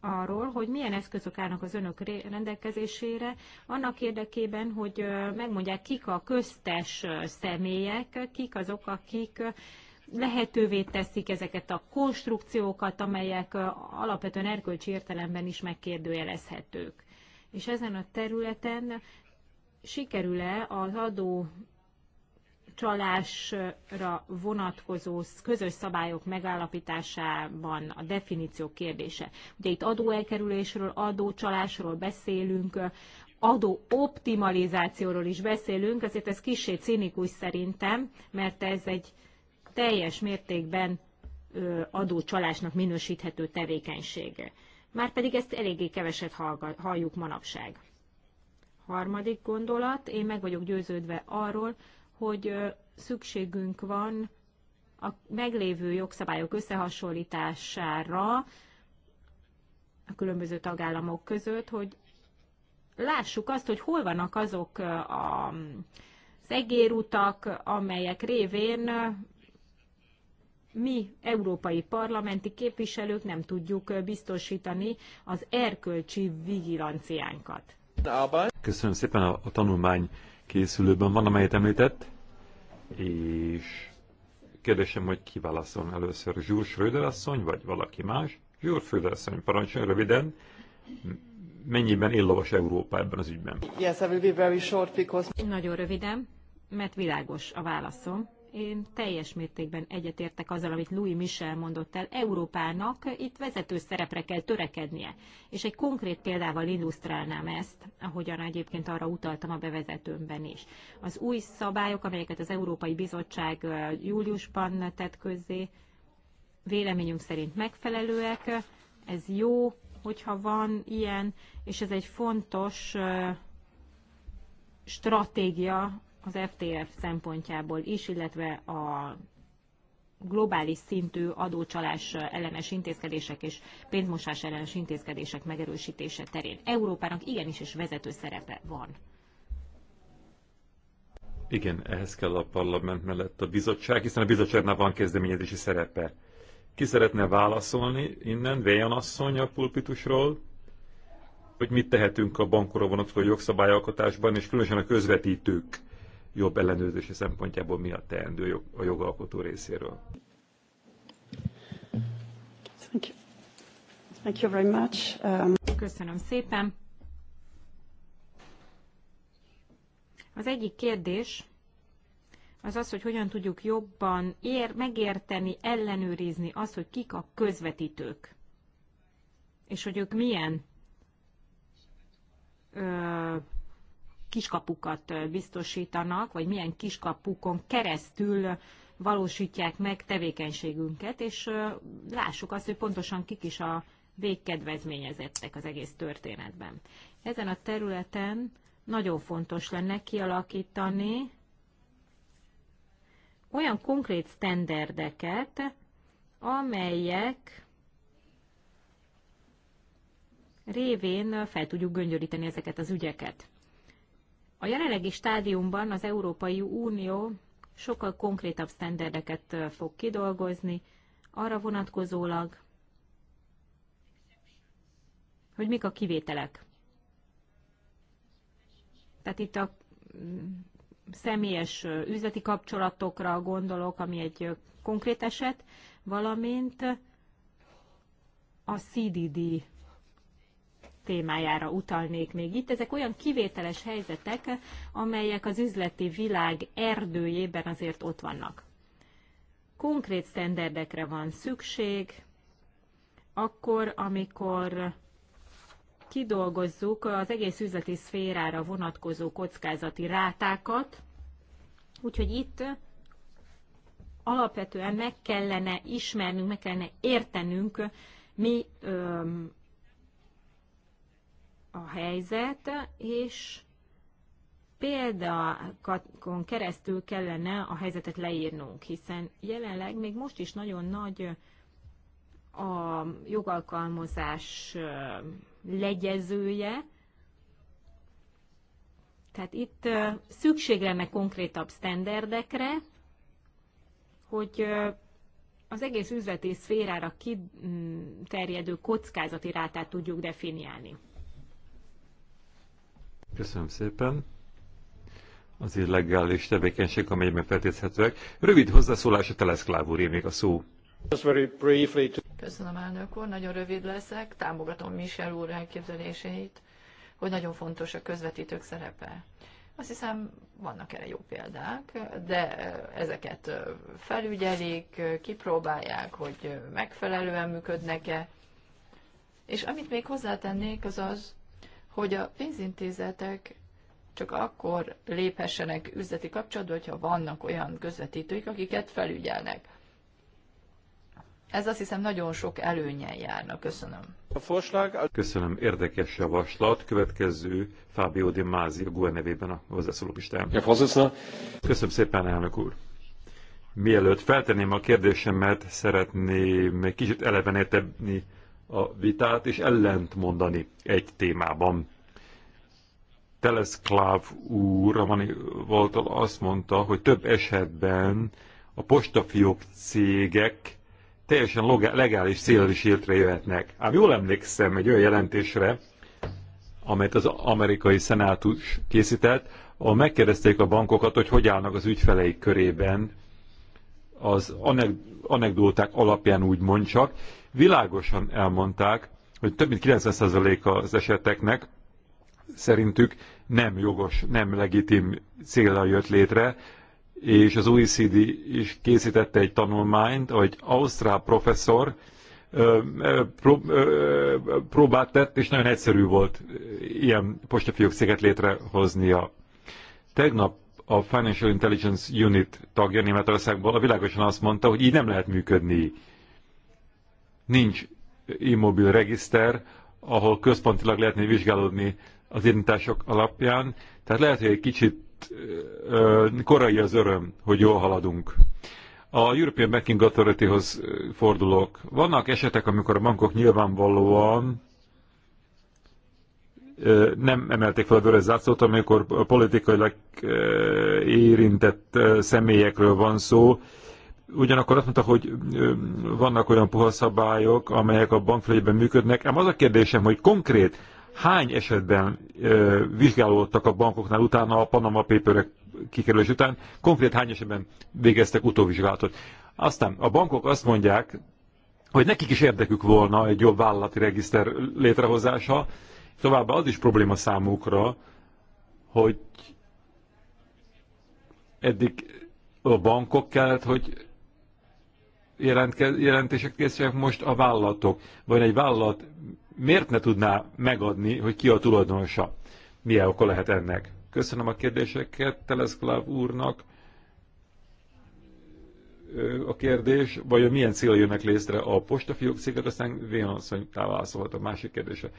arról, hogy milyen eszközök állnak az önök rendelkezésére, annak érdekében, hogy megmondják, kik a köztes személyek, kik azok, akik lehetővé teszik ezeket a konstrukciókat, amelyek alapvetően erkölcsi értelemben is megkérdőjelezhetők. És ezen a területen sikerül-e az adó csalásra vonatkozó közös szabályok megállapításában a definíció kérdése. Ugye itt adóelkerülésről, adócsalásról beszélünk, adó optimalizációról is beszélünk, azért ez kicsit cinikus szerintem, mert ez egy teljes mértékben adócsalásnak minősíthető tevékenysége. Márpedig ezt eléggé keveset halljuk manapság. Harmadik gondolat, én meg vagyok győződve arról, hogy szükségünk van a meglévő jogszabályok összehasonlítására a különböző tagállamok között, hogy lássuk azt, hogy hol vannak azok a, az egérutak, amelyek révén mi, európai parlamenti képviselők nem tudjuk biztosítani az erkölcsi vigilanciánkat. Köszönöm szépen a, a tanulmány készülőben van, amelyet említett, és kérdésem, hogy ki válaszol először, Zsúr Schröder asszony, vagy valaki más? Zsúr Schröder asszony, parancsoljon röviden, mennyiben illovas Európa ebben az ügyben? Yes, I will be very short because... Nagyon röviden, mert világos a válaszom én teljes mértékben egyetértek azzal, amit Louis Michel mondott el, Európának itt vezető szerepre kell törekednie. És egy konkrét példával illusztrálnám ezt, ahogyan egyébként arra utaltam a bevezetőmben is. Az új szabályok, amelyeket az Európai Bizottság júliusban tett közzé, véleményünk szerint megfelelőek, ez jó, hogyha van ilyen, és ez egy fontos stratégia az FTF szempontjából is, illetve a globális szintű adócsalás ellenes intézkedések és pénzmosás ellenes intézkedések megerősítése terén. Európának igenis és vezető szerepe van. Igen, ehhez kell a parlament mellett a bizottság, hiszen a bizottságnál van kezdeményezési szerepe. Ki szeretne válaszolni innen, Véjan asszony a pulpitusról, hogy mit tehetünk a bankora vonatkozó jogszabályalkotásban, és különösen a közvetítők jobb ellenőrzése szempontjából mi a teendő a jogalkotó részéről. Thank you. Thank you very much. Um... Köszönöm szépen. Az egyik kérdés az az, hogy hogyan tudjuk jobban ér, megérteni, ellenőrizni azt, hogy kik a közvetítők, és hogy ők milyen ö, kiskapukat biztosítanak, vagy milyen kiskapukon keresztül valósítják meg tevékenységünket, és lássuk azt, hogy pontosan kik is a végkedvezményezettek az egész történetben. Ezen a területen nagyon fontos lenne kialakítani olyan konkrét standardeket, amelyek révén fel tudjuk göngyöríteni ezeket az ügyeket. A jelenlegi stádiumban az Európai Unió sokkal konkrétabb sztenderdeket fog kidolgozni, arra vonatkozólag, hogy mik a kivételek. Tehát itt a mm, személyes üzleti kapcsolatokra gondolok, ami egy konkrét eset, valamint a CDD témájára utalnék még itt. Ezek olyan kivételes helyzetek, amelyek az üzleti világ erdőjében azért ott vannak. Konkrét sztenderdekre van szükség, akkor, amikor kidolgozzuk az egész üzleti szférára vonatkozó kockázati rátákat, úgyhogy itt alapvetően meg kellene ismernünk, meg kellene értenünk, mi a helyzet, és példákon keresztül kellene a helyzetet leírnunk, hiszen jelenleg még most is nagyon nagy a jogalkalmazás legyezője, tehát itt szükség lenne konkrétabb sztenderdekre, hogy az egész üzleti szférára kiterjedő kockázati rátát tudjuk definiálni. Köszönöm szépen. Az illegális tevékenység, amelyben feltéthetőek. Rövid hozzászólás a Teleszkláv úr, még a szó. Köszönöm, elnök úr, nagyon rövid leszek. Támogatom Michel úr elképzeléseit, hogy nagyon fontos a közvetítők szerepe. Azt hiszem, vannak erre jó példák, de eh, ezeket eh, felügyelik, eh, kipróbálják, hogy megfelelően működnek-e. És amit még hozzátennék, az az, hogy a pénzintézetek csak akkor léphessenek üzleti kapcsolatba, hogyha vannak olyan közvetítőik, akiket felügyelnek. Ez azt hiszem nagyon sok előnyel járna. Köszönöm. Köszönöm. Érdekes javaslat. Következő Fábio de Mázi a GUE nevében a hozzászóló Köszönöm szépen, elnök úr. Mielőtt feltenném a kérdésemet, szeretném kicsit elevenértebni a vitát és ellent mondani egy témában. Teleszkláv úr volt azt mondta, hogy több esetben a postafiók cégek teljesen legális célral is írtre jöhetnek. Ám jól emlékszem egy olyan jelentésre, amelyet az amerikai szenátus készített, ahol megkérdezték a bankokat, hogy hogy állnak az ügyfeleik körében az anekdóták alapján úgy mond csak, világosan elmondták, hogy több mint 90% az eseteknek szerintük nem jogos, nem legitim célra jött létre, és az OECD is készítette egy tanulmányt, hogy Ausztrál professzor próbát tett, és nagyon egyszerű volt ilyen postafiók széget létrehoznia. Tegnap a Financial Intelligence Unit tagja Németországból a világosan azt mondta, hogy így nem lehet működni nincs immobil regiszter, ahol központilag lehetne vizsgálódni az irányítások alapján. Tehát lehet, hogy egy kicsit korai az öröm, hogy jól haladunk. A European Banking authority fordulok. Vannak esetek, amikor a bankok nyilvánvalóan nem emelték fel a vörös zászlót, amikor politikailag érintett személyekről van szó, Ugyanakkor azt mondta, hogy vannak olyan puha szabályok, amelyek a bankfelében működnek. Ám az a kérdésem, hogy konkrét hány esetben vizsgálódtak a bankoknál utána a Panama paperek kikerülés után, konkrét hány esetben végeztek utóvizsgálatot. Aztán a bankok azt mondják, hogy nekik is érdekük volna egy jobb vállalati regiszter létrehozása, továbbá az is probléma számukra, hogy eddig a bankok kellett, hogy jelentések készülnek most a vállalatok. vagy egy vállalat, miért ne tudná megadni, hogy ki a tulajdonosa? Milyen oka lehet ennek? Köszönöm a kérdéseket Teleszkláv úrnak. A kérdés, vajon milyen cél jönnek létre a postafiók cégek, aztán Vénasszony válaszolt a másik kérdése.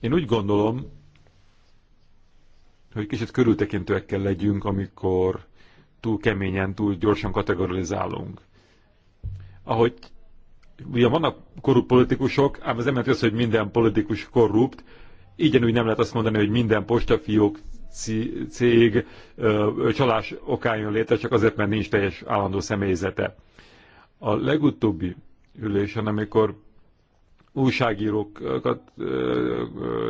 Én úgy gondolom, hogy kicsit körültekintőekkel kell legyünk, amikor túl keményen, túl gyorsan kategorizálunk ahogy ugye vannak korrupt politikusok, ám az emelt az, hogy minden politikus korrupt, úgy nem lehet azt mondani, hogy minden postafiók cég csalás okán jön létre, csak azért, mert nincs teljes állandó személyzete. A legutóbbi ülésen, amikor újságírókat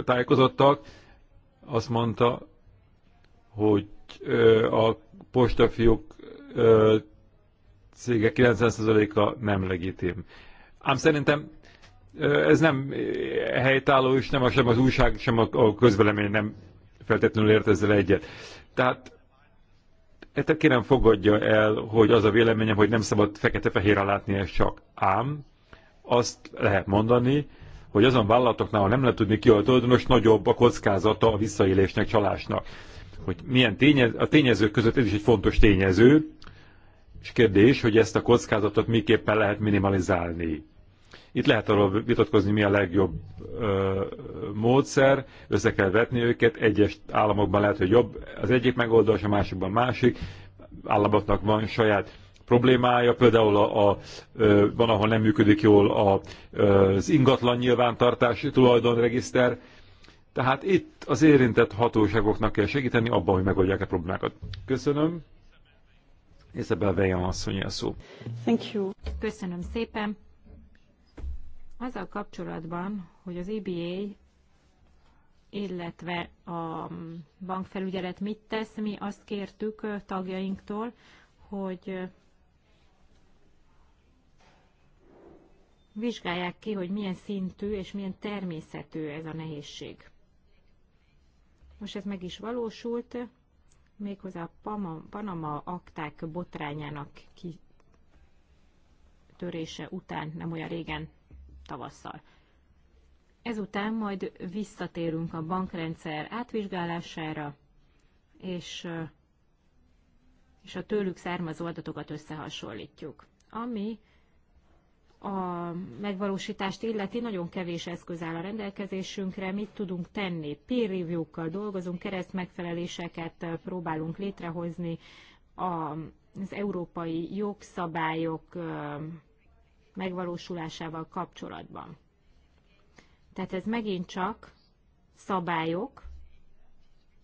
tájékozottak, azt mondta, hogy a postafiók cége 90%-a nem legitim. Ám szerintem ez nem helytálló, és nem a, sem az újság, sem a, a közvelemény nem feltétlenül ért ezzel egyet. Tehát ezt kérem fogadja el, hogy az a véleményem, hogy nem szabad fekete-fehérre látni ezt csak. Ám azt lehet mondani, hogy azon vállalatoknál, ha nem lehet tudni ki a tulajdonos, nagyobb a kockázata a visszaélésnek, csalásnak. Hogy milyen tényez, a tényezők között ez is egy fontos tényező, és kérdés, hogy ezt a kockázatot miképpen lehet minimalizálni. Itt lehet arról vitatkozni, mi a legjobb ö, módszer, össze kell vetni őket, egyes államokban lehet, hogy jobb az egyik megoldás, a másikban másik, államoknak van saját problémája, például a, a, ö, van, ahol nem működik jól a, ö, az ingatlan nyilvántartási tulajdonregiszter, tehát itt az érintett hatóságoknak kell segíteni abban, hogy megoldják a problémákat. Köszönöm. Isabel asszony a szó. Thank you. Köszönöm szépen. Azzal kapcsolatban, hogy az EBA illetve a bankfelügyelet mit tesz, mi azt kértük tagjainktól, hogy vizsgálják ki, hogy milyen szintű és milyen természetű ez a nehézség. Most ez meg is valósult, méghozzá a Pama, Panama akták botrányának kitörése után, nem olyan régen, tavasszal. Ezután majd visszatérünk a bankrendszer átvizsgálására, és, és a tőlük származó adatokat összehasonlítjuk. Ami a megvalósítást illeti, nagyon kevés eszköz áll a rendelkezésünkre, mit tudunk tenni. Peer review-kkal dolgozunk, keresztmegfeleléseket eh, próbálunk létrehozni az európai jogszabályok eh, megvalósulásával kapcsolatban. Tehát ez megint csak szabályok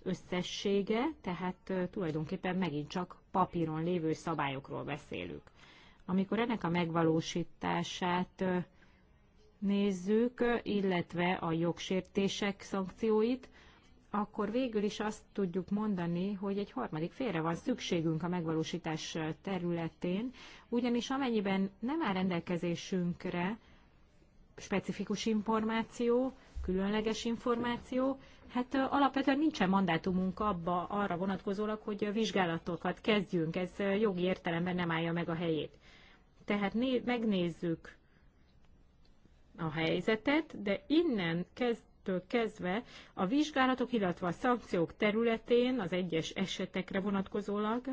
összessége, tehát eh, tulajdonképpen megint csak papíron lévő szabályokról beszélünk. Amikor ennek a megvalósítását nézzük, illetve a jogsértések szankcióit, akkor végül is azt tudjuk mondani, hogy egy harmadik félre van szükségünk a megvalósítás területén, ugyanis amennyiben nem áll rendelkezésünkre specifikus információ, különleges információ, hát alapvetően nincsen mandátumunk abba arra vonatkozólag, hogy vizsgálatokat kezdjünk, ez jogi értelemben nem állja meg a helyét. Tehát né- megnézzük a helyzetet, de innen kezd kezdve a vizsgálatok, illetve a szankciók területén az egyes esetekre vonatkozólag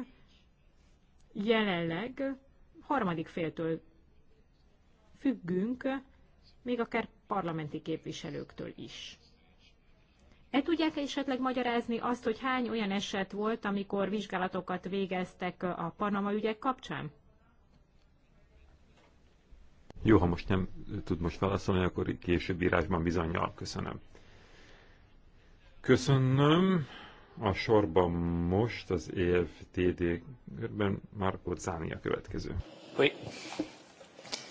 jelenleg harmadik féltől függünk, még akár parlamenti képviselőktől is. E tudják esetleg magyarázni azt, hogy hány olyan eset volt, amikor vizsgálatokat végeztek a Panama ügyek kapcsán? Jó, ha most nem tud most válaszolni, akkor később írásban bizonyal. Köszönöm. Köszönöm. A sorban most az EFTD-ben Marco Záni a következő. Oui.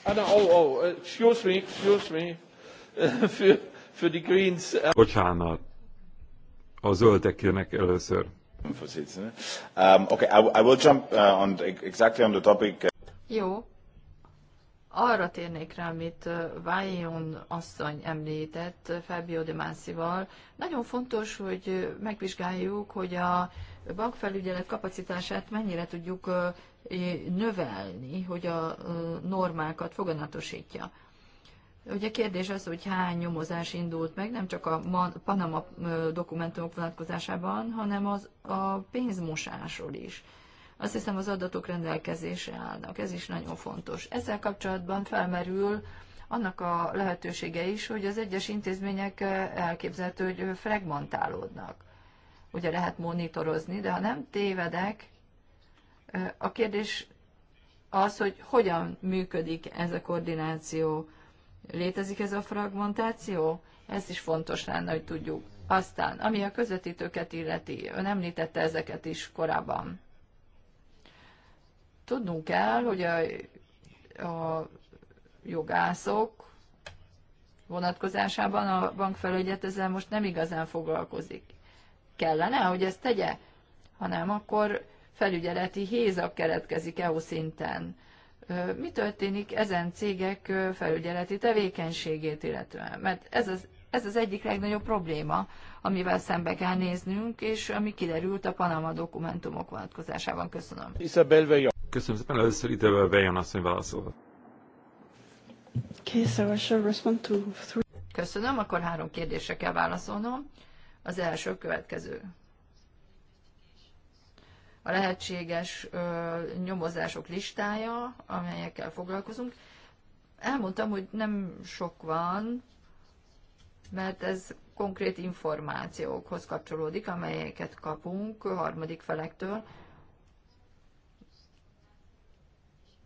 Ah, no, oh, oh, uh, excuse me, excuse me. [laughs] für, für the Greens. Uh, Bocsánat. A zöldek jönnek először. Um, ehm, okay, I, I will jump uh, on exactly on the topic. Jó, arra térnék rá, amit vajon asszony említett Fabio de Mászival. Nagyon fontos, hogy megvizsgáljuk, hogy a bankfelügyelet kapacitását mennyire tudjuk növelni, hogy a normákat foganatosítja. Ugye kérdés az, hogy hány nyomozás indult meg, nem csak a Panama dokumentumok vonatkozásában, hanem az a pénzmosásról is azt hiszem az adatok rendelkezésre állnak. Ez is nagyon fontos. Ezzel kapcsolatban felmerül annak a lehetősége is, hogy az egyes intézmények elképzelhető, hogy fragmentálódnak. Ugye lehet monitorozni, de ha nem tévedek, a kérdés az, hogy hogyan működik ez a koordináció. Létezik ez a fragmentáció? Ez is fontos lenne, hogy tudjuk. Aztán, ami a közvetítőket illeti, ön említette ezeket is korábban. Tudnunk kell, hogy a, a jogászok vonatkozásában a bankfelügyet ezzel most nem igazán foglalkozik. Kellene, hogy ezt tegye, hanem akkor felügyeleti hézak keretkezik EU szinten. Mi történik ezen cégek felügyeleti tevékenységét illetően? Mert ez az, ez az egyik legnagyobb probléma, amivel szembe kell néznünk, és ami kiderült a Panama dokumentumok vonatkozásában. Köszönöm. Isabel Köszönöm szépen, először idővel bejön azt, hogy válaszolhat. Köszönöm, akkor három kérdésre kell válaszolnom. Az első következő. A lehetséges ö, nyomozások listája, amelyekkel foglalkozunk. Elmondtam, hogy nem sok van, mert ez konkrét információkhoz kapcsolódik, amelyeket kapunk harmadik felektől,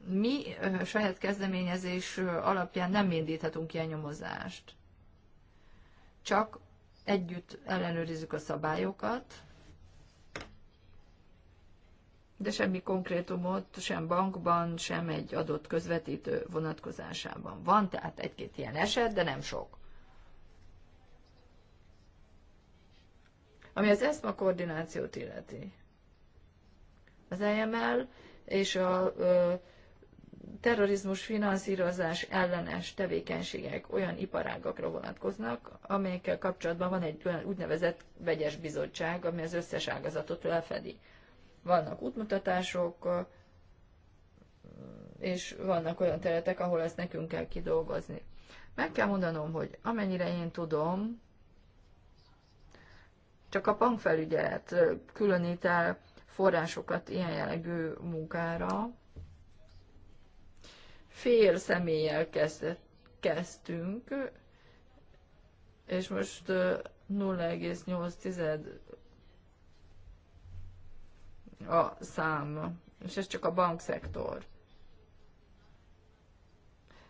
mi saját kezdeményezés alapján nem indíthatunk ilyen nyomozást. Csak együtt ellenőrizzük a szabályokat, de semmi konkrétumot sem bankban, sem egy adott közvetítő vonatkozásában. Van tehát egy-két ilyen eset, de nem sok. Ami az ESMA koordinációt illeti. Az EML és a ö, terrorizmus finanszírozás ellenes tevékenységek olyan iparágakra vonatkoznak, amelyekkel kapcsolatban van egy olyan úgynevezett vegyes bizottság, ami az összes ágazatot lefedi. Vannak útmutatások, és vannak olyan területek, ahol ezt nekünk kell kidolgozni. Meg kell mondanom, hogy amennyire én tudom, csak a bankfelügyelet különít el forrásokat ilyen jellegű munkára, fél személlyel kezdett, kezdtünk, és most 0,8 a szám, és ez csak a bankszektor.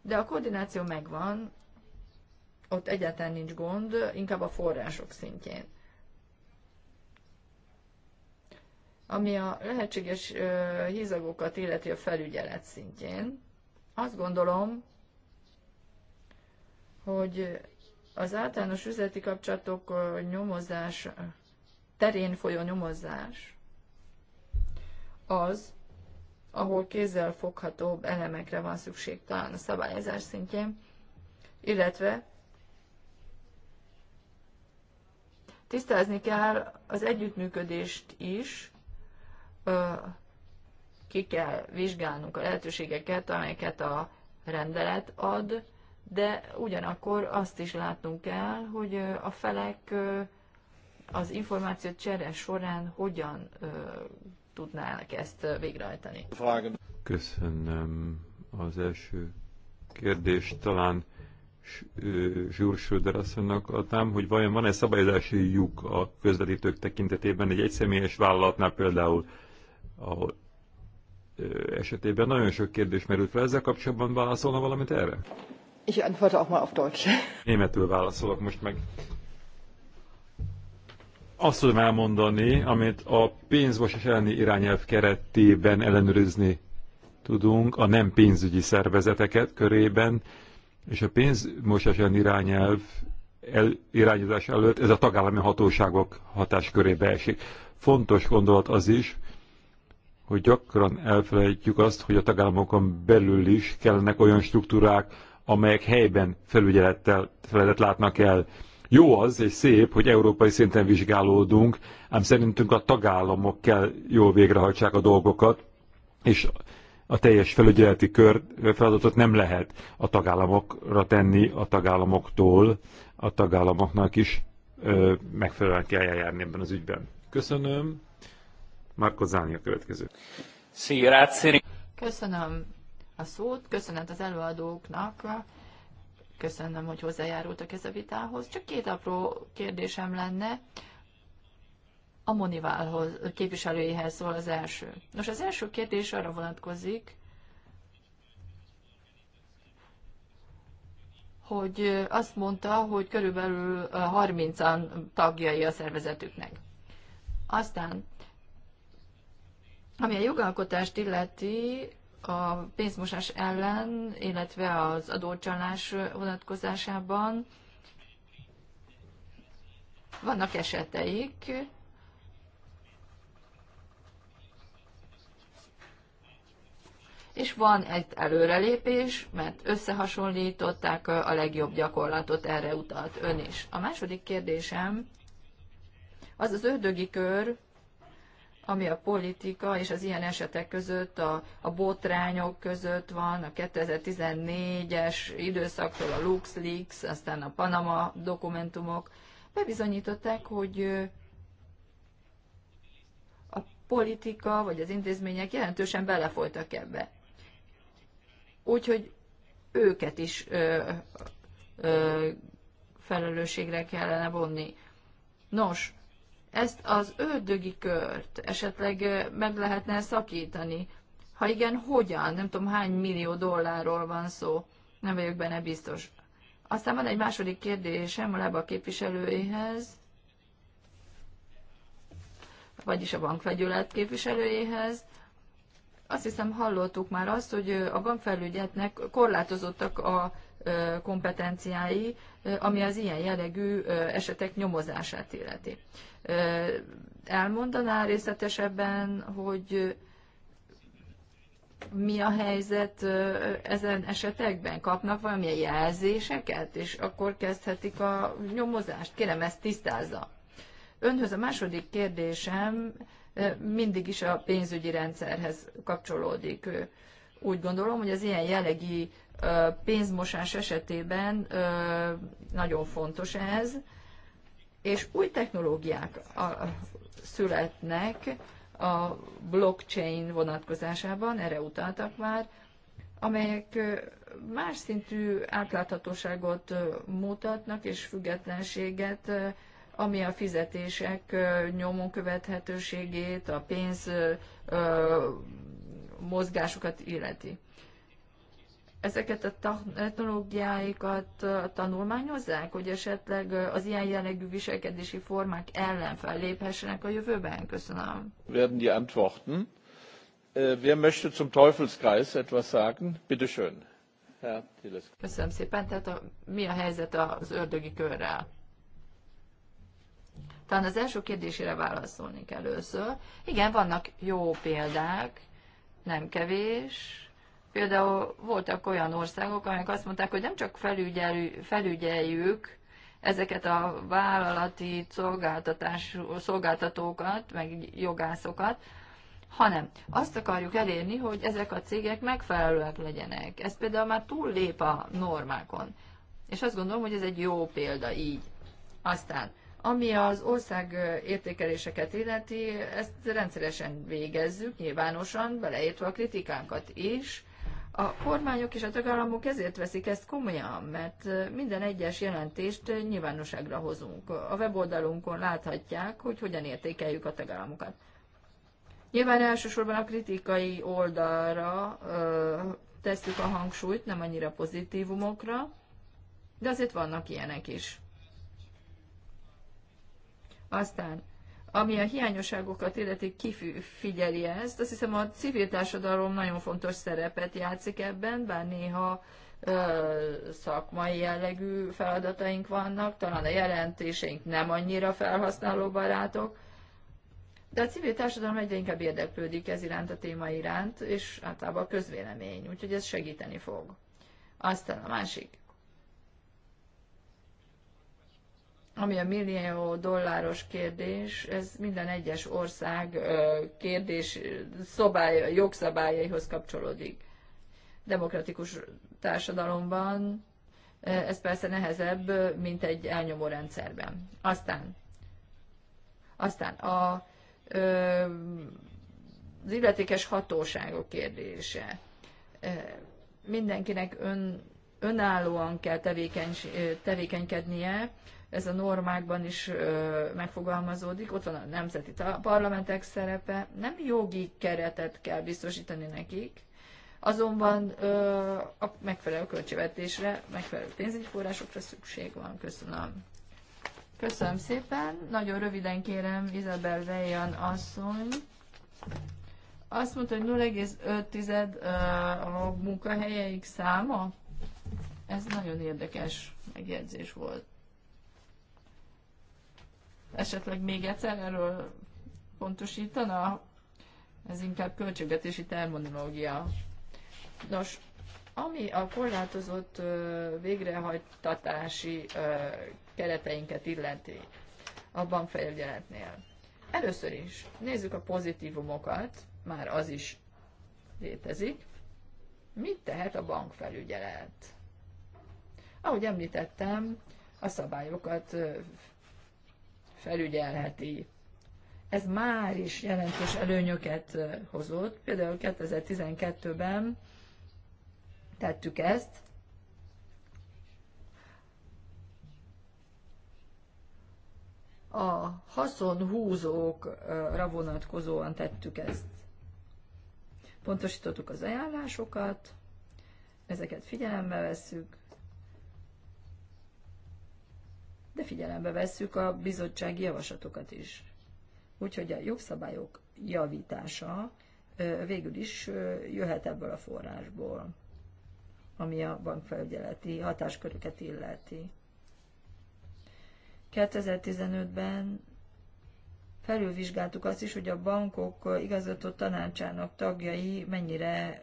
De a koordináció megvan, ott egyáltalán nincs gond, inkább a források szintjén. Ami a lehetséges hízagokat illeti a felügyelet szintjén, azt gondolom, hogy az általános üzleti kapcsolatok nyomozás, terén folyó nyomozás az, ahol kézzel foghatóbb elemekre van szükség talán a szabályozás szintjén, illetve tisztázni kell az együttműködést is ki kell vizsgálnunk a lehetőségeket, amelyeket a rendelet ad, de ugyanakkor azt is látnunk kell, hogy a felek az információ csere során hogyan tudnának ezt végrehajtani. Köszönöm az első kérdést. Talán Zsúrsöder asszonynak adnám, hogy vajon van-e szabályozási lyuk a közvetítők tekintetében egy egyszemélyes vállalatnál például, ahol esetében nagyon sok kérdés merült fel. Ezzel kapcsolatban válaszolna valamit erre? Ich antworte auch mal auf Deutsch. Németül válaszolok most meg. Azt tudom elmondani, amit a pénzmosás elleni irányelv keretében ellenőrizni tudunk, a nem pénzügyi szervezeteket körében, és a pénzmosás elleni irányelv el, irányítás előtt ez a tagállami hatóságok hatáskörébe esik. Fontos gondolat az is, hogy gyakran elfelejtjük azt, hogy a tagállamokon belül is kellenek olyan struktúrák, amelyek helyben felügyelettel felügyelet látnak el. Jó az és szép, hogy európai szinten vizsgálódunk, ám szerintünk a tagállamok kell jól végrehajtsák a dolgokat, és a teljes felügyeleti kör feladatot nem lehet a tagállamokra tenni, a tagállamoktól, a tagállamoknak is ö, megfelelően kell eljárni ebben az ügyben. Köszönöm. Marco Záni a következő. Köszönöm a szót, köszönet az előadóknak, köszönöm, hogy hozzájárultak ez a vitához. Csak két apró kérdésem lenne. A monivalhoz képviselőjéhez szól az első. Nos, az első kérdés arra vonatkozik, hogy azt mondta, hogy körülbelül 30-an tagjai a szervezetüknek. Aztán ami a jogalkotást illeti, a pénzmosás ellen, illetve az adócsalás vonatkozásában vannak eseteik, és van egy előrelépés, mert összehasonlították a legjobb gyakorlatot, erre utalt ön is. A második kérdésem az az ördögi kör, ami a politika és az ilyen esetek között, a, a botrányok között van, a 2014-es időszaktól a LuxLeaks, aztán a Panama dokumentumok, bebizonyították, hogy a politika vagy az intézmények jelentősen belefolytak ebbe. Úgyhogy őket is ö, ö, felelősségre kellene vonni. Nos, ezt az ördögi kört esetleg meg lehetne szakítani? Ha igen, hogyan? Nem tudom, hány millió dollárról van szó. Nem vagyok benne biztos. Aztán van egy második kérdésem a lába képviselőihez, vagyis a bankfegyület képviselőihez. Azt hiszem hallottuk már azt, hogy a bankfelügyetnek korlátozottak a kompetenciái, ami az ilyen jellegű esetek nyomozását illeti. Elmondaná részletesebben, hogy mi a helyzet ezen esetekben? Kapnak valamilyen jelzéseket, és akkor kezdhetik a nyomozást? Kérem, ezt tisztázza. Önhöz a második kérdésem mindig is a pénzügyi rendszerhez kapcsolódik. Úgy gondolom, hogy az ilyen jellegi pénzmosás esetében nagyon fontos ez, és új technológiák születnek a blockchain vonatkozásában, erre utaltak már, amelyek más szintű átláthatóságot mutatnak és függetlenséget, ami a fizetések nyomon követhetőségét, a pénz mozgásokat illeti ezeket a technológiáikat tanulmányozzák, hogy esetleg az ilyen jellegű viselkedési formák ellen felléphessenek a jövőben? Köszönöm. Werden die Antworten. Äh, wer möchte zum Teufelskreis etwas sagen? Bitte schön. Herr Köszönöm szépen. Tehát a, mi a helyzet az ördögi körrel? Talán az első kérdésére válaszolnék először. Igen, vannak jó példák, nem kevés, Például voltak olyan országok, amelyek azt mondták, hogy nem csak felügyeljük ezeket a vállalati szolgáltatás, szolgáltatókat, meg jogászokat, hanem azt akarjuk elérni, hogy ezek a cégek megfelelőek legyenek. Ez például már túllép a normákon. És azt gondolom, hogy ez egy jó példa így. Aztán, ami az ország értékeléseket illeti, ezt rendszeresen végezzük, nyilvánosan, beleértve a kritikánkat is, a kormányok és a tagállamok ezért veszik ezt komolyan, mert minden egyes jelentést nyilvánosságra hozunk. A weboldalunkon láthatják, hogy hogyan értékeljük a tagállamokat. Nyilván elsősorban a kritikai oldalra ö, tesszük a hangsúlyt, nem annyira pozitívumokra, de azért vannak ilyenek is. Aztán ami a hiányosságokat illeti, kifigyeli ezt. Azt hiszem a civil társadalom nagyon fontos szerepet játszik ebben, bár néha szakmai jellegű feladataink vannak, talán a jelentéseink nem annyira felhasználóbarátok, de a civil társadalom egyre inkább érdeklődik ez iránt, a téma iránt, és általában a közvélemény, úgyhogy ez segíteni fog. Aztán a másik ami a millió dolláros kérdés, ez minden egyes ország kérdés szobály, jogszabályaihoz kapcsolódik. Demokratikus társadalomban ez persze nehezebb, mint egy elnyomó rendszerben. Aztán, aztán a, az illetékes hatóságok kérdése. Mindenkinek ön, önállóan kell tevékeny, tevékenykednie, ez a normákban is megfogalmazódik, ott van a nemzeti parlamentek szerepe, nem jogi keretet kell biztosítani nekik, azonban a megfelelő költségvetésre, megfelelő pénzügyi forrásokra szükség van. Köszönöm. Köszönöm szépen. Nagyon röviden kérem Izabel Vejan asszony. Azt mondta, hogy 0,5 a munkahelyeik száma. Ez nagyon érdekes megjegyzés volt esetleg még egyszer erről pontosítana? Ez inkább költségvetési terminológia. Nos, ami a korlátozott végrehajtatási kereteinket illeti a bankfelügyeletnél. Először is nézzük a pozitívumokat, már az is létezik. Mit tehet a bankfelügyelet? Ahogy említettem, a szabályokat felügyelheti. Ez már is jelentős előnyöket hozott. Például 2012-ben tettük ezt, a haszonhúzókra vonatkozóan tettük ezt. Pontosítottuk az ajánlásokat, ezeket figyelembe veszük. de figyelembe vesszük a bizottsági javaslatokat is. Úgyhogy a jogszabályok javítása végül is jöhet ebből a forrásból, ami a bankfelügyeleti hatásköröket illeti. 2015-ben felülvizsgáltuk azt is, hogy a bankok igazgató tanácsának tagjai mennyire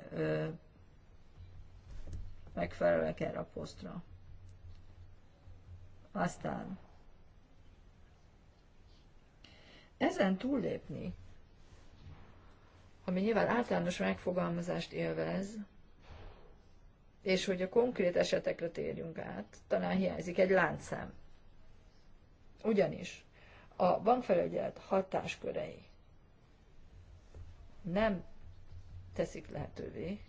megfelelnek erre a posztra. Aztán ezen túllépni, ami nyilván általános megfogalmazást élvez, és hogy a konkrét esetekre térjünk át, talán hiányzik egy láncszem. Ugyanis a bankfelügyelet hatáskörei nem teszik lehetővé,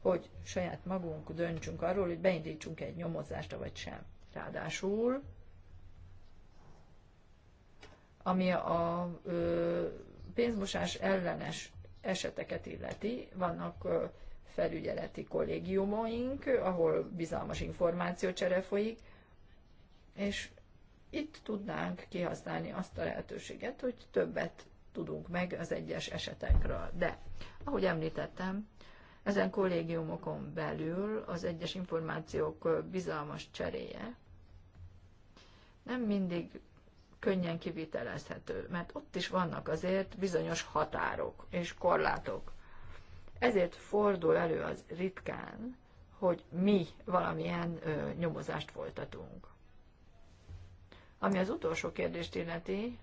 hogy saját magunk döntsünk arról, hogy beindítsunk egy nyomozást, vagy sem. Ráadásul, ami a ö, pénzmosás ellenes eseteket illeti, vannak ö, felügyeleti kollégiumaink, ahol bizalmas információcsere folyik, és itt tudnánk kihasználni azt a lehetőséget, hogy többet tudunk meg az egyes esetekről. De, ahogy említettem, ezen kollégiumokon belül az egyes információk bizalmas cseréje nem mindig könnyen kivitelezhető, mert ott is vannak azért bizonyos határok és korlátok. Ezért fordul elő az ritkán, hogy mi valamilyen ö, nyomozást folytatunk. Ami az utolsó kérdést illeti,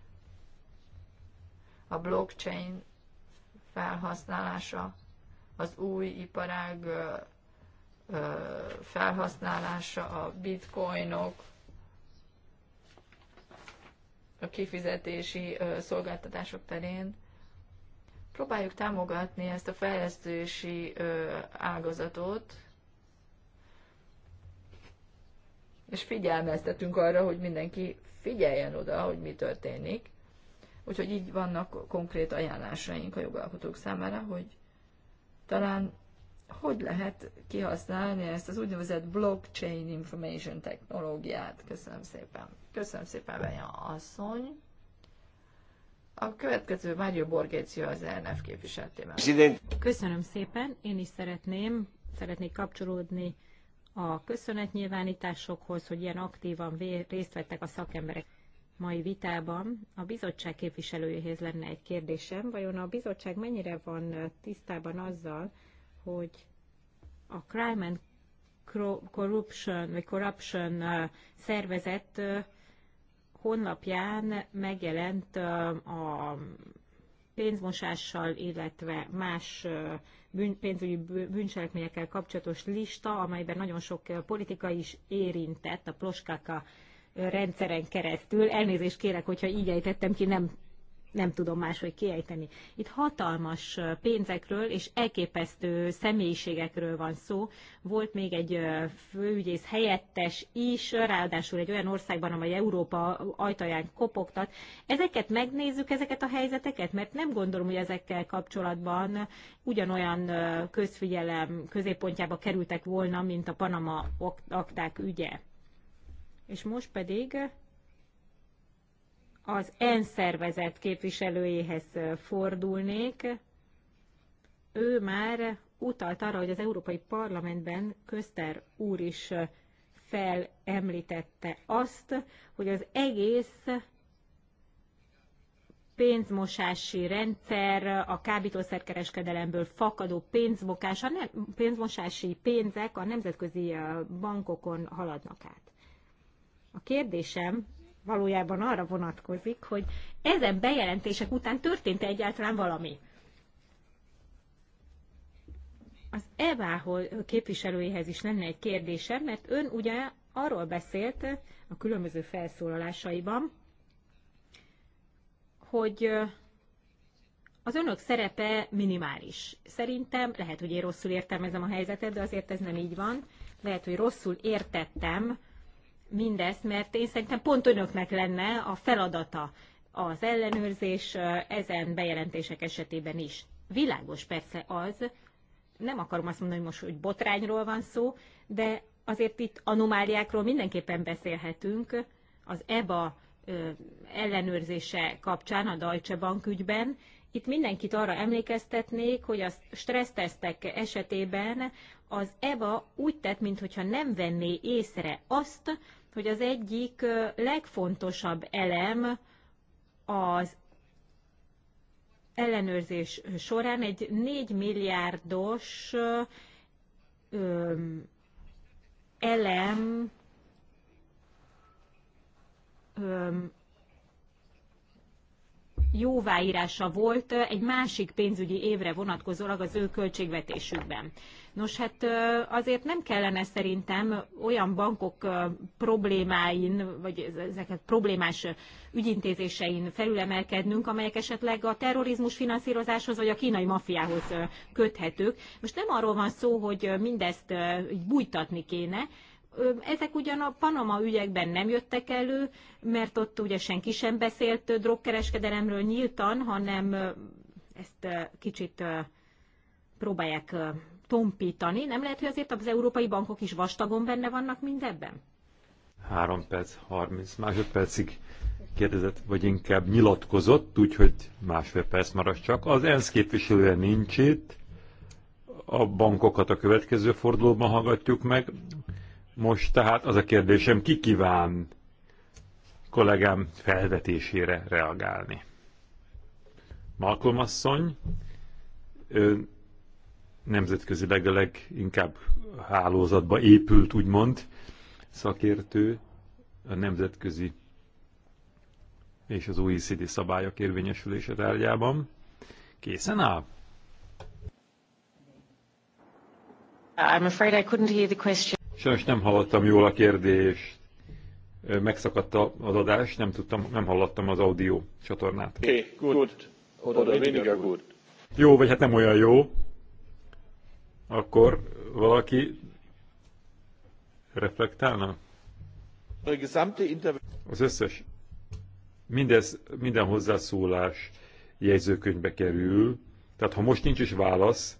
a blockchain felhasználása, az új iparág ö, ö, felhasználása, a bitcoinok, a kifizetési szolgáltatások terén. Próbáljuk támogatni ezt a fejlesztési ágazatot, és figyelmeztetünk arra, hogy mindenki figyeljen oda, hogy mi történik. Úgyhogy így vannak konkrét ajánlásaink a jogalkotók számára, hogy talán hogy lehet kihasználni ezt az úgynevezett blockchain information technológiát. Köszönöm szépen. Köszönöm szépen, Benya asszony. A következő Mário Borgécia az ELNF képviseltében. Köszönöm szépen. Én is szeretném, szeretnék kapcsolódni a köszönetnyilvánításokhoz, hogy ilyen aktívan részt vettek a szakemberek mai vitában. A bizottság képviselőjéhez lenne egy kérdésem. Vajon a bizottság mennyire van tisztában azzal, hogy a Crime and Corruption, vagy Corruption szervezet honlapján megjelent a pénzmosással, illetve más bűn, pénzügyi bűncselekményekkel kapcsolatos lista, amelyben nagyon sok politika is érintett a ploskáka rendszeren keresztül. Elnézést kérek, hogyha így ejtettem ki, nem nem tudom máshogy kiejteni. Itt hatalmas pénzekről és elképesztő személyiségekről van szó. Volt még egy főügyész helyettes is, ráadásul egy olyan országban, amely Európa ajtaján kopogtat. Ezeket megnézzük, ezeket a helyzeteket, mert nem gondolom, hogy ezekkel kapcsolatban ugyanolyan közfigyelem középpontjába kerültek volna, mint a Panama akták ügye. És most pedig az EN szervezet képviselőjéhez fordulnék. Ő már utalt arra, hogy az Európai Parlamentben Közter úr is felemlítette azt, hogy az egész pénzmosási rendszer, a kábítószerkereskedelemből fakadó pénzmokás, a pénzmosási pénzek a nemzetközi bankokon haladnak át. A kérdésem valójában arra vonatkozik, hogy ezen bejelentések után történt -e egyáltalán valami. Az EVA képviselőjéhez is lenne egy kérdésem, mert ön ugye arról beszélt a különböző felszólalásaiban, hogy az önök szerepe minimális. Szerintem lehet, hogy én rosszul értelmezem a helyzetet, de azért ez nem így van. Lehet, hogy rosszul értettem mindezt, mert én szerintem pont önöknek lenne a feladata az ellenőrzés ezen bejelentések esetében is. Világos persze az, nem akarom azt mondani, hogy most hogy botrányról van szó, de azért itt anomáliákról mindenképpen beszélhetünk. Az EBA ellenőrzése kapcsán a Deutsche Bank ügyben itt mindenkit arra emlékeztetnék, hogy a stressztesztek esetében az Eva úgy tett, mintha nem venné észre azt, hogy az egyik legfontosabb elem az ellenőrzés során egy 4 milliárdos elem jóváírása volt egy másik pénzügyi évre vonatkozólag az ő költségvetésükben. Nos, hát azért nem kellene szerintem olyan bankok problémáin, vagy ezeket problémás ügyintézésein felülemelkednünk, amelyek esetleg a terrorizmus finanszírozáshoz, vagy a kínai mafiához köthetők. Most nem arról van szó, hogy mindezt bújtatni kéne, ezek ugyan a Panama ügyekben nem jöttek elő, mert ott ugye senki sem beszélt drogkereskedelemről nyíltan, hanem ezt kicsit próbálják tompítani. Nem lehet, hogy azért az európai bankok is vastagon benne vannak mindebben? 3 perc, 30 másodpercig kérdezett, vagy inkább nyilatkozott, úgyhogy másfél perc maradt csak. Az ENSZ képviselője nincs itt, a bankokat a következő fordulóban hallgatjuk meg. Most tehát az a kérdésem, ki kíván kollégám felvetésére reagálni? Malcolm asszony, ő nemzetközileg a leginkább hálózatba épült, úgymond, szakértő, a nemzetközi és az OECD szabályok érvényesülése tárgyában. Készen áll? I'm afraid I couldn't hear the question. Sajnos nem hallottam jól a kérdést. Megszakadt az adás, nem tudtam, nem hallottam az audio csatornát. Oké, okay, good. Oda, Oda mindig a good. Jó, vagy hát nem olyan jó. Akkor valaki reflektálna? Az összes, mindez, minden hozzászólás jegyzőkönyvbe kerül, tehát ha most nincs is válasz,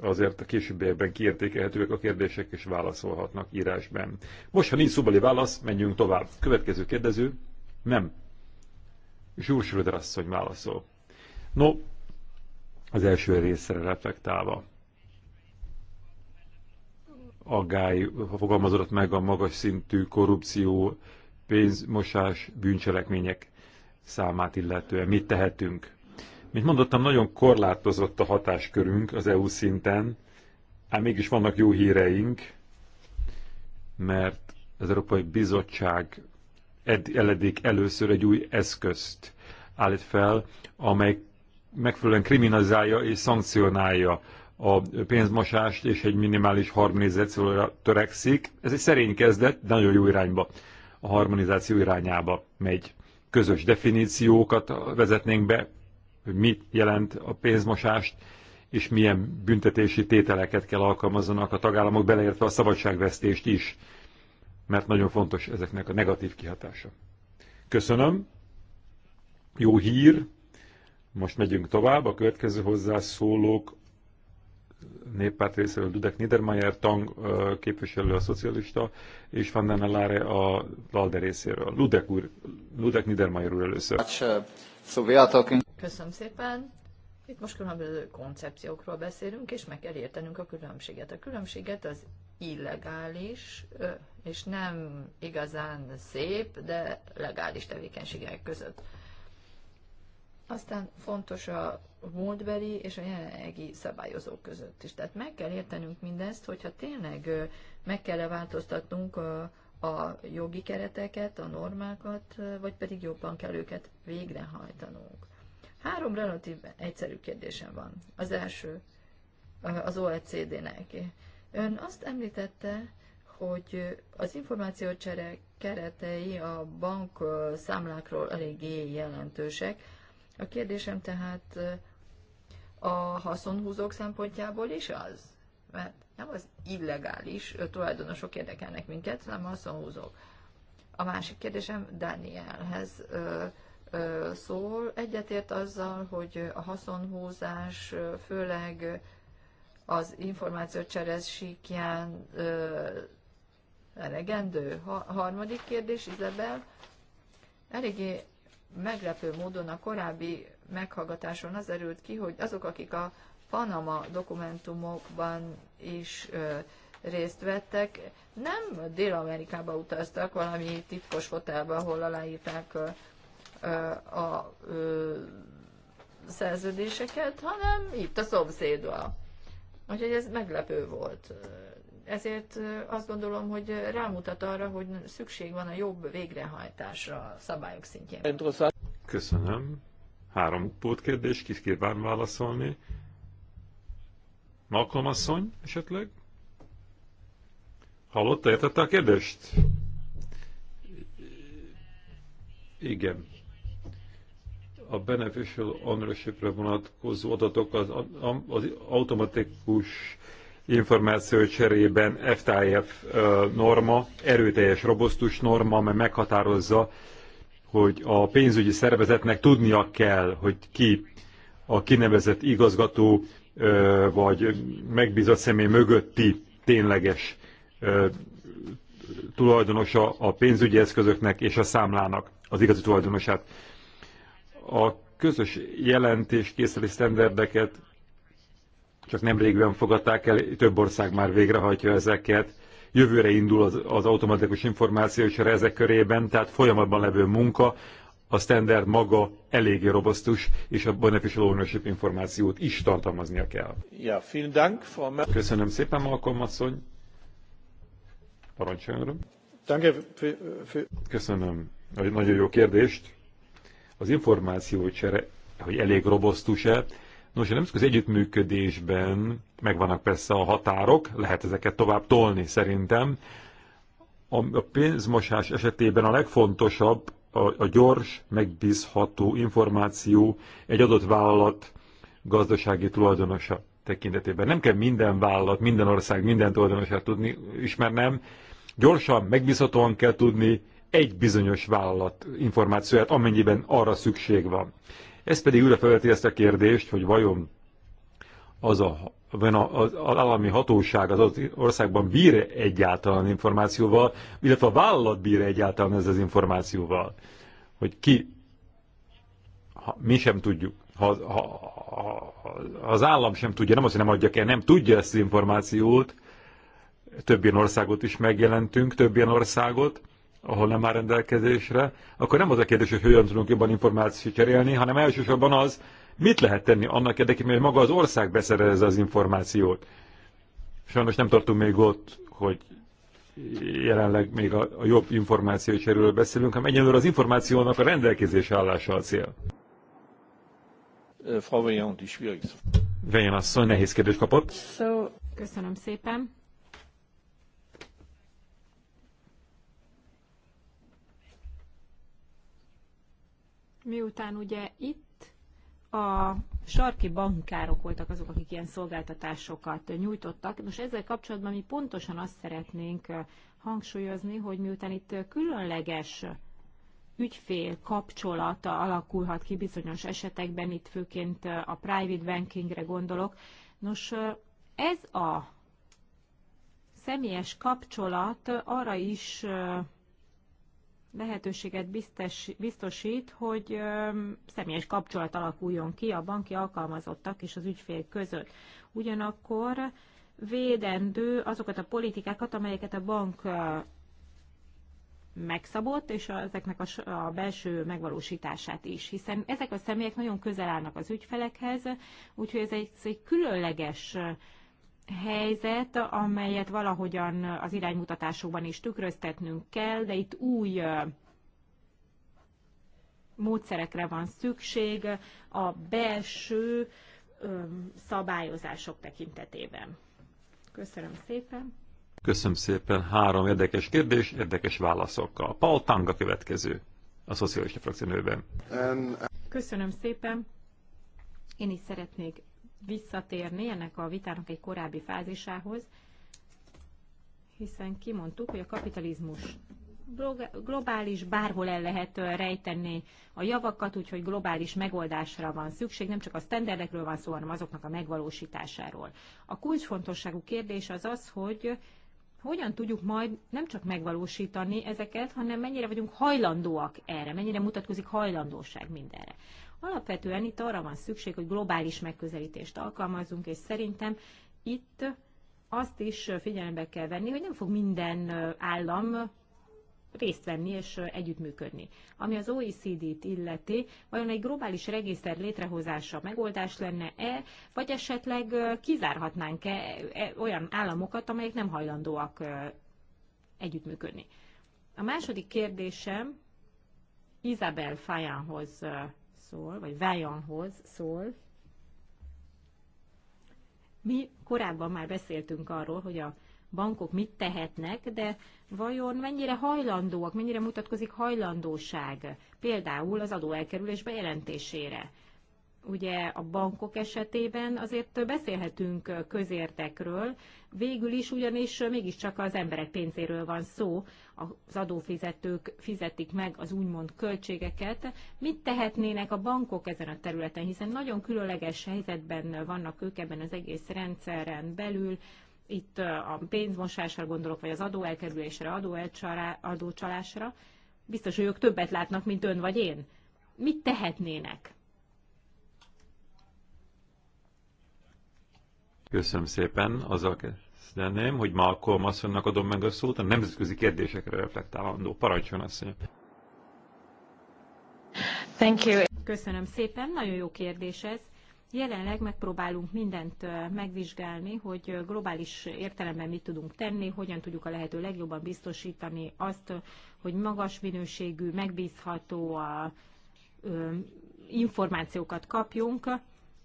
azért a későbbiekben kiértékelhetőek a kérdések, és válaszolhatnak írásban. Most, ha nincs szóbeli válasz, menjünk tovább. Következő kérdező. Nem. Zsúr Schröder válaszol. No, az első részre reflektálva aggály fogalmazott meg a magas szintű korrupció, pénzmosás, bűncselekmények számát illetően. Mit tehetünk? Mint mondottam, nagyon korlátozott a hatáskörünk az EU szinten, ám mégis vannak jó híreink, mert az Európai Bizottság eledik először egy új eszközt állít fel, amely megfelelően kriminalizálja és szankcionálja a pénzmosást, és egy minimális harmonizációra törekszik. Ez egy szerény kezdet, de nagyon jó irányba, a harmonizáció irányába megy. Közös definíciókat vezetnénk be hogy mit jelent a pénzmosást, és milyen büntetési tételeket kell alkalmazzanak a tagállamok, beleértve a szabadságvesztést is, mert nagyon fontos ezeknek a negatív kihatása. Köszönöm, jó hír, most megyünk tovább, a következő hozzászólók néppárt részéről Dudek Niedermayer, Tang képviselő a szocialista, és Van den Lare a Lalde részéről. Ludek, úr, Ludek Niedermayer úr először. So we are talking... Köszönöm szépen. Itt most különböző koncepciókról beszélünk, és meg kell értenünk a különbséget. A különbséget az illegális és nem igazán szép, de legális tevékenységek között. Aztán fontos a múltbeli és a jelenlegi szabályozók között is. Tehát meg kell értenünk mindezt, hogyha tényleg meg kell -e változtatnunk a, a jogi kereteket, a normákat, vagy pedig jobban kell őket végrehajtanunk. Három relatív egyszerű kérdésem van. Az első az OECD-nek. Ön azt említette, hogy az információcsere keretei a bank számlákról eléggé jelentősek. A kérdésem tehát a haszonhúzók szempontjából is az? Mert nem az illegális tulajdonosok érdekelnek minket, hanem a haszonhúzók. A másik kérdésem Danielhez szól, egyetért azzal, hogy a haszonhúzás főleg az információcsere síkján elegendő. Ha, harmadik kérdés, Izabel. Eléggé meglepő módon a korábbi meghallgatáson az erült ki, hogy azok, akik a Panama dokumentumokban is ö, részt vettek, nem Dél-Amerikába utaztak valami titkos hotelbe, ahol aláírták a szerződéseket, hanem itt a szomszéddal. Úgyhogy ez meglepő volt. Ezért azt gondolom, hogy rámutat arra, hogy szükség van a jobb végrehajtásra a szabályok szintjén. Köszönöm. Három pótkérdés, kit kíván válaszolni. Malcolm asszony esetleg? Hallotta, értette a kérdést? Igen a beneficial ownership-re vonatkozó adatok az, az automatikus információ cserében FTIF norma, erőteljes, robosztus norma, amely meghatározza, hogy a pénzügyi szervezetnek tudnia kell, hogy ki a kinevezett igazgató vagy megbízott személy mögötti tényleges tulajdonosa a pénzügyi eszközöknek és a számlának az igazi tulajdonosát a közös jelentés készeli sztenderdeket csak nemrégben fogadták el, több ország már végrehajtja ezeket. Jövőre indul az, az automatikus információs ezek körében, tehát folyamatban levő munka, a standard maga eléggé robosztus, és a beneficial ownership információt is tartalmaznia kell. Ja, vielen Dank, Frau Köszönöm szépen, Malcolm asszony. Parancsoljon. Köszönöm nagyon jó kérdést az információcsere, hogy elég robosztus-e. Nos, a nemzetközi együttműködésben megvannak persze a határok, lehet ezeket tovább tolni szerintem. A pénzmosás esetében a legfontosabb a, a gyors, megbízható információ egy adott vállalat gazdasági tulajdonosa tekintetében. Nem kell minden vállalat, minden ország, minden tulajdonosát tudni, ismernem. Gyorsan, megbízhatóan kell tudni, egy bizonyos vállalat információját, amennyiben arra szükség van. Ez pedig újra felveti ezt a kérdést, hogy vajon az a, az állami hatóság az országban bír -e egyáltalán információval, illetve a vállalat bír -e egyáltalán ez az információval, hogy ki, ha, mi sem tudjuk, ha, ha, ha, az állam sem tudja, nem azt, hogy nem adja el, nem tudja ezt az információt, több ilyen országot is megjelentünk, több ilyen országot, ahol nem áll rendelkezésre, akkor nem az a kérdés, hogy hogyan tudunk jobban információt cserélni, hanem elsősorban az, mit lehet tenni annak érdekében, hogy maga az ország beszerezze az információt. Sajnos nem tartunk még ott, hogy jelenleg még a, a jobb információcseréről beszélünk, hanem egyelőre az információnak a rendelkezés állása a cél. Frau Vejan asszony nehéz kérdést kapott. So, köszönöm szépen. Miután ugye itt a sarki bankárok voltak azok, akik ilyen szolgáltatásokat nyújtottak. Most ezzel kapcsolatban mi pontosan azt szeretnénk eh, hangsúlyozni, hogy miután itt különleges ügyfél kapcsolata alakulhat ki bizonyos esetekben, itt főként eh, a private bankingre gondolok. Nos, eh, ez a személyes kapcsolat arra is lehetőséget biztos, biztosít, hogy személyes kapcsolat alakuljon ki a banki alkalmazottak és az ügyfél között. Ugyanakkor védendő azokat a politikákat, amelyeket a bank megszabott, és ezeknek a, a belső megvalósítását is, hiszen ezek a személyek nagyon közel állnak az ügyfelekhez, úgyhogy ez egy, ez egy különleges helyzet, amelyet valahogyan az iránymutatásokban is tükröztetnünk kell, de itt új módszerekre van szükség a belső szabályozások tekintetében. Köszönöm szépen! Köszönöm szépen! Három érdekes kérdés, érdekes válaszokkal. Paul Tanga következő a Szocialista Frakció um, Köszönöm szépen! Én is szeretnék visszatérni ennek a vitának egy korábbi fázisához, hiszen kimondtuk, hogy a kapitalizmus globális, bárhol el lehet rejteni a javakat, úgyhogy globális megoldásra van szükség, nem csak a sztenderdekről van szó, hanem azoknak a megvalósításáról. A kulcsfontosságú kérdés az az, hogy hogyan tudjuk majd nem csak megvalósítani ezeket, hanem mennyire vagyunk hajlandóak erre, mennyire mutatkozik hajlandóság mindenre. Alapvetően itt arra van szükség, hogy globális megközelítést alkalmazzunk, és szerintem itt azt is figyelembe kell venni, hogy nem fog minden állam részt venni és együttműködni. Ami az OECD-t illeti, vajon egy globális regiszter létrehozása megoldás lenne-e, vagy esetleg kizárhatnánk-e e olyan államokat, amelyek nem hajlandóak együttműködni. A második kérdésem Isabel Fajánhoz szól, vagy Vájanhoz szól. Mi korábban már beszéltünk arról, hogy a bankok mit tehetnek, de vajon mennyire hajlandóak, mennyire mutatkozik hajlandóság például az adóelkerülés bejelentésére. Ugye a bankok esetében azért beszélhetünk közértekről, Végül is ugyanis mégiscsak az emberek pénzéről van szó, az adófizetők fizetik meg az úgymond költségeket. Mit tehetnének a bankok ezen a területen, hiszen nagyon különleges helyzetben vannak ők ebben az egész rendszeren belül, itt a pénzmosásra gondolok, vagy az adóelkerülésre, adócsalásra, adó biztos, hogy ők többet látnak, mint ön vagy én. Mit tehetnének? Köszönöm szépen. Azzal kezdeném, hogy Malcolm asszonynak adom meg a szót, a nemzetközi kérdésekre reflektálandó. Parancsoljon asszony! Thank you. Köszönöm szépen, nagyon jó kérdés ez. Jelenleg megpróbálunk mindent megvizsgálni, hogy globális értelemben mit tudunk tenni, hogyan tudjuk a lehető legjobban biztosítani azt, hogy magas minőségű, megbízható információkat kapjunk,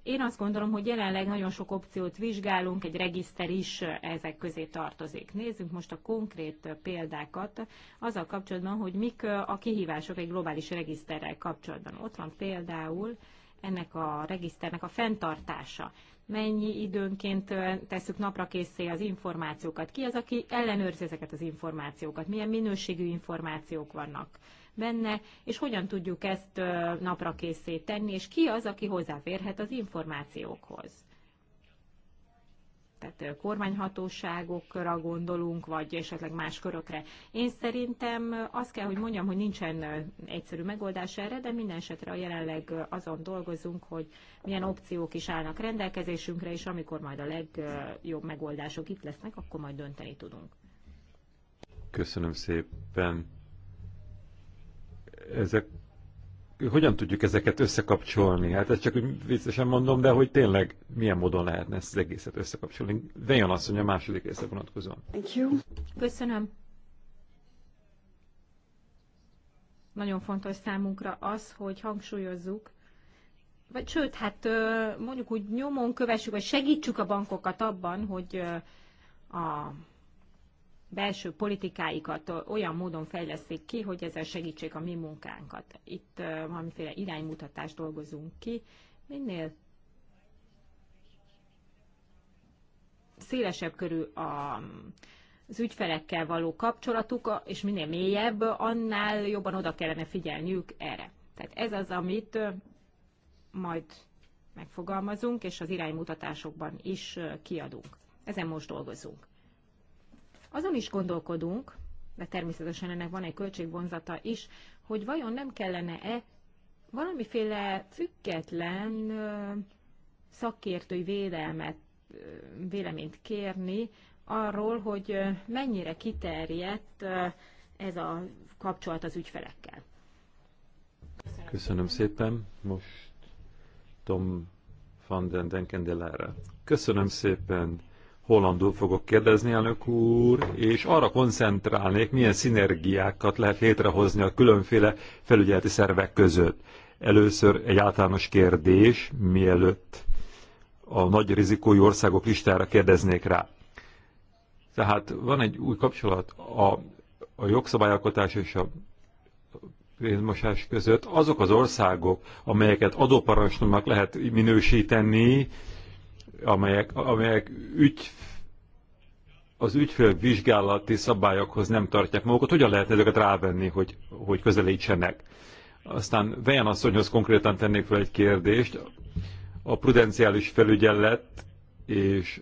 én azt gondolom, hogy jelenleg nagyon sok opciót vizsgálunk, egy regiszter is ezek közé tartozik. Nézzünk most a konkrét példákat azzal kapcsolatban, hogy mik a kihívások egy globális regiszterrel kapcsolatban. Ott van például ennek a regiszternek a fenntartása. Mennyi időnként tesszük napra készé az információkat? Ki az, aki ellenőrzi ezeket az információkat? Milyen minőségű információk vannak? benne, és hogyan tudjuk ezt napra készé tenni, és ki az, aki hozzáférhet az információkhoz. Tehát kormányhatóságokra gondolunk, vagy esetleg más körökre. Én szerintem azt kell, hogy mondjam, hogy nincsen egyszerű megoldás erre, de minden esetre a jelenleg azon dolgozunk, hogy milyen opciók is állnak rendelkezésünkre, és amikor majd a legjobb megoldások itt lesznek, akkor majd dönteni tudunk. Köszönöm szépen ezek, hogyan tudjuk ezeket összekapcsolni? Hát ezt csak úgy viccesen mondom, de hogy tényleg milyen módon lehetne ezt az egészet összekapcsolni. Vejon hogy a második része vonatkozóan. Thank you. Köszönöm. Nagyon fontos számunkra az, hogy hangsúlyozzuk, vagy sőt, hát mondjuk úgy nyomon kövessük, vagy segítsük a bankokat abban, hogy a belső politikáikat olyan módon fejleszték ki, hogy ezzel segítsék a mi munkánkat. Itt valamiféle iránymutatást dolgozunk ki, minél szélesebb körű a, az ügyfelekkel való kapcsolatuk, és minél mélyebb, annál jobban oda kellene figyelniük erre. Tehát ez az, amit majd megfogalmazunk, és az iránymutatásokban is kiadunk. Ezen most dolgozunk. Azon is gondolkodunk, de természetesen ennek van egy költségvonzata is, hogy vajon nem kellene-e valamiféle független szakértői védelmet, véleményt kérni arról, hogy mennyire kiterjedt ez a kapcsolat az ügyfelekkel. Köszönöm, Köszönöm szépen. Most Tom van den Denkendelára. Köszönöm szépen hollandul fogok kérdezni, elnök úr, és arra koncentrálnék, milyen szinergiákat lehet létrehozni a különféle felügyeleti szervek között. Először egy általános kérdés, mielőtt a nagy rizikói országok listára kérdeznék rá. Tehát van egy új kapcsolat a, a jogszabályalkotás és a pénzmosás között. Azok az országok, amelyeket adóparancsnoknak lehet minősíteni, amelyek, amelyek ügy, az ügyfél vizsgálati szabályokhoz nem tartják magukat, hogyan lehetne ezeket rávenni, hogy, hogy közelítsenek? Aztán Vejan asszonyhoz konkrétan tennék fel egy kérdést. A prudenciális felügyelet és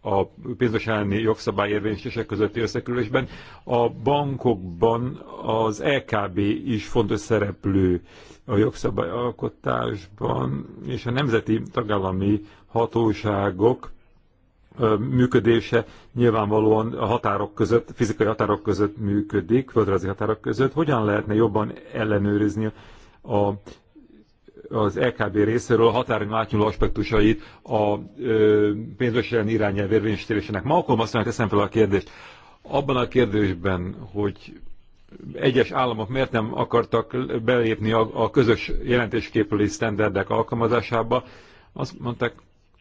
a pénzes elleni jogszabály érvényesítések közötti összekülésben. A bankokban az LKB e is fontos szereplő a jogszabályalkotásban, és a nemzeti tagállami hatóságok működése nyilvánvalóan a határok között, fizikai határok között működik, földrajzi határok között. Hogyan lehetne jobban ellenőrizni a, az LKB részéről a határon átnyúló aspektusait a pénzösen irányelv érvényesítésének? Ma akkor azt teszem fel a kérdést. Abban a kérdésben, hogy egyes államok miért nem akartak belépni a, a közös jelentésképüli sztenderdek alkalmazásába, azt mondták,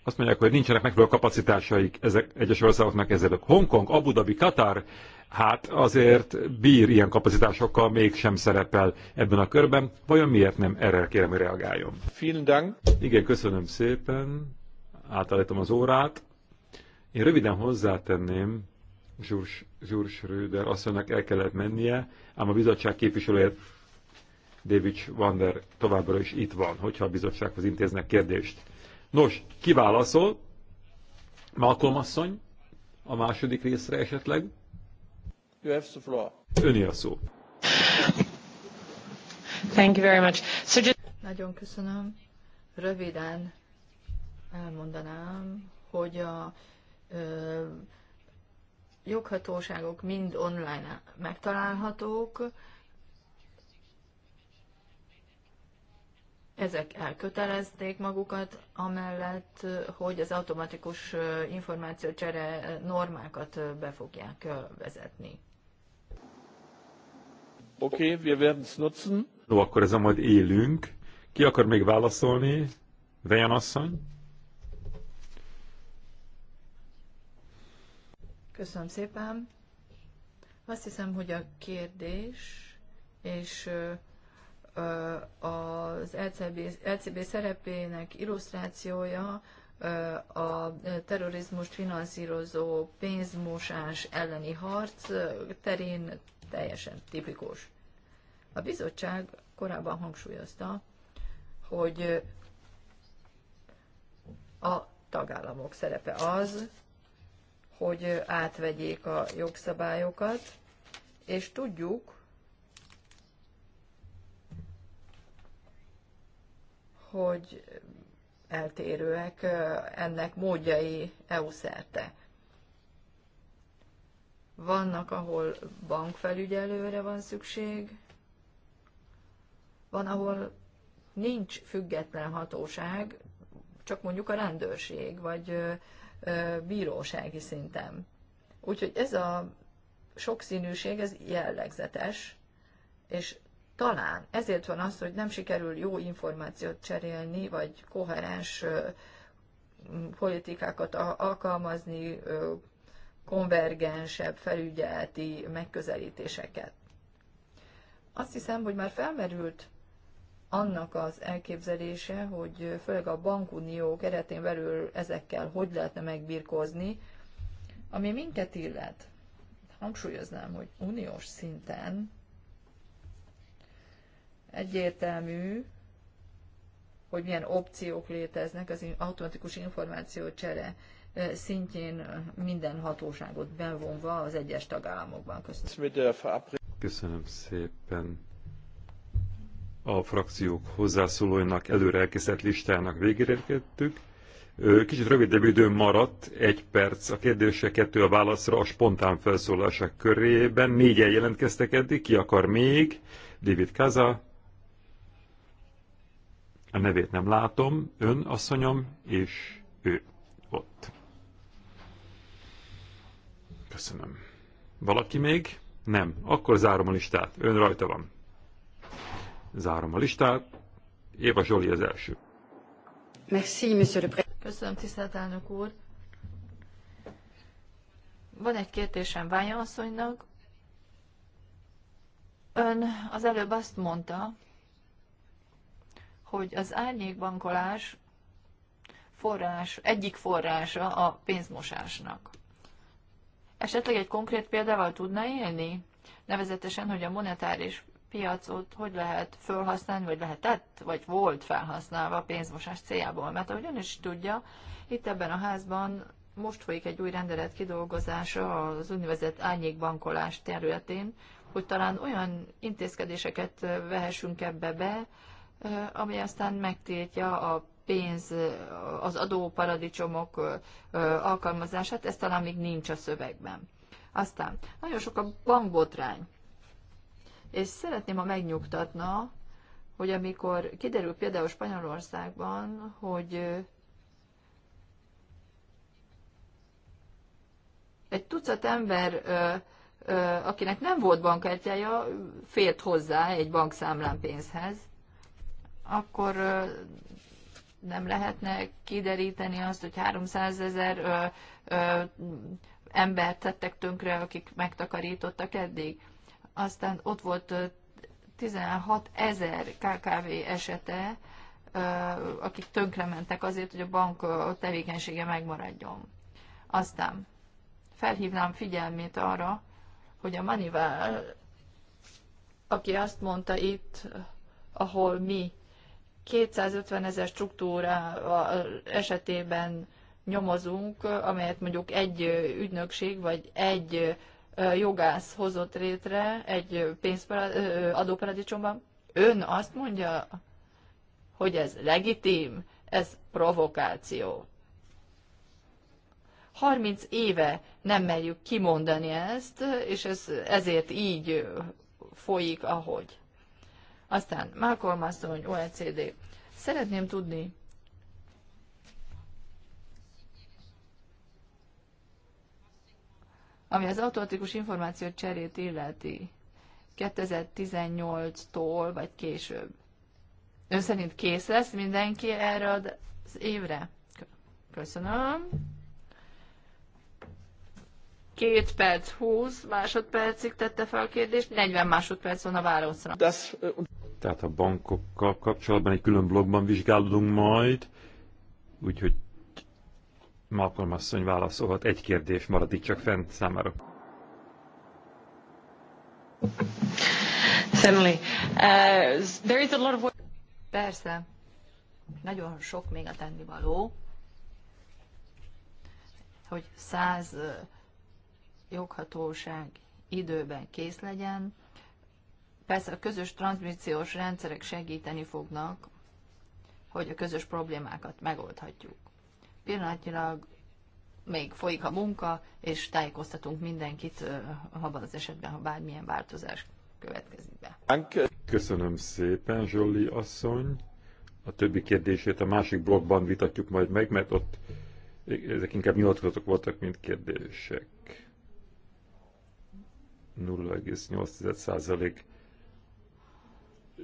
azt mondják, hogy nincsenek megfelelő kapacitásaik ezek egyes országoknak ezek. Hongkong, Abu Dhabi, Katar, hát azért bír ilyen kapacitásokkal, mégsem szerepel ebben a körben. Vajon miért nem? Erre kérem, hogy reagáljon. Vielen Dank. Igen, köszönöm szépen. Átállítom az órát. Én röviden hozzátenném, Zsurs, Rüder, azt mondja, el kellett mennie, ám a bizottság képviselője David Wander továbbra is itt van, hogyha a bizottsághoz intéznek kérdést. Nos, válaszol? Malcolm asszony, a második részre esetleg. You have the floor. Öni a szó. Thank you very much. So just... Nagyon köszönöm. Röviden elmondanám, hogy a ö, joghatóságok mind online megtalálhatók, ezek elkötelezték magukat, amellett, hogy az automatikus információcsere normákat be fogják vezetni. Oké, okay, wir werden es nutzen. No, akkor ez a majd élünk. Ki akar még válaszolni? Vejan asszony? Köszönöm szépen. Azt hiszem, hogy a kérdés és az LCB, LCB szerepének illusztrációja a terrorizmust finanszírozó pénzmosás elleni harc terén teljesen tipikus. A bizottság korábban hangsúlyozta, hogy a tagállamok szerepe az, hogy átvegyék a jogszabályokat, és tudjuk, hogy eltérőek ennek módjai EU szerte. Vannak, ahol bankfelügyelőre van szükség, van, ahol nincs független hatóság, csak mondjuk a rendőrség, vagy bírósági szinten. Úgyhogy ez a sokszínűség, ez jellegzetes, és talán ezért van az, hogy nem sikerül jó információt cserélni, vagy koherens politikákat alkalmazni, konvergensebb felügyeleti megközelítéseket. Azt hiszem, hogy már felmerült annak az elképzelése, hogy főleg a bankunió keretén belül ezekkel hogy lehetne megbirkózni, ami minket illet. Hangsúlyoznám, hogy uniós szinten Egyértelmű, hogy milyen opciók léteznek az automatikus információcsere szintjén minden hatóságot bevonva az egyes tagállamokban. Köszönöm. Köszönöm szépen a frakciók hozzászólóinak előre elkészített listának végére Kicsit rövidebb időn maradt, egy perc a kérdése, kettő a válaszra a spontán felszólások körében. Négyen jelentkeztek eddig, ki akar még? David Kaza, a nevét nem látom, ön, asszonyom, és ő ott. Köszönöm. Valaki még? Nem. Akkor zárom a listát. Ön rajta van. Zárom a listát. Éva Zsoli az első. Merci, monsieur le Köszönöm, tisztelt elnök úr. Van egy kérdésem Vája asszonynak. Ön az előbb azt mondta, hogy az árnyékbankolás forrás, egyik forrása a pénzmosásnak. Esetleg egy konkrét példával tudna élni? Nevezetesen, hogy a monetáris piacot hogy lehet felhasználni, vagy lehetett, vagy volt felhasználva a pénzmosás céljából. Mert ahogy ön is tudja, itt ebben a házban most folyik egy új rendelet kidolgozása az úgynevezett árnyékbankolás területén, hogy talán olyan intézkedéseket vehessünk ebbe be, ami aztán megtiltja a pénz, az adóparadicsomok alkalmazását, ez talán még nincs a szövegben. Aztán nagyon sok a bankbotrány. És szeretném, ha megnyugtatna, hogy amikor kiderül például Spanyolországban, hogy egy tucat ember, akinek nem volt bankkártyája, félt hozzá egy bankszámlán pénzhez, akkor nem lehetne kideríteni azt, hogy 300 ezer embert tettek tönkre, akik megtakarítottak eddig. Aztán ott volt 16 ezer KKV esete, akik mentek azért, hogy a bank tevékenysége megmaradjon. Aztán felhívnám figyelmét arra, hogy a Manivel, aki azt mondta itt, ahol mi 250 ezer struktúra esetében nyomozunk, amelyet mondjuk egy ügynökség vagy egy jogász hozott rétre egy adóparadicsomban, ön azt mondja, hogy ez legitim, ez provokáció. 30 éve nem merjük kimondani ezt, és ez ezért így folyik, ahogy. Aztán Malcolm asszony, OECD. Szeretném tudni, ami az automatikus információ cserét illeti 2018-tól vagy később. Ön szerint kész lesz mindenki erre az évre? Köszönöm. Két perc 20 másodpercig tette fel a kérdést, 40 másodperc van a válaszra. Tehát a bankokkal kapcsolatban egy külön blogban vizsgálódunk majd, úgyhogy Malcolm asszony válaszolhat, egy kérdés marad itt csak fent számára. Certainly. Uh, there is a lot of work. Persze. Nagyon sok még a tennivaló, hogy száz joghatóság időben kész legyen. Persze a közös transmissziós rendszerek segíteni fognak, hogy a közös problémákat megoldhatjuk. Pillanatnyilag még folyik a munka, és tájékoztatunk mindenkit abban az esetben, ha bármilyen változás következik be. Köszönöm szépen, Zsolli asszony. A többi kérdését a másik blogban vitatjuk majd meg, mert ott ezek inkább nyilatkozatok voltak, mint kérdések. 0,8%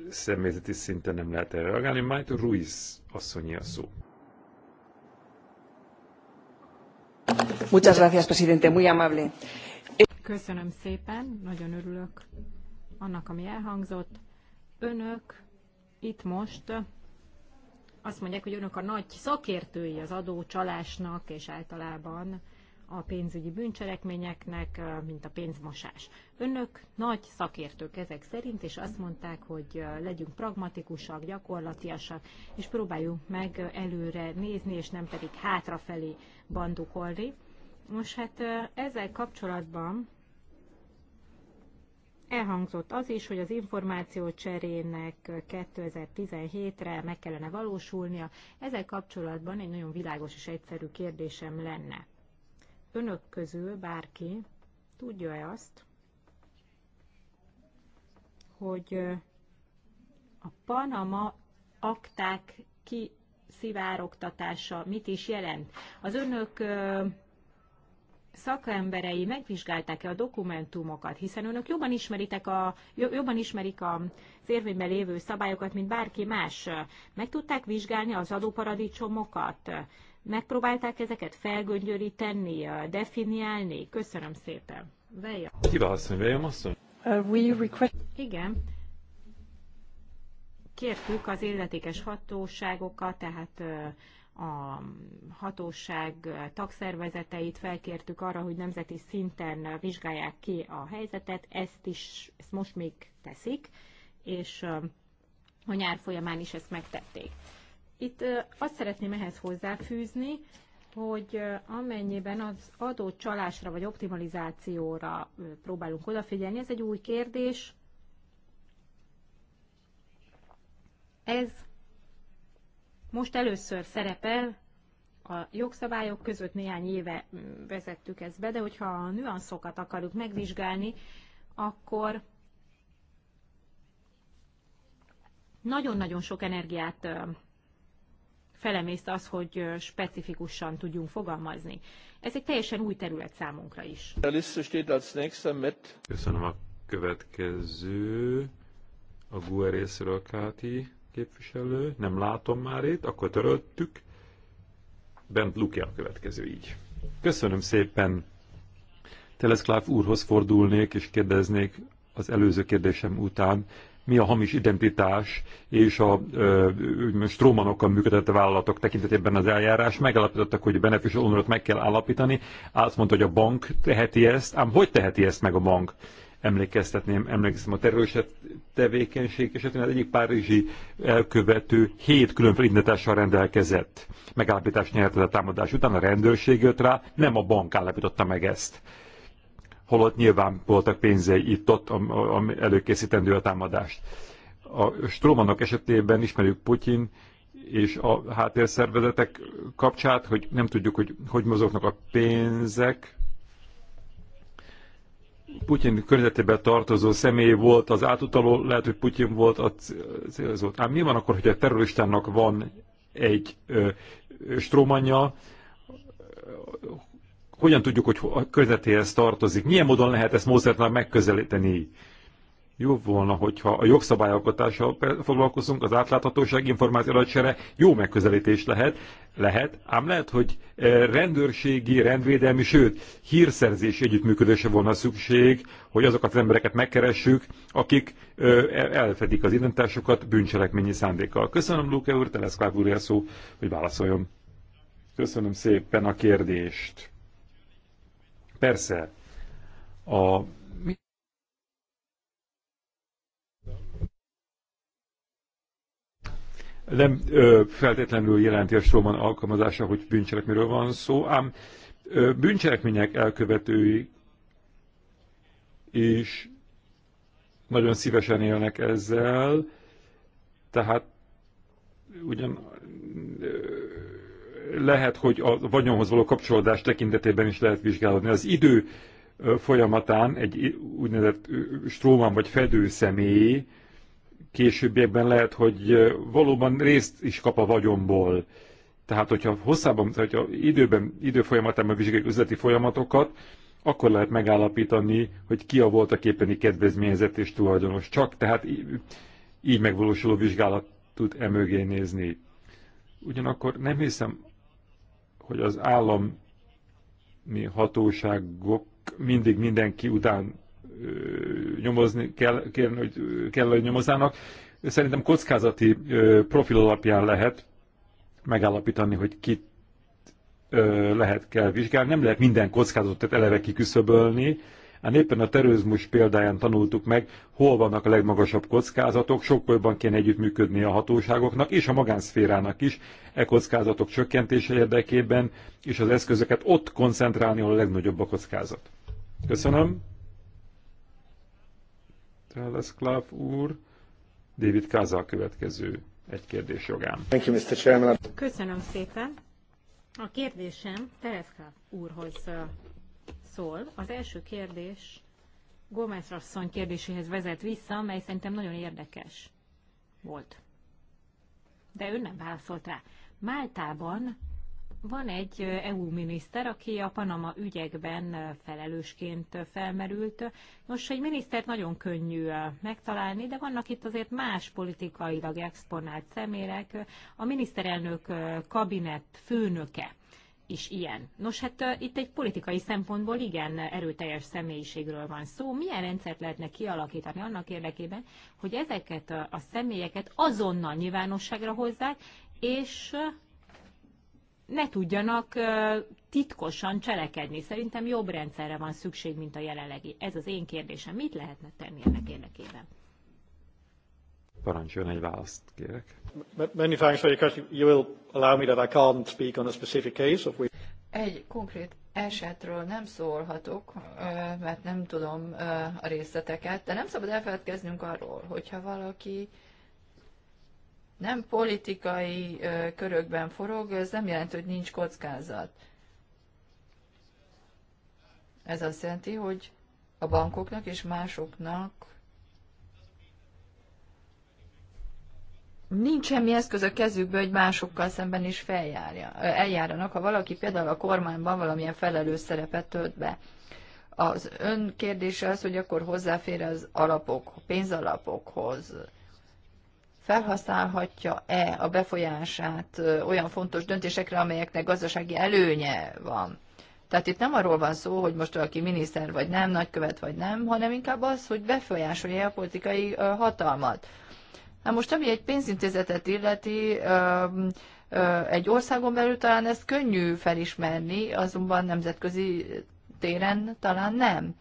személyzeti szinten nem lehet erre reagálni. Majd Ruiz asszonyi a szó. Muchas gracias, presidente. Muy amable. Köszönöm szépen, nagyon örülök annak, ami elhangzott. Önök itt most azt mondják, hogy önök a nagy szakértői az adócsalásnak és általában a pénzügyi bűncselekményeknek, mint a pénzmosás. Önök nagy szakértők ezek szerint, és azt mondták, hogy legyünk pragmatikusak, gyakorlatiasak, és próbáljuk meg előre nézni, és nem pedig hátrafelé bandukolni. Most hát ezzel kapcsolatban elhangzott az is, hogy az információ cserének 2017-re meg kellene valósulnia. Ezzel kapcsolatban egy nagyon világos és egyszerű kérdésem lenne önök közül bárki tudja-e azt, hogy a Panama akták kiszivárogtatása mit is jelent. Az önök szakemberei megvizsgálták-e a dokumentumokat, hiszen önök jobban, ismeritek a, jobban ismerik az érvényben lévő szabályokat, mint bárki más. Meg tudták vizsgálni az adóparadicsomokat, Megpróbálták ezeket felgöngyöríteni, definiálni? Köszönöm szépen. Velja. Hiba asszony, Velja uh, request... Igen. Kértük az illetékes hatóságokat, tehát uh, a hatóság tagszervezeteit felkértük arra, hogy nemzeti szinten vizsgálják ki a helyzetet, ezt is ezt most még teszik, és uh, a nyár folyamán is ezt megtették. Itt azt szeretném ehhez hozzáfűzni, hogy amennyiben az adott csalásra vagy optimalizációra próbálunk odafigyelni, ez egy új kérdés. Ez most először szerepel, a jogszabályok között néhány éve vezettük ezt be, de hogyha a nüanszokat akarjuk megvizsgálni, akkor nagyon-nagyon sok energiát felemészt az, hogy specifikusan tudjunk fogalmazni. Ez egy teljesen új terület számunkra is. Köszönöm a következő, a GUE részről Káti képviselő, nem látom már itt, akkor töröltük. Bent Luki a következő így. Köszönöm szépen. Teleszkláv úrhoz fordulnék és kérdeznék az előző kérdésem után mi a hamis identitás és a strómanokkal működött a vállalatok tekintetében az eljárás. Megállapítottak, hogy a beneficial owner meg kell állapítani. Azt mondta, hogy a bank teheti ezt. Ám hogy teheti ezt meg a bank? Emlékeztetném, emlékszem a terrorista tevékenység esetén az egyik párizsi elkövető hét különféle indítással rendelkezett. Megállapítást nyert a támadás után, a rendőrség jött rá, nem a bank állapította meg ezt holott nyilván voltak pénzei itt-ott, előkészítendő a támadást. A strómanok esetében ismerjük Putyin és a háttérszervezetek kapcsát, hogy nem tudjuk, hogy hogy mozognak a pénzek. Putyin környezetében tartozó személy volt az átutaló, lehet, hogy Putyin volt a célzott. Ám mi van akkor, hogy a terroristának van egy ö, strómanja, hogyan tudjuk, hogy a környezetéhez tartozik? Milyen módon lehet ezt módszertelen megközelíteni? Jó volna, hogyha a jogszabályalkotással foglalkozunk, az átláthatóság, információ adatcsere jó megközelítés lehet, lehet, ám lehet, hogy e, rendőrségi, rendvédelmi, sőt, hírszerzés együttműködése volna szükség, hogy azokat az embereket megkeressük, akik e, elfedik az identitásokat bűncselekményi szándékkal. Köszönöm, Luke úr, Teleszkláv úr, szó, hogy válaszoljon. Köszönöm szépen a kérdést. Persze, a nem ö, feltétlenül jelenti a Stroman alkalmazása, hogy bűncselekményről van szó, ám ö, bűncselekmények elkövetői is nagyon szívesen élnek ezzel, tehát ugyan lehet, hogy a vagyonhoz való kapcsolódás tekintetében is lehet vizsgálódni. Az idő folyamatán egy úgynevezett stróman vagy fedő személy későbbiekben lehet, hogy valóban részt is kap a vagyomból. Tehát, hogyha hosszában, hogyha időben, idő folyamatában vizsgáljuk üzleti folyamatokat, akkor lehet megállapítani, hogy ki a voltak képeni kedvezményezett és tulajdonos. Csak tehát így megvalósuló vizsgálat tud emögé nézni. Ugyanakkor nem hiszem hogy az állami hatóságok mindig mindenki után nyomozni kell, kérni, hogy kell, hogy nyomozzának. Szerintem kockázati profil alapján lehet megállapítani, hogy kit lehet kell vizsgálni. Nem lehet minden kockázatot eleve kiküszöbölni, Hát éppen a terrorizmus példáján tanultuk meg, hol vannak a legmagasabb kockázatok, sokkal jobban kéne együttműködni a hatóságoknak és a magánszférának is, e kockázatok csökkentése érdekében, és az eszközöket ott koncentrálni, ahol a legnagyobb a kockázat. Köszönöm. Teleszkláv úr. David Káza a következő egy kérdés jogán. Thank you, Mr. Chairman. Köszönöm szépen. A kérdésem Teleszkláv úrhoz szól. Az első kérdés Gómez asszony kérdéséhez vezet vissza, mely szerintem nagyon érdekes volt. De ő nem válaszolt rá. Máltában van egy EU miniszter, aki a Panama ügyekben felelősként felmerült. Nos, egy minisztert nagyon könnyű megtalálni, de vannak itt azért más politikailag exponált személyek, A miniszterelnök kabinet főnöke is ilyen. Nos, hát itt egy politikai szempontból igen erőteljes személyiségről van szó. Milyen rendszert lehetne kialakítani annak érdekében, hogy ezeket a személyeket azonnal nyilvánosságra hozzák, és ne tudjanak titkosan cselekedni. Szerintem jobb rendszerre van szükség, mint a jelenlegi. Ez az én kérdésem. Mit lehetne tenni ennek érdekében? Parancsoljon egy választ, kérek. Many thanks for your question. You will allow me that I can't speak on a specific case of which... Egy konkrét esetről nem szólhatok, mert nem tudom a részleteket, de nem szabad elfeledkeznünk arról, hogyha valaki nem politikai körökben forog, ez nem jelenti, hogy nincs kockázat. Ez azt jelenti, hogy a bankoknak és másoknak nincs semmi eszköz a kezükbe, hogy másokkal szemben is feljárja, eljárjanak, ha valaki például a kormányban valamilyen felelős szerepet tölt be. Az ön kérdése az, hogy akkor hozzáfér az alapok, pénzalapokhoz, felhasználhatja-e a befolyását olyan fontos döntésekre, amelyeknek gazdasági előnye van. Tehát itt nem arról van szó, hogy most valaki miniszter vagy nem, nagykövet vagy nem, hanem inkább az, hogy befolyásolja a politikai hatalmat. Na most, ami egy pénzintézetet illeti, egy országon belül talán ezt könnyű felismerni, azonban nemzetközi téren talán nem.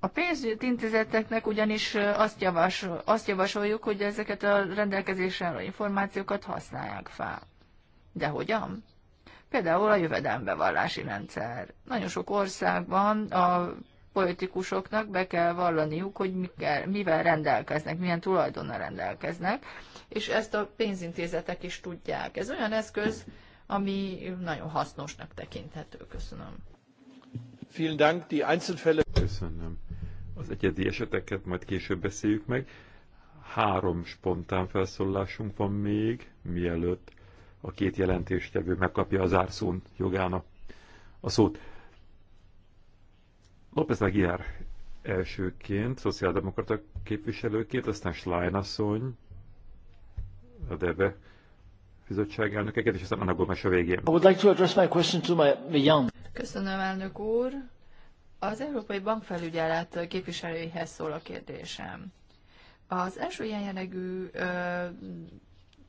A pénzintézeteknek ugyanis azt, javasol, azt javasoljuk, hogy ezeket a rendelkezésre álló információkat használják fel. De hogyan? Például a jövedelmbevallási rendszer. Nagyon sok országban a politikusoknak be kell vallaniuk, hogy mikkel, mivel rendelkeznek, milyen tulajdonnal rendelkeznek, és ezt a pénzintézetek is tudják. Ez olyan eszköz, ami nagyon hasznosnak tekinthető. Köszönöm. Vielen Dank, die Einzelfälle. Köszönöm. Az egyedi eseteket majd később beszéljük meg. Három spontán felszólásunk van még, mielőtt a két jelentéstevő megkapja az árszón jogának a szót. López Aguiar elsőként, szociáldemokrata képviselőként, aztán Schlein asszony, a Debe bizottság elnökeket, és aztán Anna Gomes a végén. I would like to address my question to my young. Köszönöm, elnök úr. Az Európai Bankfelügyelet képviselőihez szól a kérdésem. Az első ilyen jellegű ö,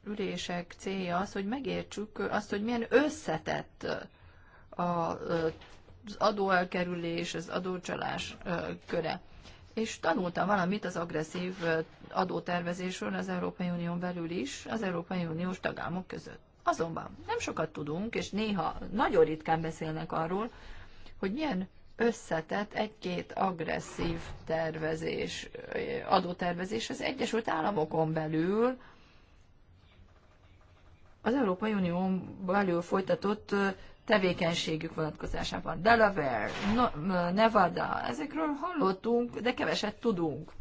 ülések célja az, hogy megértsük azt, hogy milyen összetett a az adóelkerülés, az adócsalás köre. És tanultam valamit az agresszív adótervezésről az Európai Unión belül is, az Európai Uniós tagállamok között. Azonban nem sokat tudunk, és néha nagyon ritkán beszélnek arról, hogy milyen összetett egy-két agresszív tervezés, adótervezés az Egyesült Államokon belül, az Európai Unión belül folytatott tevékenységük vonatkozásában. Delaware, Nevada, ezekről hallottunk, de keveset tudunk.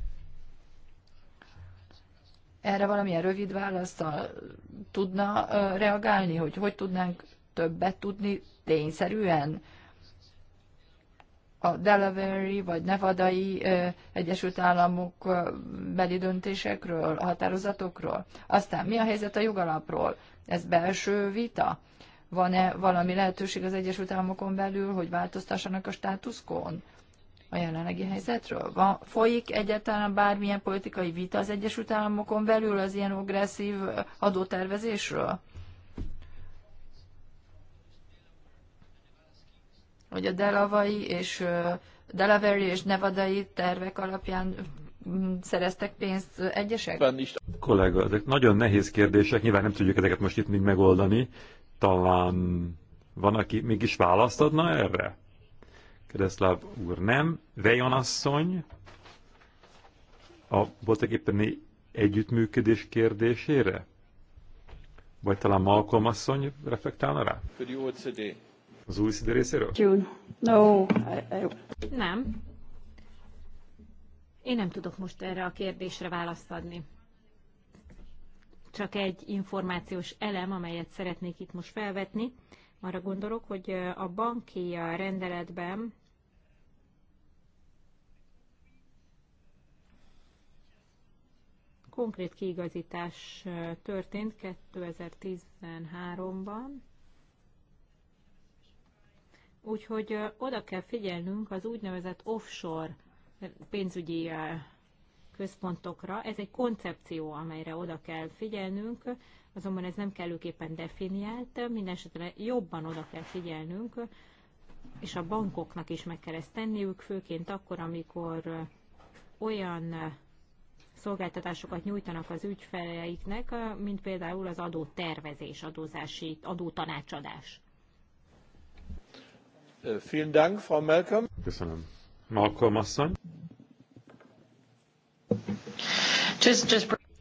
Erre valamilyen rövid választal tudna reagálni, hogy hogy tudnánk többet tudni tényszerűen a Delaware-i vagy Nevadai Egyesült Államok beli döntésekről, határozatokról. Aztán mi a helyzet a jogalapról? Ez belső vita? Van-e valami lehetőség az Egyesült Államokon belül, hogy változtassanak a státuszkón a jelenlegi helyzetről? Van, folyik egyáltalán bármilyen politikai vita az Egyesült Államokon belül az ilyen agresszív adótervezésről? Hogy a delavai és Delaware és nevadai tervek alapján szereztek pénzt egyesek? Kollega, ezek nagyon nehéz kérdések, nyilván nem tudjuk ezeket most itt mind megoldani, talán van, aki mégis választ adna erre? Kereszláv úr nem. Vejon asszony a voltak éppen együttműködés kérdésére? Vagy talán Malcolm asszony reflektálna rá? Az OECD részéről? No. Nem. Én nem tudok most erre a kérdésre választ adni csak egy információs elem, amelyet szeretnék itt most felvetni. Arra gondolok, hogy a banki rendeletben konkrét kiigazítás történt 2013-ban, úgyhogy oda kell figyelnünk az úgynevezett offshore pénzügyi központokra. Ez egy koncepció, amelyre oda kell figyelnünk, azonban ez nem kellőképpen definiált, mindenesetre jobban oda kell figyelnünk, és a bankoknak is meg kell ezt tenniük, főként akkor, amikor olyan szolgáltatásokat nyújtanak az ügyfeleiknek, mint például az adótervezés, adózási, adótanácsadás. Vielen Dank, Frau Malcolm. Köszönöm. Malcolm asszony.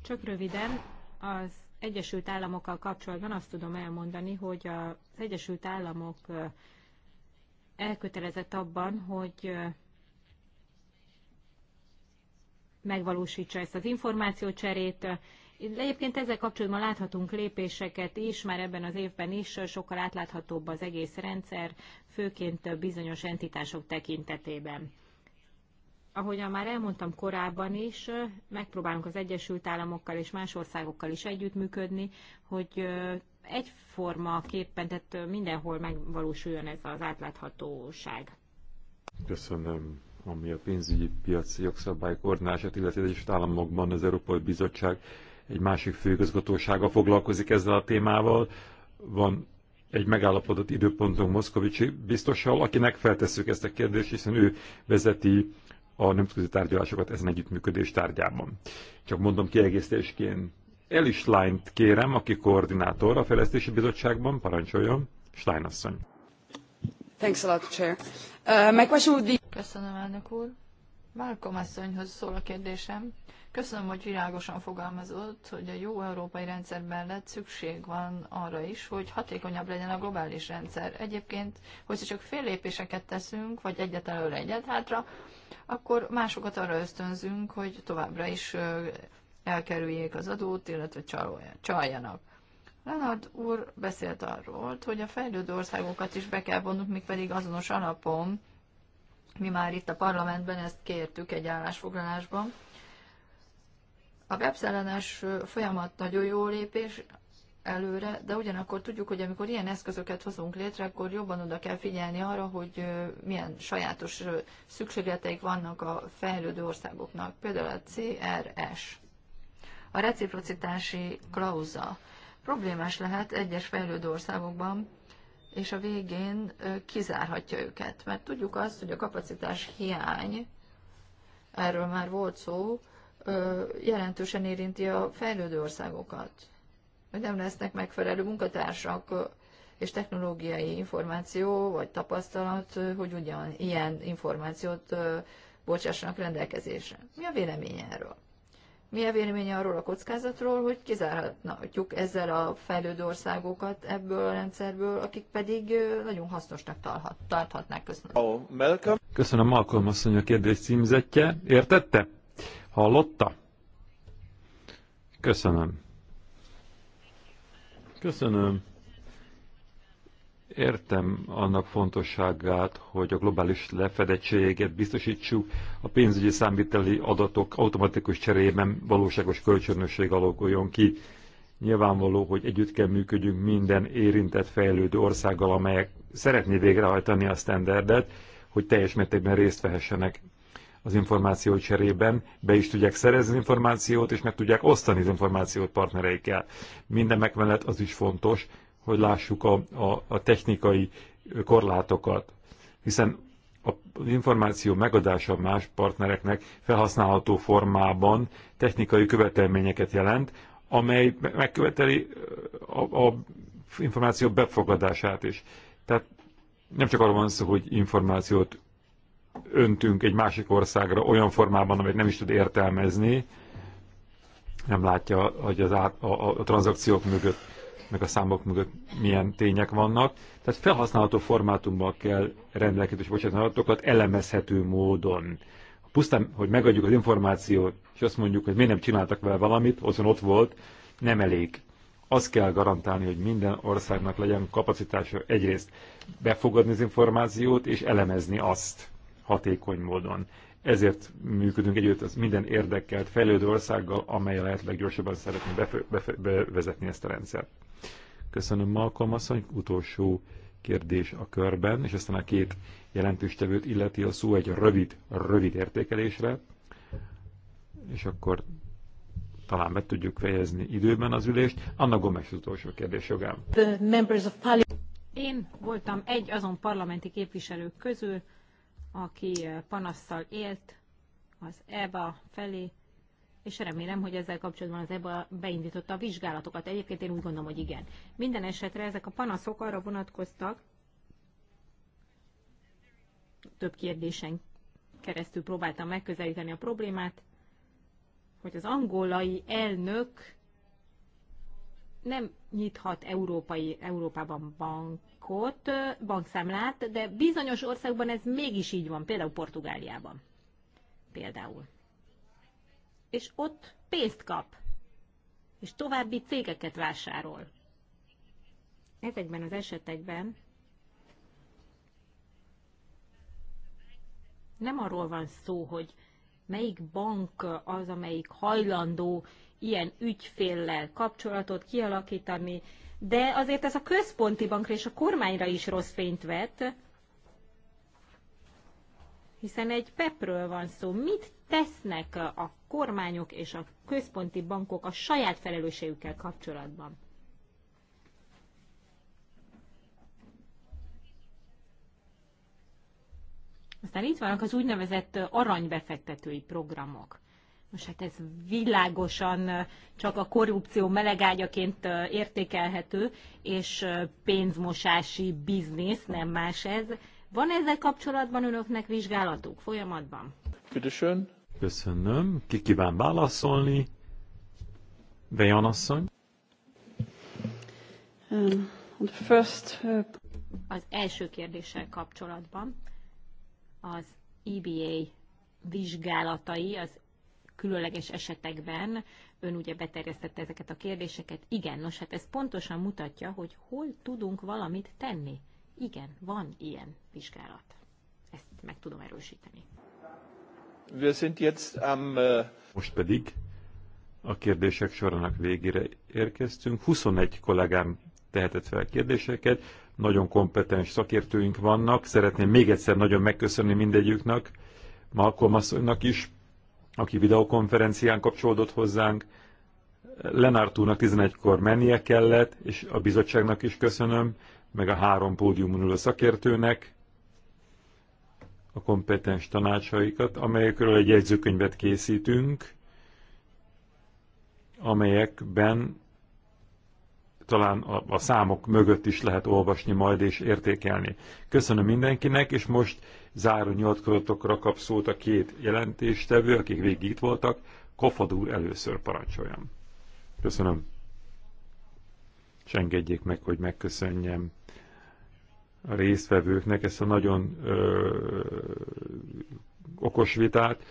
Csak röviden, az Egyesült Államokkal kapcsolatban azt tudom elmondani, hogy az Egyesült Államok elkötelezett abban, hogy megvalósítsa ezt az információcserét. Egyébként ezzel kapcsolatban láthatunk lépéseket is, már ebben az évben is sokkal átláthatóbb az egész rendszer, főként bizonyos entitások tekintetében ahogyan már elmondtam korábban is, megpróbálunk az Egyesült Államokkal és más országokkal is együttműködni, hogy egyforma képpen, tehát mindenhol megvalósuljon ez az átláthatóság. Köszönöm. Ami a pénzügyi piaci jogszabály koordinását, illetve az Egyesült Államokban az Európai Bizottság egy másik főigazgatósága foglalkozik ezzel a témával. Van egy megállapodott időpontunk Moszkovicsi biztossal, akinek feltesszük ezt a kérdést, hiszen ő vezeti a nemzetközi tárgyalásokat ezen együttműködés tárgyában. Csak mondom kiegészítésként, Eli Schleint kérem, aki koordinátor a Fejlesztési Bizottságban, parancsoljon, Schlein asszony. Thanks a lot, Chair. Uh, my question would be... Köszönöm, elnök úr. Malcolm asszonyhoz szól a kérdésem. Köszönöm, hogy világosan fogalmazott, hogy a jó európai rendszer mellett szükség van arra is, hogy hatékonyabb legyen a globális rendszer. Egyébként, hogyha csak fél lépéseket teszünk, vagy egyet előre, egyet hátra, akkor másokat arra ösztönzünk, hogy továbbra is elkerüljék az adót, illetve csaljanak. Lenard úr beszélt arról, hogy a fejlődő országokat is be kell vonnunk, még pedig azonos alapon, mi már itt a parlamentben ezt kértük egy állásfoglalásban, a webszellenes folyamat nagyon jó lépés előre, de ugyanakkor tudjuk, hogy amikor ilyen eszközöket hozunk létre, akkor jobban oda kell figyelni arra, hogy milyen sajátos szükségleteik vannak a fejlődő országoknak, például a CRS. A reciprocitási klauza problémás lehet egyes fejlődő országokban, és a végén kizárhatja őket, mert tudjuk azt, hogy a kapacitás hiány, erről már volt szó, jelentősen érinti a fejlődő országokat, hogy nem lesznek megfelelő munkatársak és technológiai információ vagy tapasztalat, hogy ugyan ilyen információt bocsássanak rendelkezésre. Mi a véleménye erről? Mi a véleménye arról a kockázatról, hogy kizárhatjuk ezzel a fejlődő országokat ebből a rendszerből, akik pedig nagyon hasznosnak tarthatnák. Köszönöm. Oh, Köszönöm, Malcolm asszony a kérdés címzetje. Értette? Hallotta? Köszönöm. Köszönöm. Értem annak fontosságát, hogy a globális lefedettséget biztosítsuk a pénzügyi számviteli adatok automatikus cserében valóságos kölcsönösség alakuljon ki. Nyilvánvaló, hogy együtt kell működjünk minden érintett fejlődő országgal, amelyek szeretné végrehajtani a standardet, hogy teljes mértékben részt vehessenek az információ cserében, be is tudják szerezni információt, és meg tudják osztani az információt partnereikkel. Minden megmellett az is fontos, hogy lássuk a, a, a technikai korlátokat, hiszen az információ megadása más partnereknek felhasználható formában technikai követelményeket jelent, amely megköveteli az információ befogadását is. Tehát nem csak arról van szó, hogy információt öntünk egy másik országra olyan formában, amit nem is tud értelmezni, nem látja, hogy az át, a, a, a tranzakciók mögött, meg a számok mögött milyen tények vannak. Tehát felhasználható formátumban kell rendelkezés bocsánatokat elemezhető módon. Pusztán, hogy megadjuk az információt, és azt mondjuk, hogy miért nem csináltak vele valamit, azon ott volt, nem elég. Azt kell garantálni, hogy minden országnak legyen kapacitása egyrészt befogadni az információt, és elemezni azt hatékony módon. Ezért működünk együtt az minden érdekelt fejlődő országgal, amely a lehet leggyorsabban szeretné bevezetni ezt a rendszert. Köszönöm Malcolm asszony, utolsó kérdés a körben, és aztán a két jelentős tevőt illeti a szó egy rövid, rövid értékelésre, és akkor talán meg tudjuk fejezni időben az ülést. Anna Gomes az utolsó kérdés jogám. Én voltam egy azon parlamenti képviselők közül, aki panasszal élt az EBA felé, és remélem, hogy ezzel kapcsolatban az EBA beindította a vizsgálatokat. Egyébként én úgy gondolom, hogy igen. Minden esetre ezek a panaszok arra vonatkoztak, több kérdésen keresztül próbáltam megközelíteni a problémát, hogy az angolai elnök nem nyithat európai, Európában bank, bankot, bankszámlát, de bizonyos országban ez mégis így van, például Portugáliában. Például. És ott pénzt kap, és további cégeket vásárol. Ezekben az esetekben nem arról van szó, hogy melyik bank az, amelyik hajlandó ilyen ügyféllel kapcsolatot kialakítani, de azért ez a központi bankra és a kormányra is rossz fényt vet, hiszen egy pepről van szó. Mit tesznek a kormányok és a központi bankok a saját felelősségükkel kapcsolatban? Aztán itt vannak az úgynevezett aranybefektetői programok. Most hát ez világosan csak a korrupció melegágyaként értékelhető, és pénzmosási biznisz, nem más ez. Van ezzel kapcsolatban önöknek vizsgálatuk folyamatban? Köszön. Köszönöm. Ki kíván válaszolni? Bejan asszony. Um, uh, az első kérdéssel kapcsolatban az EBA vizsgálatai az különleges esetekben ön ugye beterjesztette ezeket a kérdéseket. Igen, nos hát ez pontosan mutatja, hogy hol tudunk valamit tenni. Igen, van ilyen vizsgálat. Ezt meg tudom erősíteni. Äh, Most pedig a kérdések sorának végére érkeztünk. 21 kollégám tehetett fel kérdéseket, nagyon kompetens szakértőink vannak, szeretném még egyszer nagyon megköszönni mindegyüknek, Malcolm asszonynak is, aki videokonferencián kapcsolódott hozzánk. Lenártúrnak 11-kor mennie kellett, és a bizottságnak is köszönöm, meg a három pódiumon ülő szakértőnek a kompetens tanácsaikat, amelyekről egy jegyzőkönyvet készítünk, amelyekben talán a, a számok mögött is lehet olvasni majd és értékelni. Köszönöm mindenkinek, és most záró nyilatkozatokra kap szót a két jelentéstevő, akik végig itt voltak. Kofad úr először parancsoljam. Köszönöm. És engedjék meg, hogy megköszönjem a résztvevőknek ezt a nagyon ö, okos vitát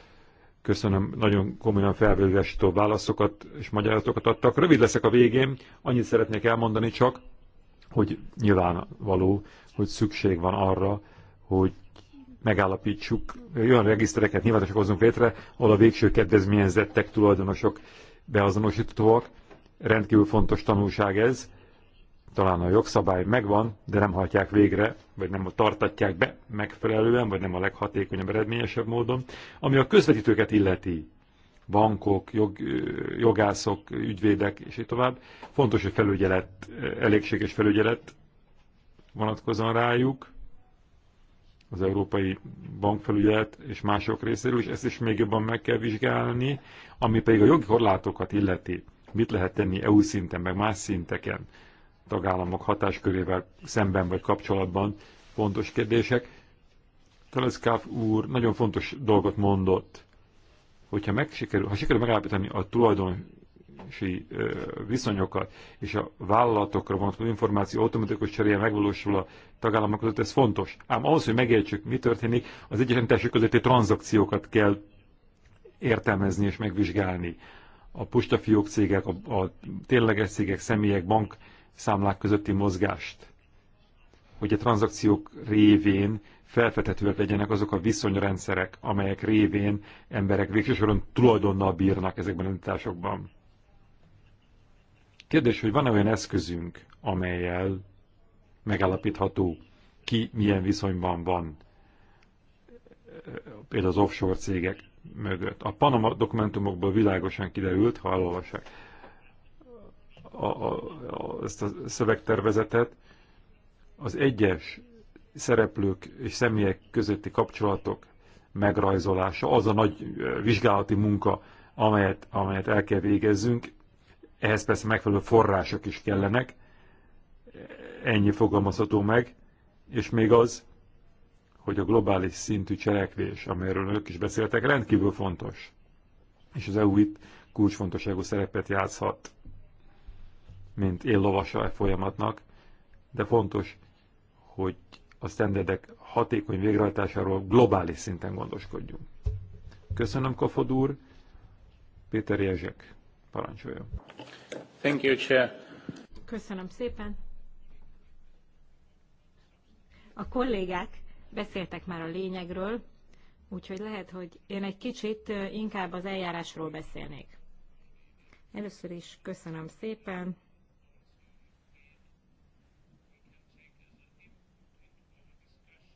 Köszönöm, nagyon komolyan felvérgesítő válaszokat és magyarázatokat adtak. Rövid leszek a végén, annyit szeretnék elmondani csak, hogy nyilvánvaló, hogy szükség van arra, hogy megállapítsuk, olyan regisztereket nyilvánosak hozunk létre, ahol a végső kedvezményezettek, tulajdonosok beazonosítóak. Rendkívül fontos tanulság ez, talán a jogszabály megvan, de nem hajtják végre, vagy nem tartatják be megfelelően, vagy nem a leghatékonyabb, eredményesebb módon. Ami a közvetítőket illeti, bankok, jog, jogászok, ügyvédek, és így tovább, fontos, hogy felügyelet, elégséges felügyelet vonatkozon rájuk, az Európai Bankfelügyelet és mások részéről, és ezt is még jobban meg kell vizsgálni, ami pedig a jogi korlátokat illeti, mit lehet tenni EU szinten, meg más szinteken tagállamok hatáskörével szemben vagy kapcsolatban fontos kérdések. Teleszkáv úr nagyon fontos dolgot mondott, hogyha meg sikerül, ha sikerül megállapítani a tulajdonosi viszonyokat és a vállalatokra vonatkozó információ automatikus cseréje megvalósul a tagállamok között, ez fontos. Ám ahhoz, hogy megértsük, mi történik, az egyes közötti tranzakciókat kell értelmezni és megvizsgálni. A postafiók cégek, a, a tényleges cégek, személyek, bank számlák közötti mozgást, hogy a tranzakciók révén felfedhetőek legyenek azok a viszonyrendszerek, amelyek révén emberek végső soron tulajdonnal bírnak ezekben a entitásokban. Kérdés, hogy van-e olyan eszközünk, amelyel megállapítható, ki milyen viszonyban van például az offshore cégek mögött. A Panama dokumentumokból világosan kiderült, ha elolvassák, a, a, a, ezt a szövegtervezetet, az egyes szereplők és személyek közötti kapcsolatok megrajzolása, az a nagy vizsgálati munka, amelyet, amelyet el kell végezzünk, ehhez persze megfelelő források is kellenek, ennyi fogalmazható meg, és még az, hogy a globális szintű cselekvés, amelyről ők is beszéltek, rendkívül fontos. És az EU itt kulcsfontosságú szerepet játszhat mint lovasa e folyamatnak, de fontos, hogy a standardek hatékony végrehajtásáról globális szinten gondoskodjunk. Köszönöm, Kofod úr. Péter Jezsek, parancsoljon. Thank you, Chair. Köszönöm szépen. A kollégák beszéltek már a lényegről, úgyhogy lehet, hogy én egy kicsit inkább az eljárásról beszélnék. Először is köszönöm szépen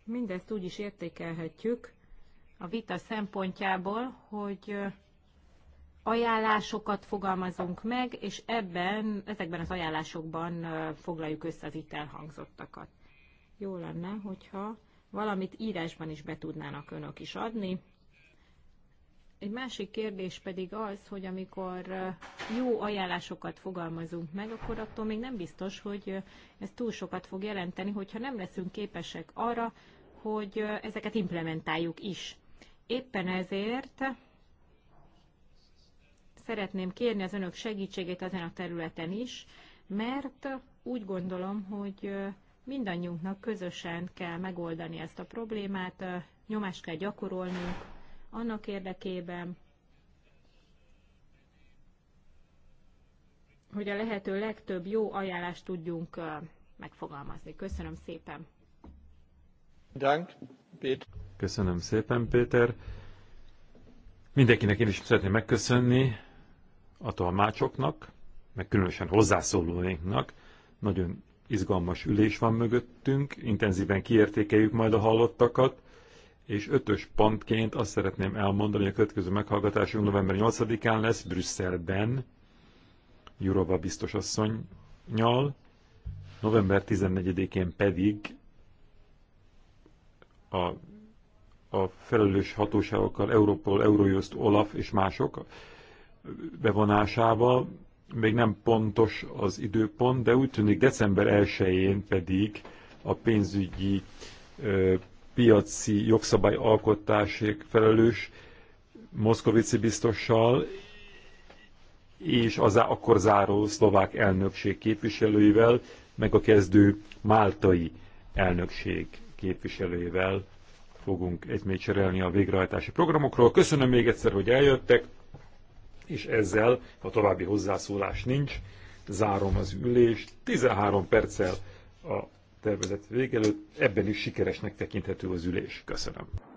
mindezt úgy is értékelhetjük a vita szempontjából, hogy ajánlásokat fogalmazunk meg, és ebben, ezekben az ajánlásokban foglaljuk össze az itt elhangzottakat. Jó lenne, hogyha valamit írásban is be tudnának önök is adni, egy másik kérdés pedig az, hogy amikor jó ajánlásokat fogalmazunk meg, akkor attól még nem biztos, hogy ez túl sokat fog jelenteni, hogyha nem leszünk képesek arra, hogy ezeket implementáljuk is. Éppen ezért szeretném kérni az önök segítségét ezen a területen is, mert úgy gondolom, hogy mindannyiunknak közösen kell megoldani ezt a problémát, nyomást kell gyakorolnunk annak érdekében, hogy a lehető legtöbb jó ajánlást tudjunk megfogalmazni. Köszönöm szépen! Köszönöm szépen, Péter! Mindenkinek én is szeretném megköszönni a tolmácsoknak, meg különösen hozzászólóinknak. Nagyon izgalmas ülés van mögöttünk, intenzíven kiértékeljük majd a hallottakat és ötös pontként azt szeretném elmondani, hogy a következő meghallgatásunk november 8-án lesz Brüsszelben, Jurova biztos asszonynyal, november 14-én pedig a, a felelős hatóságokkal, Európol, Eurojust, Olaf és mások bevonásával, még nem pontos az időpont, de úgy tűnik december 1-én pedig a pénzügyi piaci jogszabály alkotásért felelős Moszkovici biztossal, és az akkor záró szlovák elnökség képviselőivel, meg a kezdő máltai elnökség képviselőivel fogunk egymét cserélni a végrehajtási programokról. Köszönöm még egyszer, hogy eljöttek, és ezzel, ha további hozzászólás nincs, zárom az ülést. 13 perccel a tervezet végelőtt, ebben is sikeresnek tekinthető az ülés. Köszönöm.